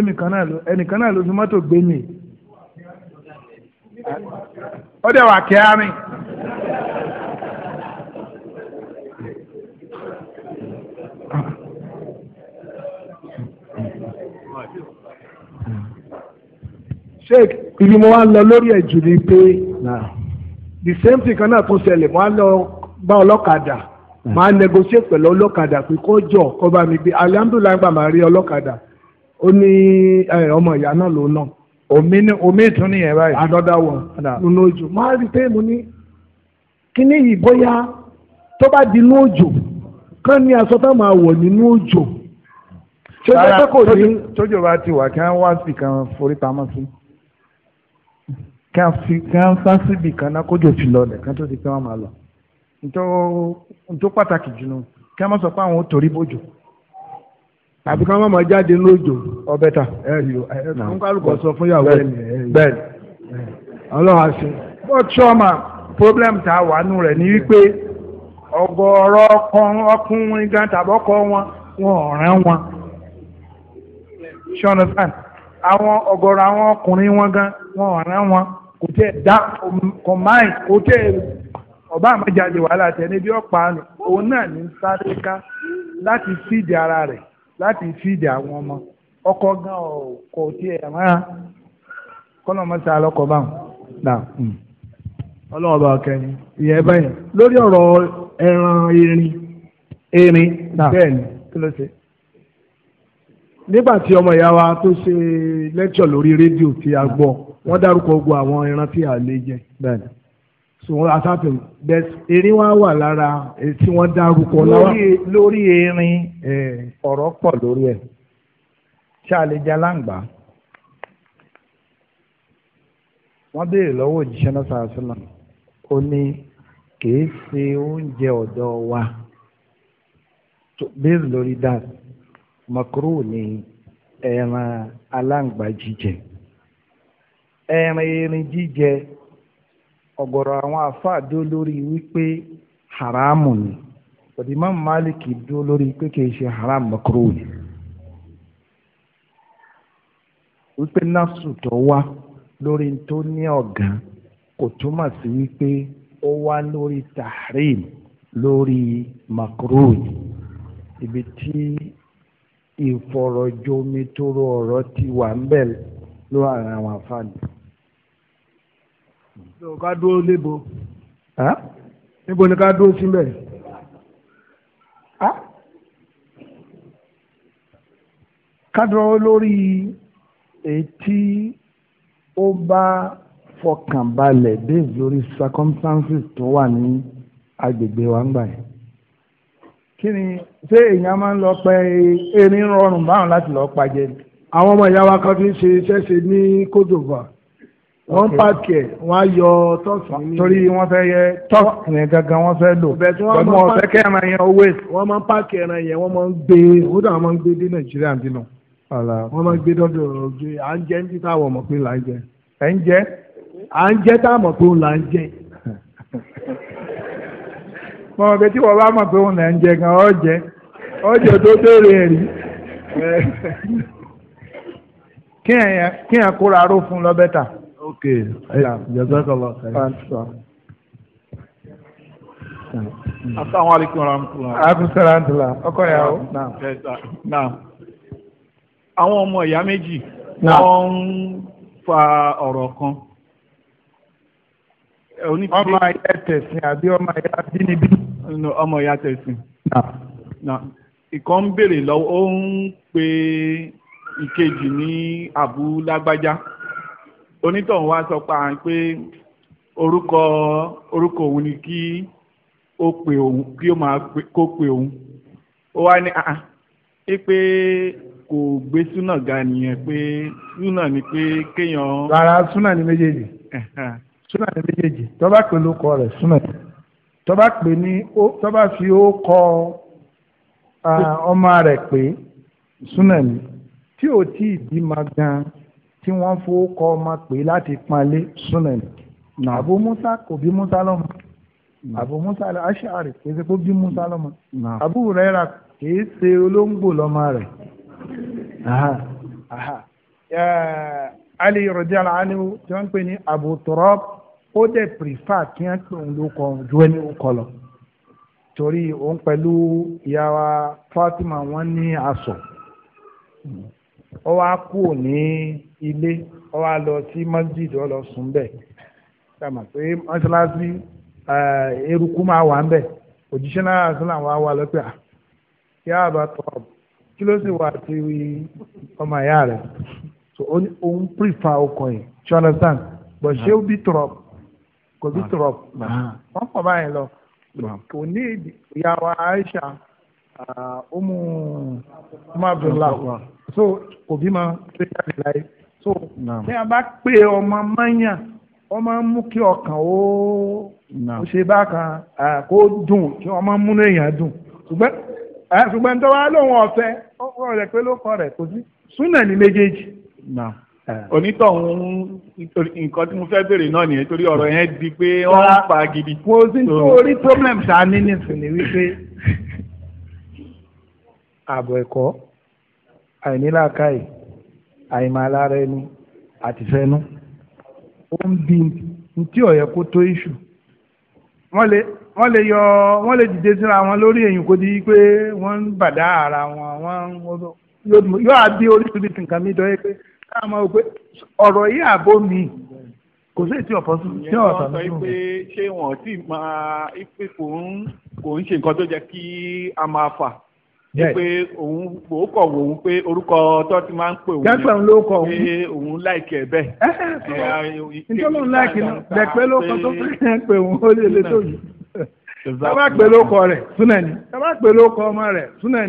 ẹnìkan náà ló fi mọ́tò gbé mi ó dẹ̀ wà kíá mi. sheik ibi mo wá lọ lórí ẹ̀jù ni pé the same thing kan náà tún ṣẹlẹ̀ mo wá lọ gba ọlọ́kadà máa negotiate pẹ̀lú ọlọ́kadà pé kó jọ kó bá mi gbé alihamdulilayi gba máa rí ọlọ́kadà ó ní ọmọ ìyá náà ló náà omi ní omi tún nìyẹn báyìí. àdọ́dá wọ nínú òjò máa rí pé mo ní kíní yìí bóyá tó bá di inú òjò kán ní aṣọ tá máa wọ̀ nínú òjò. ṣé ṣe kò ní. tójò bá ti wà kí wọ́n wá sí kan forí pamọ́ sí kí wọ́n sá síbi kan náà kójò fi lọ lẹ̀ tó di pé wọ́n máa lọ. ntọ́ pàtàkì jùlọ kí wọ́n sọ pé àwọn ò torí bójò. àbí ká má máa jáde lójò ọbẹ̀ ta nkálukọ̀ sọ fún yàwó ẹ̀ bẹ́ẹ̀ ọlọ́run àṣẹ. bó tíọ́mà problem tá a wà nù rẹ̀ ni wípé ọ̀gọ̀ọ̀rọ̀ ọkùnrin gan tàbọ́kọ wọn wọn ò rán wọn ṣọ́nùfàn àwọn ọ̀gọ̀ọ̀rọ̀ àwọn ọkùnrin wọn gan wọn ò rán wọn kò tẹ̀ dá ara rẹ̀. láti fíìdì àwọn ọmọ ọkọ gan kò tiẹ̀ máa kọ́lọ́mọ́sá alọ́kọ̀ bá wọn. Hmm. bá ìyẹn báyìí lórí ọ̀rọ̀ ẹran erin bẹ́ẹ̀ kí ló nígbà tí ọmọ ìyá tó ṣe lórí rédíò tí a gbọ́ wọ́n dárúkọ àwọn ẹran tí jẹ. so wọn asáfẹ́ bẹ́ẹ̀ wa wà lára tí dárúkọ lára. lórí erin ọ̀rọ̀ pọ̀ lórí ẹ̀ ṣé a lè jẹ aláǹgbá wọ́n béèrè lọ́wọ́ òjíṣẹ́ náà sàásùlà ó ní kìí ṣe wa béèrè lórí dat makro ní ẹran aláǹgbá jíjẹ ẹran erin jíjẹ ọ̀gọ̀rọ̀ àwọn àfáà dúró lórí wípé haramu ni ọ̀dì Imam Malik dúró lórí pé kì í ṣe haram makro ni wípé nafsu tó wá lórí tó ní ọ̀gá kò túmọ̀ sí wípé ó wá lórí tahrim lórí makro ni ibi tí ìfọ̀rọ̀jomitoro ọ̀rọ̀ ti wà ń bẹ̀ lórí àwọn àfáà ni yóò ká dúró lébo níbo ni ká dúró síbẹ̀ ká dúró lórí ètí ó bá fọkàn balẹ̀ based lórí circumstances tó wà ní agbègbè wa ń gbà yẹn kí ni ṣé èèyàn máa ń lọ pẹ erin rọrùn báwọn láti lọ pàjẹ àwọn ọmọ ìyá wa kan ti ń ṣe iṣẹ́ ṣe ní Côte d'Ivoire wọ́n pààkì ẹ̀ wọ́n á yọ tọ́ọ̀sì torí wọ́n fẹ́ yẹ tọ́ọ̀sì yẹn gangan wọ́n fẹ́ lò. bẹ́ẹ̀ wọ́n máa pààkì ẹ̀rọ ẹran yẹn owó wọ́n máa ẹran yẹn wọ́n máa ń gbé wọ́n wọ́n máa ń gbé dé nàìjíríà nà. wọ́n máa ń gbé dọ́dọ̀ à ń jẹ́ ní à ń jẹ́ ń jẹ. mọ̀ bá mọ̀ pé ń jẹ gan ọ́ Okay. Jazakallah. Assalamu ya Àwọn ọmọ ìyá méjì. ń fa ọrọ kan. Ọmọ ìyá tẹ̀sìn àbí ọmọ Ọmọ ìyá tẹ̀sìn. Ìkan ń béèrè lọ́wọ́, ó ń pe ìkejì ní onítọ̀hún wá sọ pa pé orúkọ orúkọ òun ni kí ó pè òun kí ó máa kó pè òun ó wá ní àá é pé kò gbé súnà ga nìyẹn pé súnà ni pé kéèyàn. rárá súnà ni méjèèjì súnà ni méjèèjì tó bá pè ló kọ rẹ̀ súnà tó bá pè ní tó bá fi ó kọ ọmọ rẹ̀ pé súnà ni tí ò tí ì bí ma gan-an. tí wọ́n fowó kọ ọmọ pé láti panlé súnà ní. àbò musa kò bí musa lọ́mọ àbò musa aṣáàrè kì í ṣe kó bí musa lọ́mọ àbò rẹ́ra kì í ṣe olóńgbò lọ́mọ rẹ̀. ali rọ̀díàlá aliwu tí wọ́n ń pè ní àbò tọ̀rọ̀ ó dẹ̀ pìrìfà kí wọ́n pè ń lóko ju ẹni ó lọ torí òun pẹ̀lú ìyá wa Fatima wọ́n ní aṣọ. Hmm ó wá kúrò ní ilé ó wá lọ sí masjid ó lọ sùn bẹ̀ sàmà pé mọ́ṣáláṣí eh, eruku máa wà ń bẹ̀ òjíṣẹ́ náà sọ́làmù wa wà lọ́pẹ́ à ah, kí á bá tọ̀ kí ló sì wà àti ọmọ ìyá rẹ̀ so òun prefer ọkọ̀ yìí do you understand but ṣé ó bí tọ̀rọ̀ kò bí tọ̀rọ̀ ah. wọ́n pọ̀ báyìí lọ kò ní ìyá wa Aisha ọmọ ọmọ abdullahi so òbí máa tó jáde láyé so tí a bá pè ọmọ mọ́yàn ọmọ ń mú kí ọkàn ó ó ṣe bákan kó dùn kí ọmọ múnú èèyàn dùn ṣùgbọ́n ṣùgbọ́n tó wá lóun ọ̀fẹ́ ó rẹ̀ pé ló kọ́ rẹ̀ kò sí súnà ní méjèèjì. onítọ̀hún nǹkan tí mo fẹ́ béèrè náà nìyẹn torí ọ̀rọ̀ yẹn di pé wọ́n ń pa gidi. kò sí nítorí problem tá a ní nísìnyí wípé ààbọ̀ ẹ̀kọ́ àìníláàkáì àìmàlára ati fenu ó ń bi ntí ọ̀yẹ́ kó tó iṣu wọ́n lè wọ́n le yọ wọ́n lè wọn lori èyàn kò di ara wọn wọ́n yóò àbí oríṣiríṣi nǹkan mi dọ́yé pé káà máa o pe ọ̀rọ̀ yìí mi kò sí ètí ọ̀pọ̀ sùn wípé òun òun kọ̀ wò ó pé orúkọ tó ti máa ń pè òun gẹ́gbẹ́ kọ pé òun láìkì ẹ̀ bẹ́ẹ̀. nítorí òun láìkì náà dẹ̀pẹ́ ló kọ tó fẹ́ pé òun ó lè lè tó tá a bá pè ọmọ rẹ̀ súnà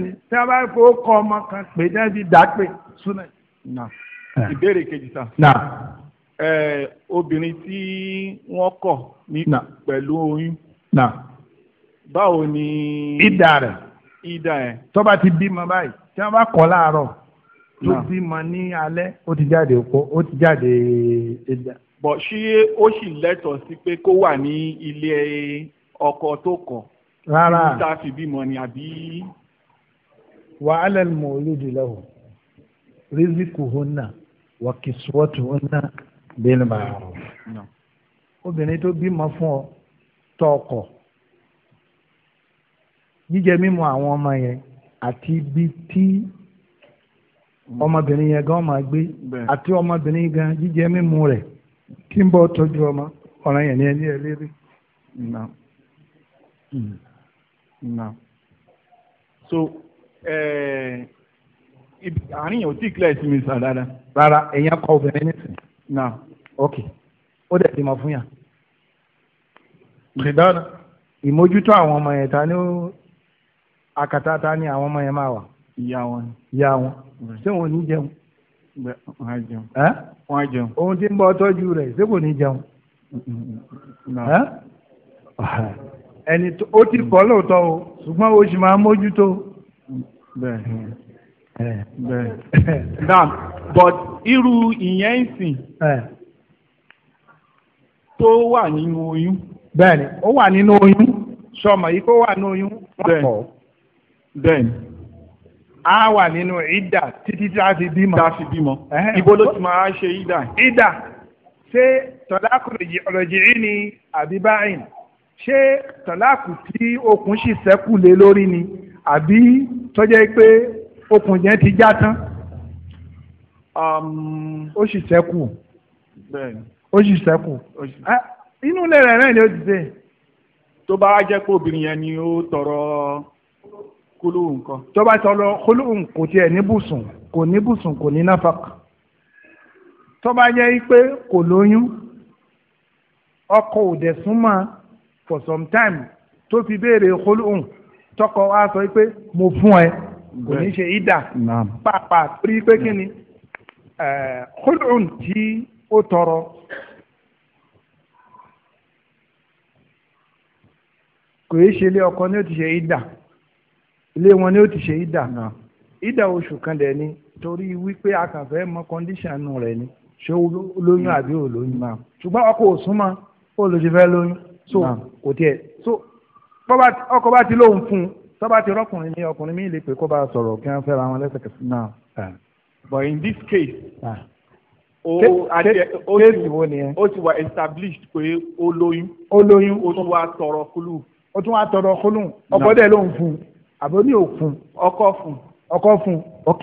ni tá ọmọ kan pè súnà eh. ìbéèrè kejì obìnrin tí wọ́n kọ̀ ní pẹ̀lú oyún. báwo ni. ìdá ẹ̀. tó bá ti bímọ báyìí tí wọ́n bá kọ́ láàárọ̀ tó bímọ ní alẹ́ ó ti jáde ó ti jáde ìdá. bọ̀ ṣé ó sì lẹ́tọ̀ọ́ sí pé kó wà ní ilé ọkọ tó kọ̀ rárá níta fi bímọ ni àbí. wa 'ala al-mawludi lahu rizquhunna wa kiswatuhunna bil ma'ruf. obìnrin tó bímọ fún ọ tọkọ jíjẹ mímu àwọn ọmọ yẹn àti ibi tí ọmọbìnrin yẹn gan máa gbé àti ọmọbìnrin gan jíjẹ mímu rẹ̀ kí n bọ́ tọ́jú ọmọ ọ̀ràn yẹn ní ẹni ẹ lérí. Hmm. so eh, àárín yẹn ò tí ì clear sí mi sàn dáadáa. rárá èèyàn kọ obìnrin nísìnyí. na ok ó dẹ̀ bímọ fún yà. ìdáná ìmójútó àwọn ọmọ yẹn ta ni ó àkàtà ta ni awon ọmọ yẹn máa wọn. ìyá wọn. ṣé wọn ò ní jẹun. wọn wọn á ti to o ṣùgbọ́n o moju to mójútó. bẹ́ẹ̀ bẹ́ẹ̀. but wà nínú oyún. bẹ́ẹ̀ni ó wà nínú oyún sọmọ yìí wà nínú oyún then a wà nínú ida títí tí a fi bímọ. tí a fi bímọ. ibo ló ti máa ṣe ida. ida ṣé tọ́láàkù rọ̀jìrì ni àbí báyìí ṣé tọ́láàkù tí okùn ṣì ṣẹ́kù lé lórí ni àbí tọ́jẹ́ pé okùn yẹn ti já tán. Um, ó ṣì ṣẹ́kù. ó ṣì ṣẹ́kù. Ah, inú ilé rẹ̀ náà ni ó ti dé. tó bá jẹ́ pé obìnrin yẹn ni ó tọrọ kólóhùn kan. tó bá sọ lọ kólóhùn kò tiẹ̀ níbùsùn kò níbùsùn kò ní náfàkà tó bá pé kò lóyún ọkọ ò dẹ̀ súnmọ́ for some time tó fi béèrè kólóhùn tọkọ wa sọ pé mo fún ẹ kò ní ṣe ìdà pàápàá torí pé kí ni eh, kólóhùn tí ó tọrọ kò í ṣe ilé ọkọ ní ó ti ṣe ìdà ilé wọn ni ó ti ṣe ìdà náà ìdà oṣù kan dẹ̀ ni torí wípé a kàn fẹ́ mọ kọ́ndíṣàn rẹ̀ ni ṣé olóyún àbí olóyún máa ṣùgbọ́n ọkọ ò ó ló ṣe fẹ́ lóyún so kò tiẹ̀ so ọkọ bá ti lóhùn fún un tó bá ti rọ́kùnrin ní ọkùnrin mi lè pè kó bá a sọ̀rọ̀ kí wọ́n fẹ́ra wọn lẹ́sẹ̀kẹsẹ̀ náà. but in this case. kéèsì wo nìyẹn. ó ti wà established pé ó lóyún. ó lóyún. ó tún wá tọrọ kúlù. ó tún wá tọrọ kúlù. ọkọ dẹ̀ lóhùn fún un àbóní òfun ọkọ fún ọkọ fún ok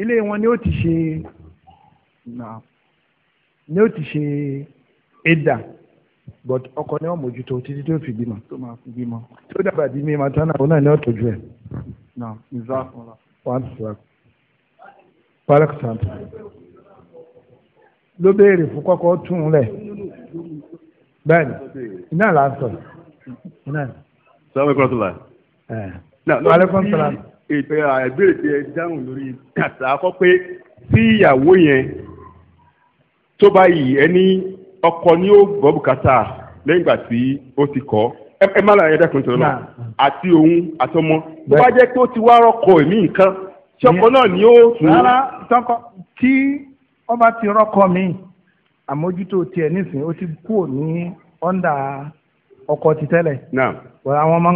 ilé wọn ni ó ti ṣe ni ó ti ṣe ẹ̀dà but ọkọ ni wọn mójútó títí tó fi bímọ tó máa fi bímọ tó dábàá bí mímọ tán náà òun náà ni ó tọ́jú ẹ. ló béèrè fún kọ́kọ́ tún un lẹ̀ bẹ́ẹ̀ ni iná là ń sọ. Sọ́wọ́n kọ́tùlá. na sọ̀rọ̀. ètò ìbéèrè tí dáhùn lórí àkọ́ pé tí ìyàwó yẹn tó yìí ẹni ọkọ ni ó gbọ́ bùkátà tí ó ti kọ́ ẹ má lára ẹ̀dá kan tó àti òun àtọmọ tó bá jẹ́ pé ó ti wá rọ́kọ èmi nǹkan tí ọkọ náà ni ó tún. rárá tọkọ ọba ti rọkọ mi àmójútó nísìnyí ó ti kúrò ní ọkọ ti tẹ́lẹ̀. àwọn ọmọ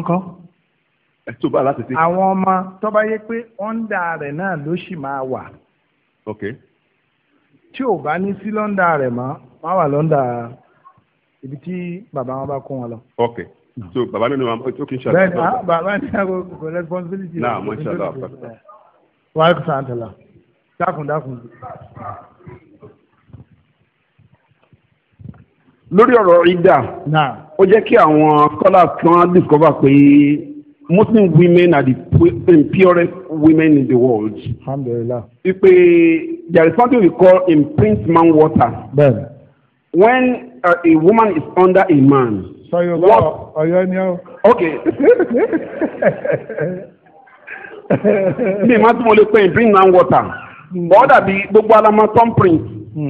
ẹtú bá láti fi. àwọn ọmọ tó bá yẹ pé ọ̀ndà rẹ̀ náà ló sì máa wà. ok. tí ò bá ní sí lọ́ndà rẹ̀ mọ́ wọ́n wà lọ́ndà ibi tí bàbá wọn bá kó wọn lọ. ok so bàbá nínú wa ó kì í ṣàlàyé. bẹ́ẹ̀ni ah bàbá ní àgọ kò responsibility. náà mo ń ṣàlàyé àpàtà. wàá kò sàn àtàlà dákun dákun. lórí ọ̀rọ̀ ìdá ó jẹ́ kí àwọn kọ́lá kan discover pé Muslim women are the purest women in the world. Alhamdulillah. Ipe there is something we call imprint man water. Bẹ́ẹ̀ni. When uh, a woman is under a man. Sọyọ lọ Ọ̀yọ́ ni ọ. Okay. Mi máa tún mo lè pe imprint man water. Bọ́dà hmm. bíi gbogbo alamọ tom print.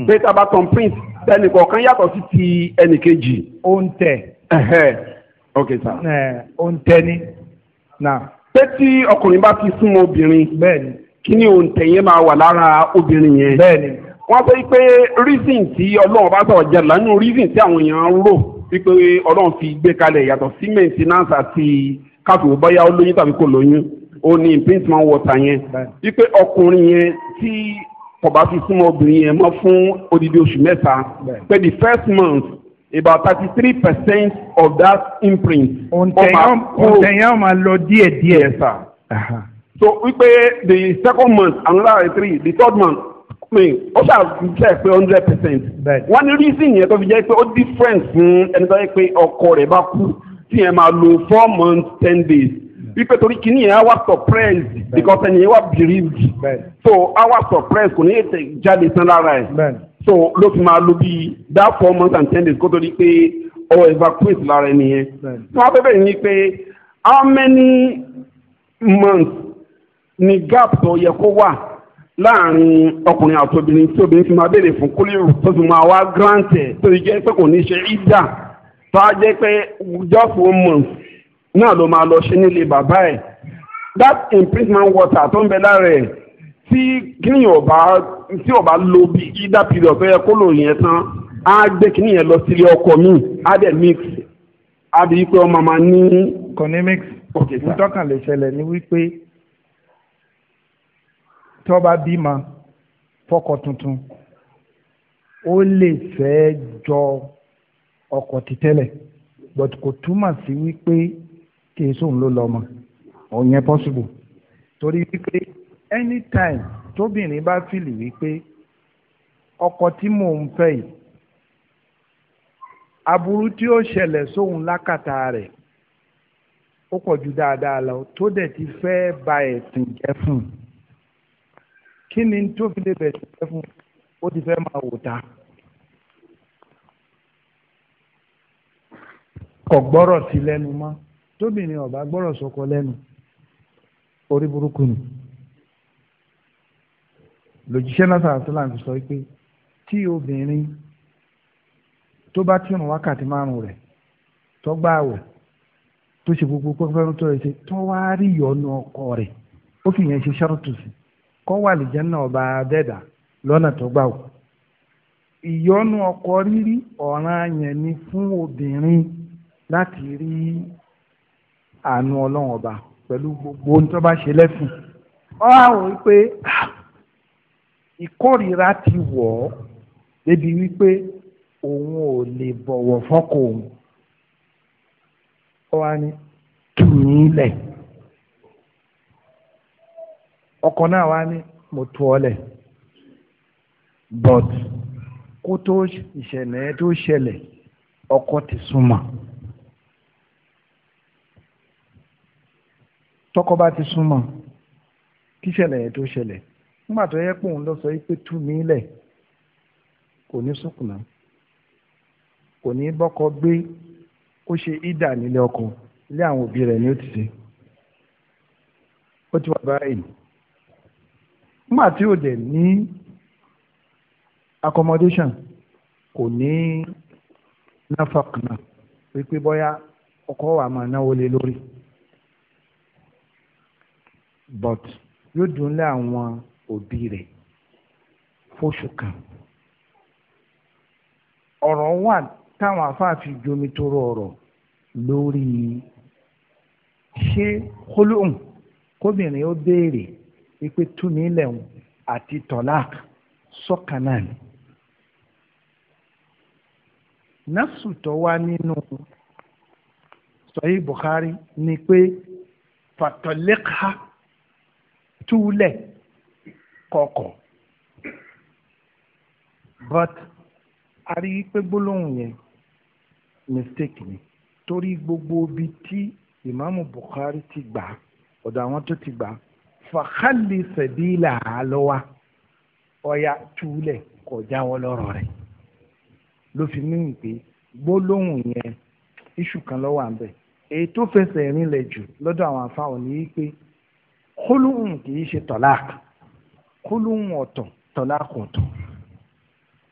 Pé tábà tom print ẹnìkọ̀ọ̀kan yàtọ̀ sí ti ẹnìkejì. Ó ń tẹ̀. Okay sir. Ó ń ni pé tí ọkùnrin bá ti súnmọ́ obìnrin kí ni òǹtẹ̀ yẹn máa wà lára obìnrin yẹn wọ́n sọ pé reason tí ọlọ́run bá sọ̀rọ̀ jẹ́ lánàá reason tí àwọn èèyàn rò wípé ọlọ́run fi gbé kalẹ̀ yàtọ̀ sí maintenance àti káfíwò bọ́yá ó lóyún tàbí kò lóyún ó ní impeachment water yẹn wípé ọkùnrin yẹn tí kò bá fi súnmọ́ obìnrin yẹn mọ́ fún odidi oṣù mẹ́ta pé the first month about thirty three percent of that imprint. òǹtẹ̀yàn máa lọ díẹ̀ díẹ̀. yes sir. Uh-huh. so wípé the second month another three the third month pin ó ṣàfihàn pé hundred percent. wọ́n ní reason yẹn tó fi jẹ́ pé ó different fún ẹni tó yẹ pé ọkọ rẹ̀ bá kú tí yẹn máa lo four months ten days wípé torí kìíní yẹn á wá surprise because ẹni yẹn wá bereaved so á wá surprise kò ní ètè jáde tán lára so ló fi máa lo bíi that four months and ten days kó tó di pé ọ evacuate lára ẹni yẹn so wọ́n bẹ̀rẹ̀ ní pé how many months ni gap tó yẹ kó wà láàrin ọkùnrin àti obìnrin tí obìnrin fi máa béèrè fún kólérò tó fi máa wá grant ẹ̀ tó fi jẹ́ pé kò ní ṣe ìdá tó á jẹ́ pé just one month náà ló máa lọ ṣe nílé bàbá ẹ̀ that imprisonment water tó ń bẹ lára ẹ̀ tí kínyìn ọ̀bá tí o bá lo bí ida period tó yẹ kó lò yẹn tán á gbé kíní yẹn lọ sílé ọkọ mi á dẹ̀ mix á bí pé ọmọ máa ní. kò ní mix ntọ́kàn lè ṣẹlẹ̀ ní wípé tí wọ́n bímọ fọ́kọ tuntun ó lè fẹ́ jọ ọkọ títẹ́lẹ̀ but kò túmọ̀ sí wípé kí èso òun ló lọ ọmọ òun yẹn possible torí wípé anytime tóbìnrin bá fìlì wípé ọkọ tí mò ń fẹ́ yìí aburú tí ó ṣẹlẹ̀ sóhun lákàtà rẹ̀ ó pọ̀ ju dáadáa lọ tó dẹ̀ ti fẹ́ ba ẹ̀sìn jẹ́ fún un kí ni tó fi lè jẹ́ fún un ó ti fẹ́ máa wò ta. kò gbọ́rọ̀ sí lẹ́nu mọ́ tóbìnrin gbọ́rọ̀ lẹ́nu lòjíṣẹ́ náà sàlám fi sọ pé tí obìnrin tó bá tìrùn wákàtí márùn rẹ̀ tó gbààwẹ̀ tó ṣe gbogbo pẹ́pẹ́rún tó ṣe tó wá rí ìyọnu ọkọ rẹ̀ ó fi yẹn ṣe ṣàrùtù sí kó wà lí jánnà ọba abẹ́dà lọ́nà tó gbà ìyọnu ọkọ rírí ọ̀ràn yẹn ni fún obìnrin láti rí àánú ọlọ́run ọba pẹ̀lú gbogbo ohun tó bá ṣe lẹ́sìn. ó wá wò ah, ìkórìíra ti wọ̀ ọ́ débi wípé òun ò lè bọ̀wọ̀ fọ́kọ òun ó wá ní tùyín lẹ̀ ọkọ náà wá ní mo tu ọ lẹ̀ but kó tó ìṣẹ̀lẹ̀ tó ṣẹlẹ̀ ọkọ ti súnmọ́ tọkọ bá ti súnmọ́ kí ìṣẹ̀lẹ̀ tó ṣẹlẹ̀ nígbà tó yẹ pé òun lọ sọ pé tú mi lẹ̀ kò ní sùkùnà kò ní bọ́kọ gbé kó ṣe ìdà nílé ọkọ ilé àwọn òbí rẹ̀ ni ó ti ṣe ó ti wà báyìí nígbà tí ò dẹ̀ ní accommodation kò ní náfàkùnà wípé bóyá ọkọ wa máa náwó lé lórí but yóò dùn lé àwọn òbí rẹ̀ fóṣù kan ọ̀rọ̀ wà táwọn afáàfin jomi tó rọrọ̀ lórí ṣé kólóhùn kóbìnrin ó béèrè wípé túmí lẹ́hùn àti tọ́lák sọ́kàn náà ni. násù wá nínú sọ́yìn Bukhari ni pé fatọ́lẹ́ka túlẹ̀ kọkọ̀ but a rí i pé gbólóhùn yẹn mistake ni torí gbogbo ibi tí ìmáàmù Bukhari ti gbà ọ̀dọ̀ àwọn tó ti gbà fàkàlì sẹ̀bílà àlọ́wà ọ̀yà túlẹ̀ kọjá wọ́n lọ́rọ̀ rẹ̀ ló fi mí pé gbólóhùn yẹn iṣu kan lọ́wọ́ à ń bẹ̀ èyí tó fẹsẹ̀ rinlẹ̀ jù lọ́dọ̀ àwọn afáwọn ni wípé kólóhùn kì í ṣe tọ̀láàkì kúlùún ọ̀tọ̀ tọ́láàkù ọ̀tọ̀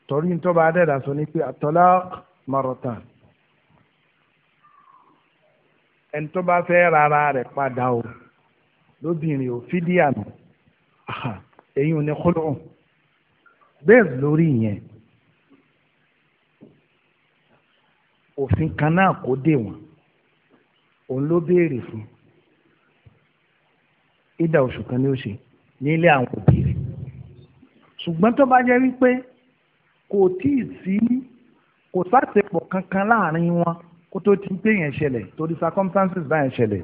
torí ń tọ́ba adẹ́dà sọ ní pé àtọ́láàkù marọ̀tàn ẹni tó bá fẹ́ rárá rẹ̀ padà o lóbìnrin ò fídí àná èyí ò ní kúlùún bẹ́ẹ̀ lórí yẹn òfin kan náà kó dé wọn òun ló béèrè fún ìdá oṣù kan ní ó nílé àwọn òbí ṣùgbọ́n tó bá jẹ́ wípé kò tíì sí kò sásepọ̀ kankan láàrin wọn kó tó ti ń pè yẹn ṣẹlẹ̀ torí circumstances báyẹn ṣẹlẹ̀.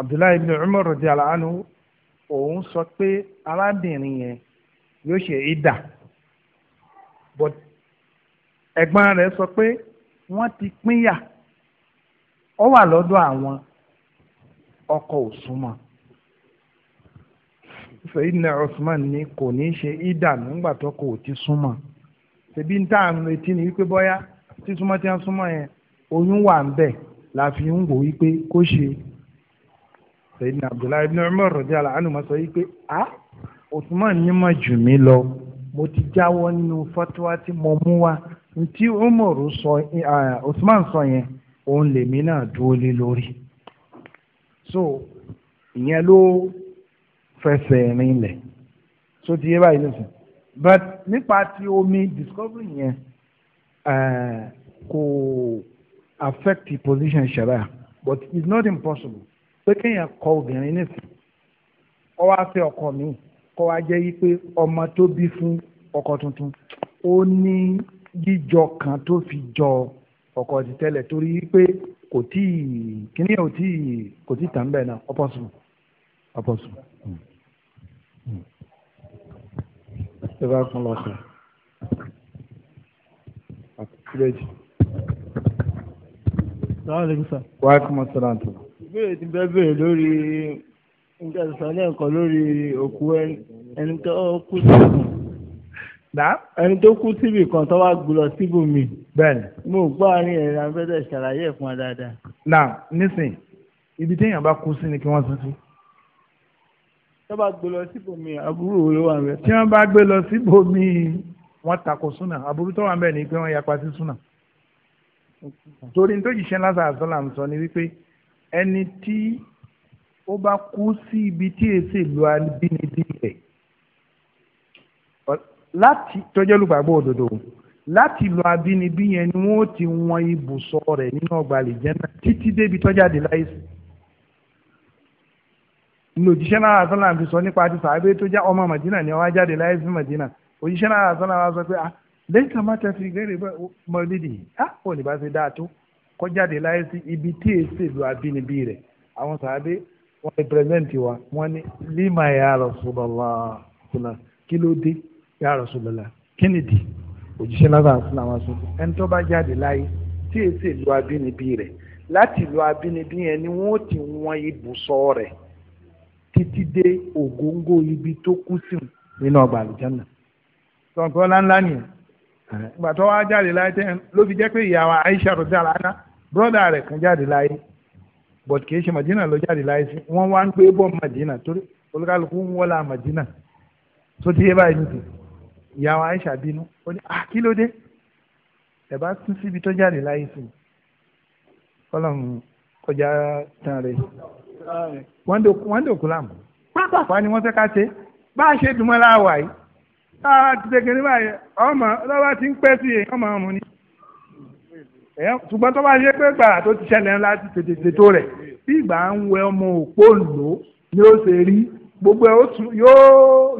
Abdullahi ibn Umar radiyallahu anhu òun sọ pé arábìnrin yẹn yóò ṣe ìdà but ẹ̀gbọ́n rẹ̀ sọ pé wọ́n ti pínyà ó wà lọ́dọ̀ àwọn ọkọ òsùnmọ́ fẹ́yìnà Usman ní kò ní ṣe ìdà nígbà tó kò ti súnmọ́ ṣebí ń tà ń retí ni wípé bọ́yá tí súnmọ́ tí wọ́n súnmọ́ yẹn oyún wà ń bẹ̀ la fi ń wò wípé kó ṣe fẹ́yìnà Abdullahi ibn Umar radiyallahu anhu sọ wípé a Usman ni mọ̀ jù mí lọ mo ti jáwọ́ nínú fatuwa tí mo mú wá ntí Umar sọ Usman sọ yẹn òun lèmi náà dúró lé lórí so ìyẹn ló fẹsẹ̀ rinlẹ̀ so ti yé báyìí lọ́sàn but nípa ti omi discovery yẹn eh, kò affect the position sharia but it's not impossible pé kéèyàn kọ obìnrin nísìn ọ wá fẹ́ ọkọ mi kọ wá jẹ́ wípé ọmọ tó bí fún ọkọ tuntun ó ní jíjọ kan tó fi jọ ọkọ ti tẹ́lẹ̀ torí wípé kò tí kìnìún ò tí kò tí tàn bẹ́ẹ̀ náà ọ possible ọ possible. Hmm ṣe bá kún lọ́sẹ̀ àti kúrẹ́jì. sàlámù aleykum sir. wà á kún mọ́ sọ́dọ̀ tó. ìbéèrè ti bẹ́ẹ̀ béèrè lórí nígbà tó sọ lẹ́ẹ̀kan lórí òkú ẹni tó kú síbì kan. ẹni tó kú síbì kan tó wá gbúlọ síbòmí. bẹ́ẹ̀ni. mo gbọ́ àárín ẹ̀rọ abẹ́rẹ́ ṣàlàyé ẹ̀ fún wa dáadáa. náà nísìnyí ibi téèyàn bá kú sí ni kí wọ́n sọ sí tó bá gbé lọ síbòmí aburú wo ló wà bẹ́ẹ̀. tí wọ́n bá gbé lọ síbòmí wọ́n takò súnà aburú tó wà bẹ́ẹ̀ ni pé wọ́n yapa sí súnà. torí tó jìṣẹ́ lásán àsọ́là ń sọ ni wípé ẹni tí ó bá kú sí ibi tí èsì ìlú abínibí rẹ̀ láti tọ́jọ́ lùgbàgbọ́ òdodo láti lọ abínibí yẹn ni wọ́n ti wọn ibùsọ̀ rẹ̀ nínú ọgbà àlìjẹ́nà títí débi tọ́jáde láìsí ní òjíṣẹ́ náà àtọ́nà fi sọ nípa ti sàábé tó já ọmọ màdínà ni wọ́n á jáde láyé sí màdínà òjíṣẹ́ náà àtọ́nà wa sọ pé ah lẹ́yìn kan máa tẹ̀sí gẹ́rẹ́ mọ́lídì ah ò ní bá ṣe dáa tó kọ́ jáde láyé sí ibi tí èsì ìlú abínibí rẹ̀ àwọn sàábé wọ́n represent wa wọ́n ní lima ya Rasulullah kí ló dé ya Rasulullah Kennedy ni dì òjíṣẹ́ náà àtọ́nà wa sọ pé ẹni tó bá jáde láyé tí èsì ìlú abínibí rẹ̀ láti ìlú abínibí yẹn ni wọ́n ti wọ́n ibùsọ̀ rẹ̀ títí dé ògóńgó ibi tó kú sí nínú ọgbà àlùjánnà. sọ̀nkọ́ ńláńlá nìyẹn ìgbà tó wá jáde láyé tẹ́ ló fi jẹ́ pé ìyàwó Aisha rọ̀dá lánà bọ́dà rẹ̀ kan jáde láyé but kì ṣe Madina ló jáde láyé sí wọ́n wá ń gbé bọ́ Madina torí olúkálùkù ń wọ́lá Madina tó ti yé báyìí nìyí ìyàwó Aisha bínú ó ní à ah, kí ló dé ẹ̀ bá tún síbi tó jáde láyé sí ọlọ́run kọjá tán rẹ̀ wọ́n dòkú láàmú pápákọ̀ ni wọ́n fẹ́ ká ṣe bá a ṣe dùnmọ́ láwà yìí tá a ti tẹ̀kẹ́ ní báyìí ọmọ lọ́wọ́ ti ń pẹ́ sí i ọmọ ọmọ ni ṣùgbọ́n tó bá ṣe pé gbàrà tó ti ṣẹlẹ̀ ńlá ti tètè tètò rẹ̀ bí ìgbà ń wẹ ọmọ òpó lò ni ó ṣe rí gbogbo ẹ̀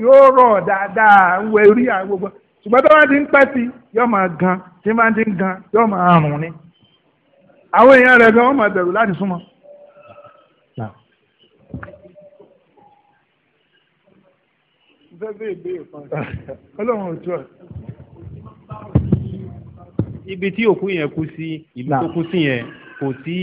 yóò rọ̀ dáadáa ń wẹ rí àwọn gbogbo ṣùgbọ́n tó bá ti ń pẹ́ sí yóò máa gan tí bá ti ń gan yóò máa rùn ni àwọn èèyàn rẹ̀ gan wọ́n máa bẹ̀rù láti súnmọ́. fẹ́ bẹ́ẹ̀ bẹ́ẹ̀ fún ẹ. ọlọ́run ò tú ọ. ibi tí òkú yẹn kú sí ibi tó kú sí yẹn kò sí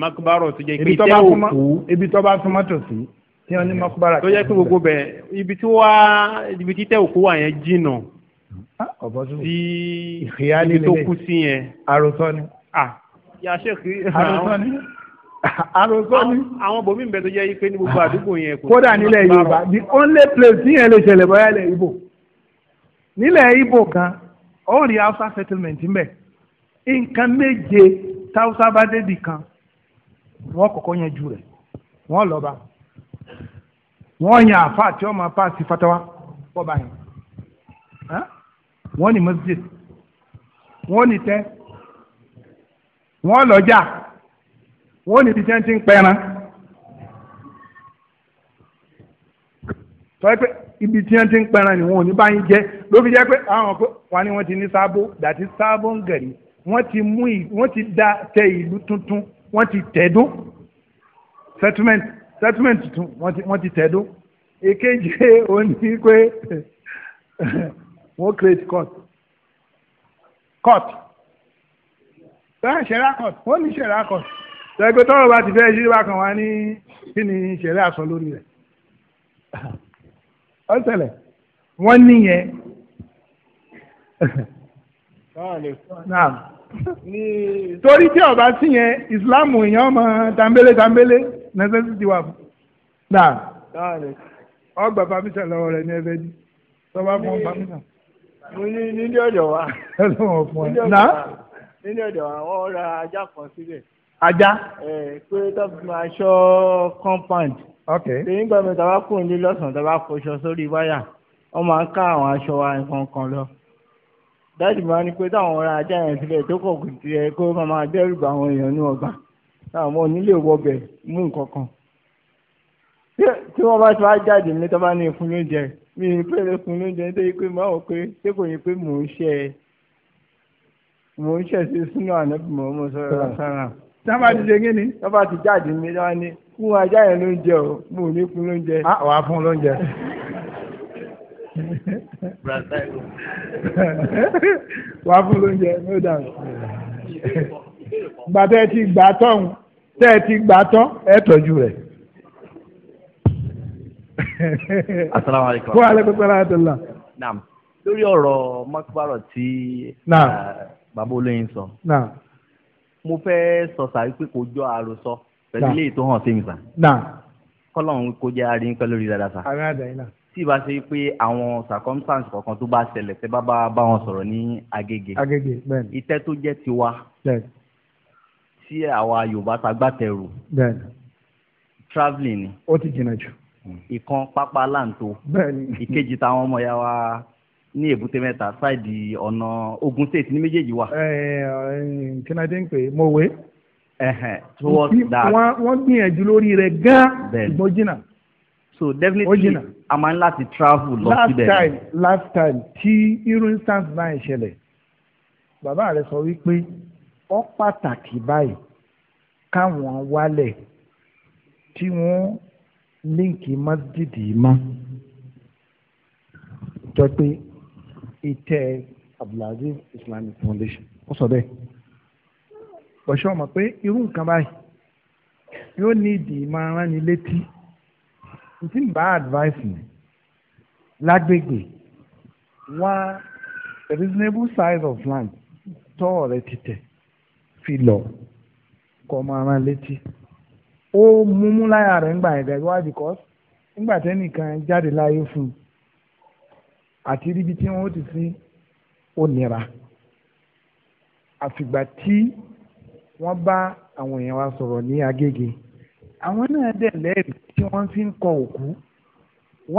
makubaro tó jẹ́ pé tẹ́ òkú. ibi tó bá súnmọ́ tòsí tí wọ́n ní makubara. tó jẹ́ pé gbogbo bẹ́ẹ̀ ibi tí wá ibi tí tẹ́ òkú wà yẹn jìnnà ah, sí ibi tó kú sí yẹn. àròsọ ni. ah yà á ṣèkì. àròsọ ni àròsọ ni. àwọn bòmí bẹ tó jẹ́ ipe ní gbogbo àdúgbò yẹn kò. kódà nílẹ̀ Yorùbá the only place tí yẹn lè ṣẹlẹ̀ bọ́yá ilẹ̀ Ìbò nílẹ̀ ibo kan all the Hausa settlement mbẹ̀ nǹkan méje táwùsá bá débi kan wọ́n kọ́kọ́ yẹn ju rẹ̀ wọ́n lọ́ba wọ́n yan àfa àti ọmọ apá àti fatawa bọ́ba yẹn wọ́n ní masjid wọ́n ní tẹ́ wọ́n lọ́jà wọ́n ní ibi tí wọ́n ti ń pẹran tọ́ pé ibi tí wọ́n ti ń pẹran ni wọn ò ní bá yín jẹ́ ló fi jẹ́ pé àwọn pé wọ́n ní wọ́n ti ní sábó dàtí sábó ń gẹ̀rí wọ́n ti mú wọ́n ti da tẹ ìlú tuntun wọ́n ti tẹ̀dún settlement settlement tuntun wọ́n ti wọ́n ti tẹ̀dún èkejì ó ní pé wọ́n create court court ṣẹlá court wọ́n ní ṣẹlá court tẹ́gbẹ́ tọ́rọ̀ bá ti fẹ́ yí wá kan wá ní kí ni ìṣẹ̀lẹ̀ àsọ lórí rẹ̀ ó ṣẹlẹ̀ wọ́n níyẹn. torí tí ọba sí yẹn ìsìláàmù èèyàn ọmọ tambélé tambélé necessity wà fún ọgbà pàmísà lọ́wọ́ rẹ̀ ní ẹgbẹ́ ní tọ́ba fún pàmísà. mo ní nílé ọ̀dọ̀ wa nílé ọ̀dọ̀ wa wọ́n ra ajá kan sílẹ̀ ajá. ẹ pé tó fi máa ṣọ́ compound. ok lẹ́yìn ìgbà mi tàbá kù ní lọ́sàn-án tàbá kọṣọ sórí wáyà wọ́n máa ń ká àwọn aṣọ wa nǹkan kan lọ. dájú máa ní pé táwọn ọ̀rẹ́ ajá yẹn sílẹ̀ tó kọ̀ kù tiẹ̀ kó máa dẹ́rù bá àwọn èèyàn ní ọgbà táwọn ọmọ onílé wọbẹ̀ mú nǹkan kan tí wọ́n bá ti wá jáde mi tó bá ní ìfun lóúnjẹ mi ní pé ìfun lóúnjẹ nítorí pé mo àwọn pé ṣé kò yẹ pé mò ń ṣe mò ń ṣe sí súnú ànábì mò ń sára sábà ti ṣe kíni. sábà ti jáde mi lọ́wọ́ ni fún ajá yẹn lóúnjẹ o mo ò ní fún lóúnjẹ. a ah, wàá fún lóúnjẹ. wàá fún lóúnjẹ no doubt. gbàtẹ́ ti gbà tọ́hún tẹ́ ẹ ti gbà tán ẹ tọ́jú rẹ̀. asalaamualeykum. wa aleykum salaam wa rahmatulah. naam lórí ọ̀rọ̀ mọ́kúbárọ̀ tí eh, bàbá olóyin sọ. naam mo fẹ́ sọ sàrí pé kò jọ àròsọ pẹ̀lú ilé ètò hàn sẹ́mi sà. kọ́lọ́run kó jẹ́ arin pẹ́ lórí dáadáa sà. àmín àdáyé náà. tí ì bá ṣe pé àwọn circumstance kọ̀ọ̀kan tó bá ṣẹlẹ̀ tẹ́ bá bá bá wọn sọ̀rọ̀ ní Agége. Agége bẹ́ẹ̀ni. ìtẹ́ tó jẹ́ tiwa. bẹ́ẹ̀ni. tí àwa Yorùbá ta gbàtẹ̀rù. bẹ́ẹ̀ni. travelling ni. ó ti jìnnà jù. ìkan pápá láǹtó. bẹ́ẹ̀ni. ìkejì táwọn ọmọ ya wa ní èbúté mẹ́ta ṣáìdì ọ̀nà Ogun State ní méjèèjì wà. kí ni adé ń pè é mọ̀wé. towards wọ́n gbìyànjú lórí rẹ̀ gan-an ṣùgbọ́n jìnnà. so definitely a máa ń láti travel lọ síbẹ̀. last time last time tí irú instance náà ṣẹlẹ̀ bàbá rẹ̀ sọ wípé ó pàtàkì báyìí káwọn wálẹ̀ tí wọ́n líǹkì masjid yìí mọ́ jọ pé ìtẹ́ Abdulaziz Islamic Foundation ó sọ bẹ́ẹ̀ bọ̀ṣọ́ ọmọ pé irú nǹkan báyìí yóò ní ìdí máa rán ni létí tí n bá advice mi lágbègbè wá a reasonable size of land tọ́ ọ̀rẹ́ títẹ̀ fi lọ kọ́ máa rán létí ó mú láyà rẹ̀ ńgbà yẹn gẹ́gẹ́ wá because ńgbà tẹ́nìkan jáde láyé fún un àti ríbi tí wọ́n ti sí ó nira àfìgbà tí wọ́n bá àwọn èèyàn wa sọ̀rọ̀ ní Agége àwọn náà dẹ̀ lẹ́rìí tí wọ́n fi ń kọ òkú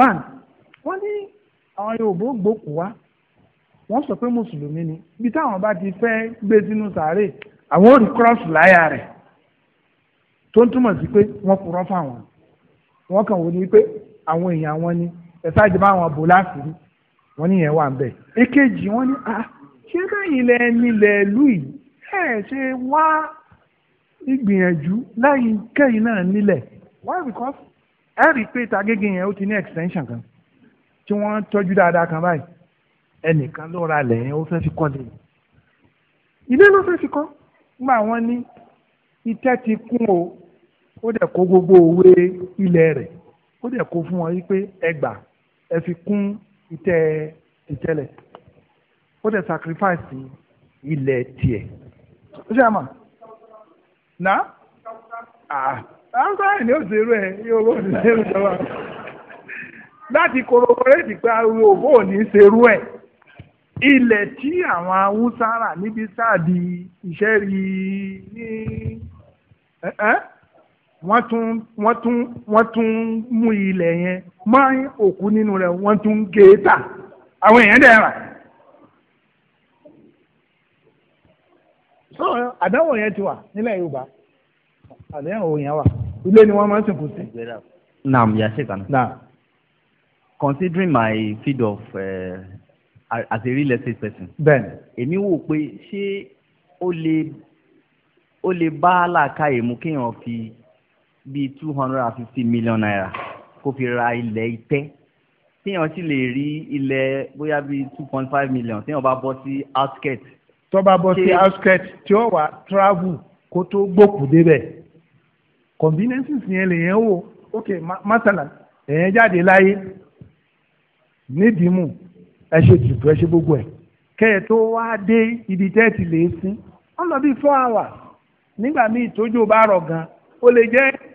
one wọ́n ní àwọn Yorùbá gbòkú wa wọ́n sọ pé mùsùlùmí ni bí táwọn bá ti fẹ́ gbé sínú sàárè àwọn ò rí cross láyà rẹ̀ tó ń túmọ̀ sí pé wọ́n purọ́ fáwọn wọ́n kàn wò ní pé àwọn èèyàn wọn ni ẹ̀sáàjì bá wọn bò láṣìírí wọ́n ní yẹn wà ń èkejì wọ́n ní ah ṣé lẹ́yìn lẹ nílẹ̀ ìlú yìí ẹ̀ ṣe wá ìgbìyànjú lẹ́yìn kẹ́yìn náà nílẹ̀ why because ẹ rí i pé tagége yẹn ó ti ní extension kan tí wọ́n tọ́jú dáadáa kan báyìí ẹnìkan ló ra lẹ̀ yẹn ó fẹ́ fi kọ́ lé ilé ló fẹ́ fi kọ́ nígbà wọ́n ní itẹ́ ti kún o ó dẹ̀ kó gbogbo owó ilẹ̀ rẹ̀ ó dẹ̀ kó fún wọn yí pé ẹgbà ẹ fi kún ìtẹ́ ìtẹ́lẹ̀ ó dẹ̀ sacrifice ilẹ̀ tiẹ̀ ó ṣe àmà nà áńkọ́ ẹ̀ ní òṣèré ẹ̀ yóò wọ́n ní ṣe ìjọba láti kòròkòrèdì pé àwọn òbó ò ní ṣerú ẹ̀ ilẹ̀ tí wọ́n tún wọ́n tún wọ́n tún mú ilẹ̀ yẹn mọ́ òkú nínú rẹ̀ wọ́n tún gé e tà àwọn èèyàn dẹ̀ rà. sọ àdánwò yẹn ti wà nílẹ̀ Yorùbá àdánwò yẹn wà ilé ni wọ́n máa ń sìnkú sí. naam yashe kana. naam. considering my field of uh, as a real estate person. bẹ́ẹ̀ni. èmi wò pé ṣé ó lè ó lè bá làákàyè mu kéèyàn fi bíi two hundred and fifty million naira kó fi ra ilẹ̀ itẹ́ téèyàn sì lè rí ilẹ̀ bóyá bíi two point five million téèyàn bá bọ́ sí outskirt. tó bá bọ́ sí outskirt tí ó wà travel kó tó gbòkú débẹ̀ conveniences yẹn lè yẹn wò ok masala ẹ̀yẹn jáde láyé nídìímù ẹ ṣe tìtù ẹ ṣe gbogbo ẹ̀ kẹ́ ẹ tó wá dé ibi tẹ́ ẹ ti lè sin ó lọ bí four hours nígbà míì tójú bá rọ̀ gan ó lè jẹ́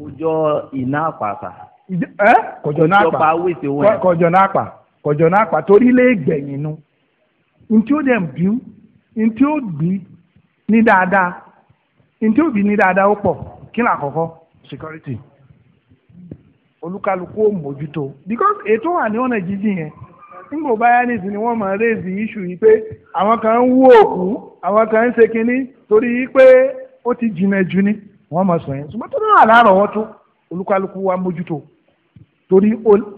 kọjọ iná àpà ẹ kọjọ náà àpà kọjọ náà àpà kọjọ náà àpà torí nu ntí ó dẹ̀ bí ntí ó bí ní dáadáa ntí ó bí ní dáadáa ó pọ̀ kí ni àkọ́kọ́ security olúkálukú ó ètò wà ní ọ̀nà jíjìn yẹn nígbò báyà ni wọ́n máa réèzì iṣu yìí pé àwọn kan ń wú òkú àwọn kan ń ṣe kinní torí pé ó ti jìnnà jù ni. wọ́n máa sọ yẹn ṣùgbọ́n tó náà alárọ̀ọ́wọ́tó olúkálukú wa mójútó torí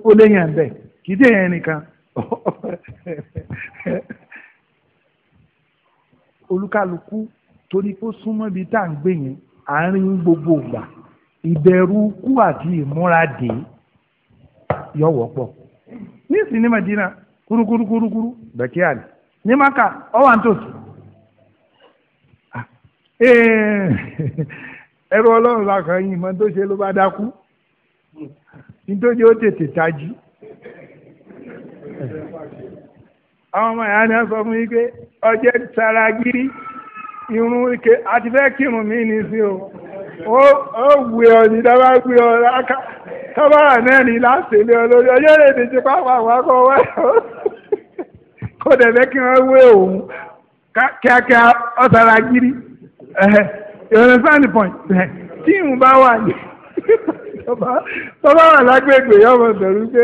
ó léyìn bẹ́ẹ̀ kì í dé yẹn nìkan olúkálukú torí kó súnmọ́ ibi tá à ń gbé yẹn àárín gbogbo ìgbà ìbẹ̀rù kú àti ìmúradì yọ wọ́pọ̀ ní Madina àlè ní ẹrú ọlọ́run làkàn yìí mọ tó ṣe ló bá dákú nítorí ó tètè tají. àwọn ọmọ ìyá sọ fún yín pé ọjẹ́ irun ike àti fẹ́ kírun mí ní sí o ó ọ ní dábà gbé ọ láká kábàrà mẹ́rin láṣẹlẹ̀ ọjọ́ ti pápá kọ́ wá kó dẹ̀ fẹ́ kí wọ́n wé òun kíákíá ọ̀sára gírí. you understand the point tí ìmú bá wà ní tọ́ba wà lágbègbè yóò mọ̀ bẹ̀rù pé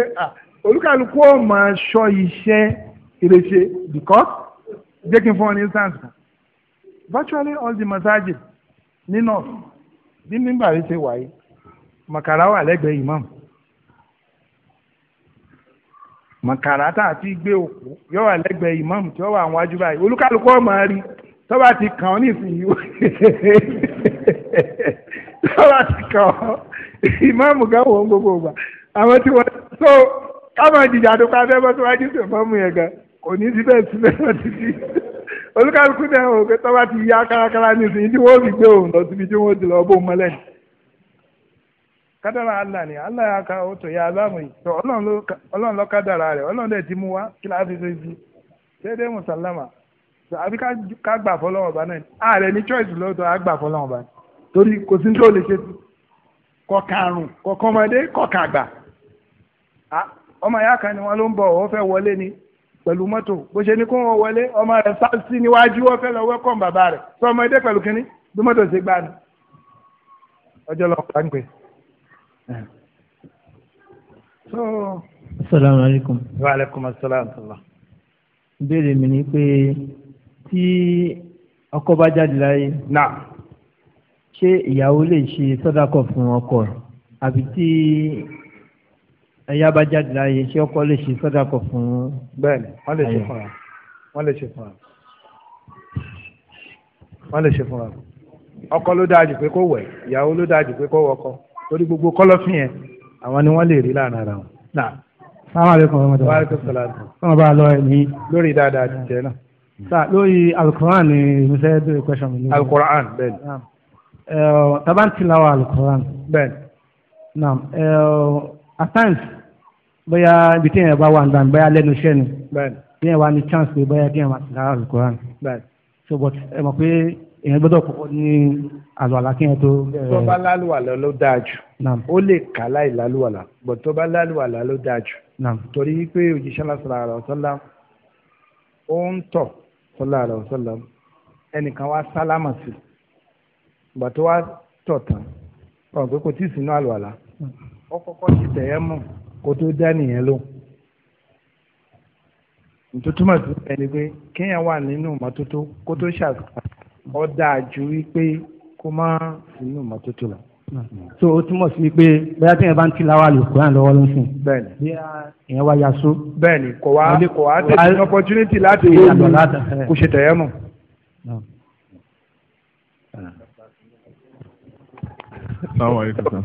olúkàlùkù ò máa ṣọ iṣẹ́ ìrèṣe because jẹ́ kí n fún ọ ní instance kan virtually all the masajid ní north bí nígbà rí ṣe wáyé makara wà lẹ́gbẹ̀ẹ́ imam makara tá a ti gbé òkú yóò wà lẹ́gbẹ̀ẹ́ imam tí ó wà wájú báyìí olúkàlùkù ò máa rí tọ́ba ti kàn ọ́ nísìnyí o tọ́ba ti kàn ọ́ ìmáàmù kan wọ̀ ń gbogbo ọgbà àwọn tí wọ́n so káwọn ìjìjà tó ká fẹ́ bọ́ síwájú sí ìfọ́mù yẹn gan kò ní síbẹ̀ síbẹ̀ náà pé tọ́ba ti yá kárakára gbé òun lọ síbi tí wọ́n ti lọ bó mọ́lẹ̀ kádàrà Allah ni Allah yà ká yà aláàmù yìí ọlọ́run kádàrà rẹ̀ ọlọ́run dẹ̀ ti mú wa àbí ká gbà fọlọ́wọ́n ọba náà ààrẹ ní choice lọ́dọ̀ á gbà fọlọ́wọ́n ọba torí kò sí tó lè ṣe kọkàn àrùn kọkàn ọmọdé kọkàn àgbà ọmọ ìyá kan ni wọ́n ló ń bọ̀ wọ́n fẹ́ wọlé ni pẹ̀lú mọ́tò bó ṣe ní kó wọ́n wọlé ọmọ rẹ̀ sá sí níwájú wọ́n fẹ́ lọ wẹ́kọ̀m bàbá rẹ̀ sọ ọmọdé pẹ̀lú kínní bí mọ́tò ṣe gbà ni ọjọ́ lọ pa ń pè. salaamaleykum. wa aleykum asalaam. ìbéèrè mi ni pé tí ọkọ bá jáde láyé náà ṣé ìyàwó lè ṣe sọ́dákọ̀ fún ọkọ àbí tí ẹ̀yà bá jáde láyé ṣé ọkọ lè ṣe sọ́dákọ̀ fún. bẹ́ẹ̀ni wọn lè ṣe fúnra wọn lè ṣe fúnra wọn lè ṣe fúnra ọkọ ló dáa jù pé kó wẹ̀ ìyàwó ló dáa jù pé kó wọkọ torí gbogbo kọ̀lọ̀fín yẹn àwọn ni wọn lè rí láàrin ara wọn. náà. ọmọdé wa. wàhálà tó sọlá. wọn bá a lórí dáadáa jẹ náà sa lórí alukoran ni mo fẹ́ bẹ̀rẹ̀ question mi. alukoran bẹ́ẹ̀ ni. taban tilawa alukoran. bẹ́ẹ̀ ni. naam eh, eh, at times bóyá ibi tí yẹn bá wà nígbà bóyá lẹ́nu iṣẹ́ ni. bẹ́ẹ̀ ni. yẹn wà ní chance pé bóyá kí yẹn máa tilawa alukoran. bẹ́ẹ̀ ni. so but ẹ mọ̀ pé èèyàn gbọ́dọ̀ kọ́kọ́ ní àlùwàlà kí yẹn tó. Eh, tó bá lálùwàlà ló dáa jù. naam ó lè kà láì lálùwàlà but tó bá lálùwàlà ló dáa jù. torí pé òjíṣẹ́ lásán àrà ọ̀tọ́lá ó ń tọ̀ sallallahu alaihi wasallam ẹnìkan wá sálámà sí ìgbà tó wá tọ̀ tán ọ̀n pé kò tí sínú àlùwàlà ó kọ́kọ́ ti tẹ̀yẹ́ mọ̀ kó tó dá nìyẹn ló ntutumọ̀ sí ẹni pé kéèyàn wà nínú mọ́tótó kó tó ṣàkóso dáa ju so ó túmọ̀ sí pé bóyá tí yẹn bá ń ti láwa lè kóyàn lọ́wọ́ ló ń sìn. bẹ́ẹ̀ni bí ìyẹn wá yaso. bẹ́ẹ̀ni kò wá kò wá tẹ̀sí opportunity láti lóògùn kò ṣe tẹ̀yẹ́ mọ̀. sáwọn ayé tuntun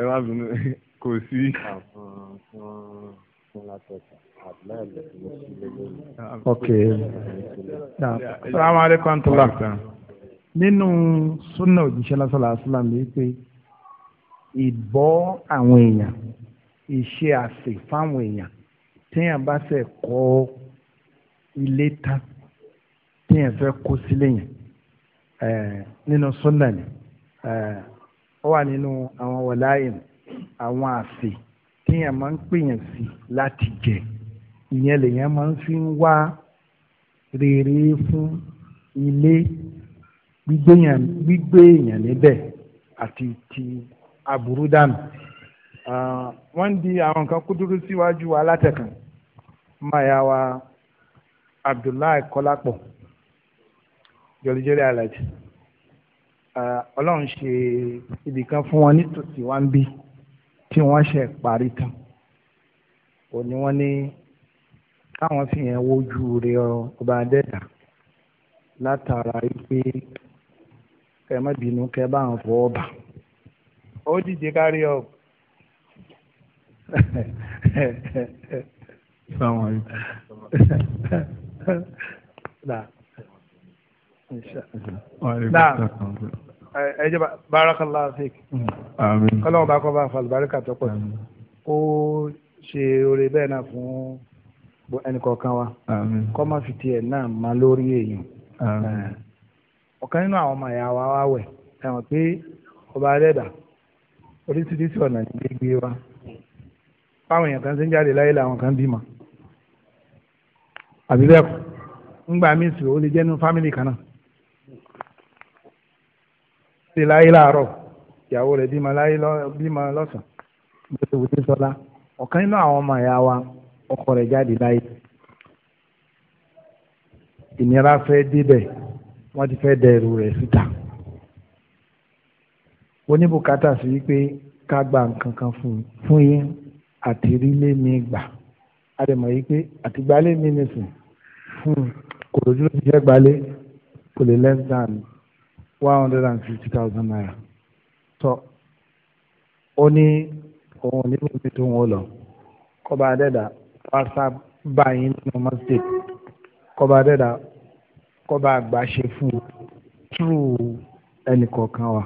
ẹ má kò sí. ok. salaamaaleykum tula nínú súnà òjíṣẹ́ lásàlá àṣìlá mi pé ìbọ́ àwọn èèyàn ìṣe àsè fáwọn èèyàn téèyàn bá fẹ́ kọ́ ilé tán téèyàn fẹ́ kó sílé yẹn nínú súnà ni ó wà nínú àwọn wọ̀láyìn àwọn àsè téèyàn máa ń pèèyàn sí láti jẹ ìyẹn lèèyàn máa ń fi wá rere fún ilé gbígbé èèyàn níbẹ̀ àti ti aburú dànù wọ́n di àwọn nǹkan kúdúrú síwájú alátẹ̀kàn máyà wa Abdullahi Kọ́lápọ̀ jọlíjọlí alájì ọlọ́run ṣe ibì kan fún wọn nítòsí wá bí tí wọ́n ṣe parí tán ò wọ́n ní káwọn fi yẹn wojú rẹ ọba adẹ́ta látara wípé kẹ má bínú kẹ bá ń fọ ọba. ó dìde kárí ọ. ẹ jẹ́ barakallahu fik kọ́lọ́wọ́ bá kọ́ bá falùbáríkà tó pọ̀ sí kó ṣe oore bẹ́ẹ̀ náà fún ẹnì kọ̀ọ̀kan wa kọ́ má fi tiẹ̀ náà má lórí èèyàn ọ̀kan nínú àwọn ọmọ ìyá wa wá wẹ̀ ẹ̀wọ̀n pé ọba adẹ́dà oríṣiríṣi ọ̀nà ní gbégbé wa báwọn èèyàn kan ṣe ń jáde láyé làwọn kan bímọ àbí bẹ́ẹ̀ kọ́ ńgbà míì sì ó lè jẹ́ nínú fámìlì kan náà ṣe láyé láàárọ̀ ìyàwó rẹ̀ bímọ láyé bímọ lọ́sàn bó ṣe wùdí sọlá ọ̀kan nínú àwọn ọmọ ìyá wa ọkọ rẹ̀ jáde láyé ìnira fẹ́ débẹ̀ wọ́n ti fẹ́ dẹ ẹrù rẹ̀ síta oníbùkátà sí wípé ká gba nǹkan kan fún yín àti rílé mi gbà a lè mọ̀ wípé àti gbalé mi fún kò lójú ló ti fẹ́ gbalé kò lè less than one hundred and fifty thousand naira tó ó ní òun oníbùkátà tó ń wò lọ kọ́ba adẹ́dà wàá sábà nínú masjid kọ́ba adẹ́dà kó bá àgbà ṣe fún un túrú ẹnì kọ̀ọ̀kan wa.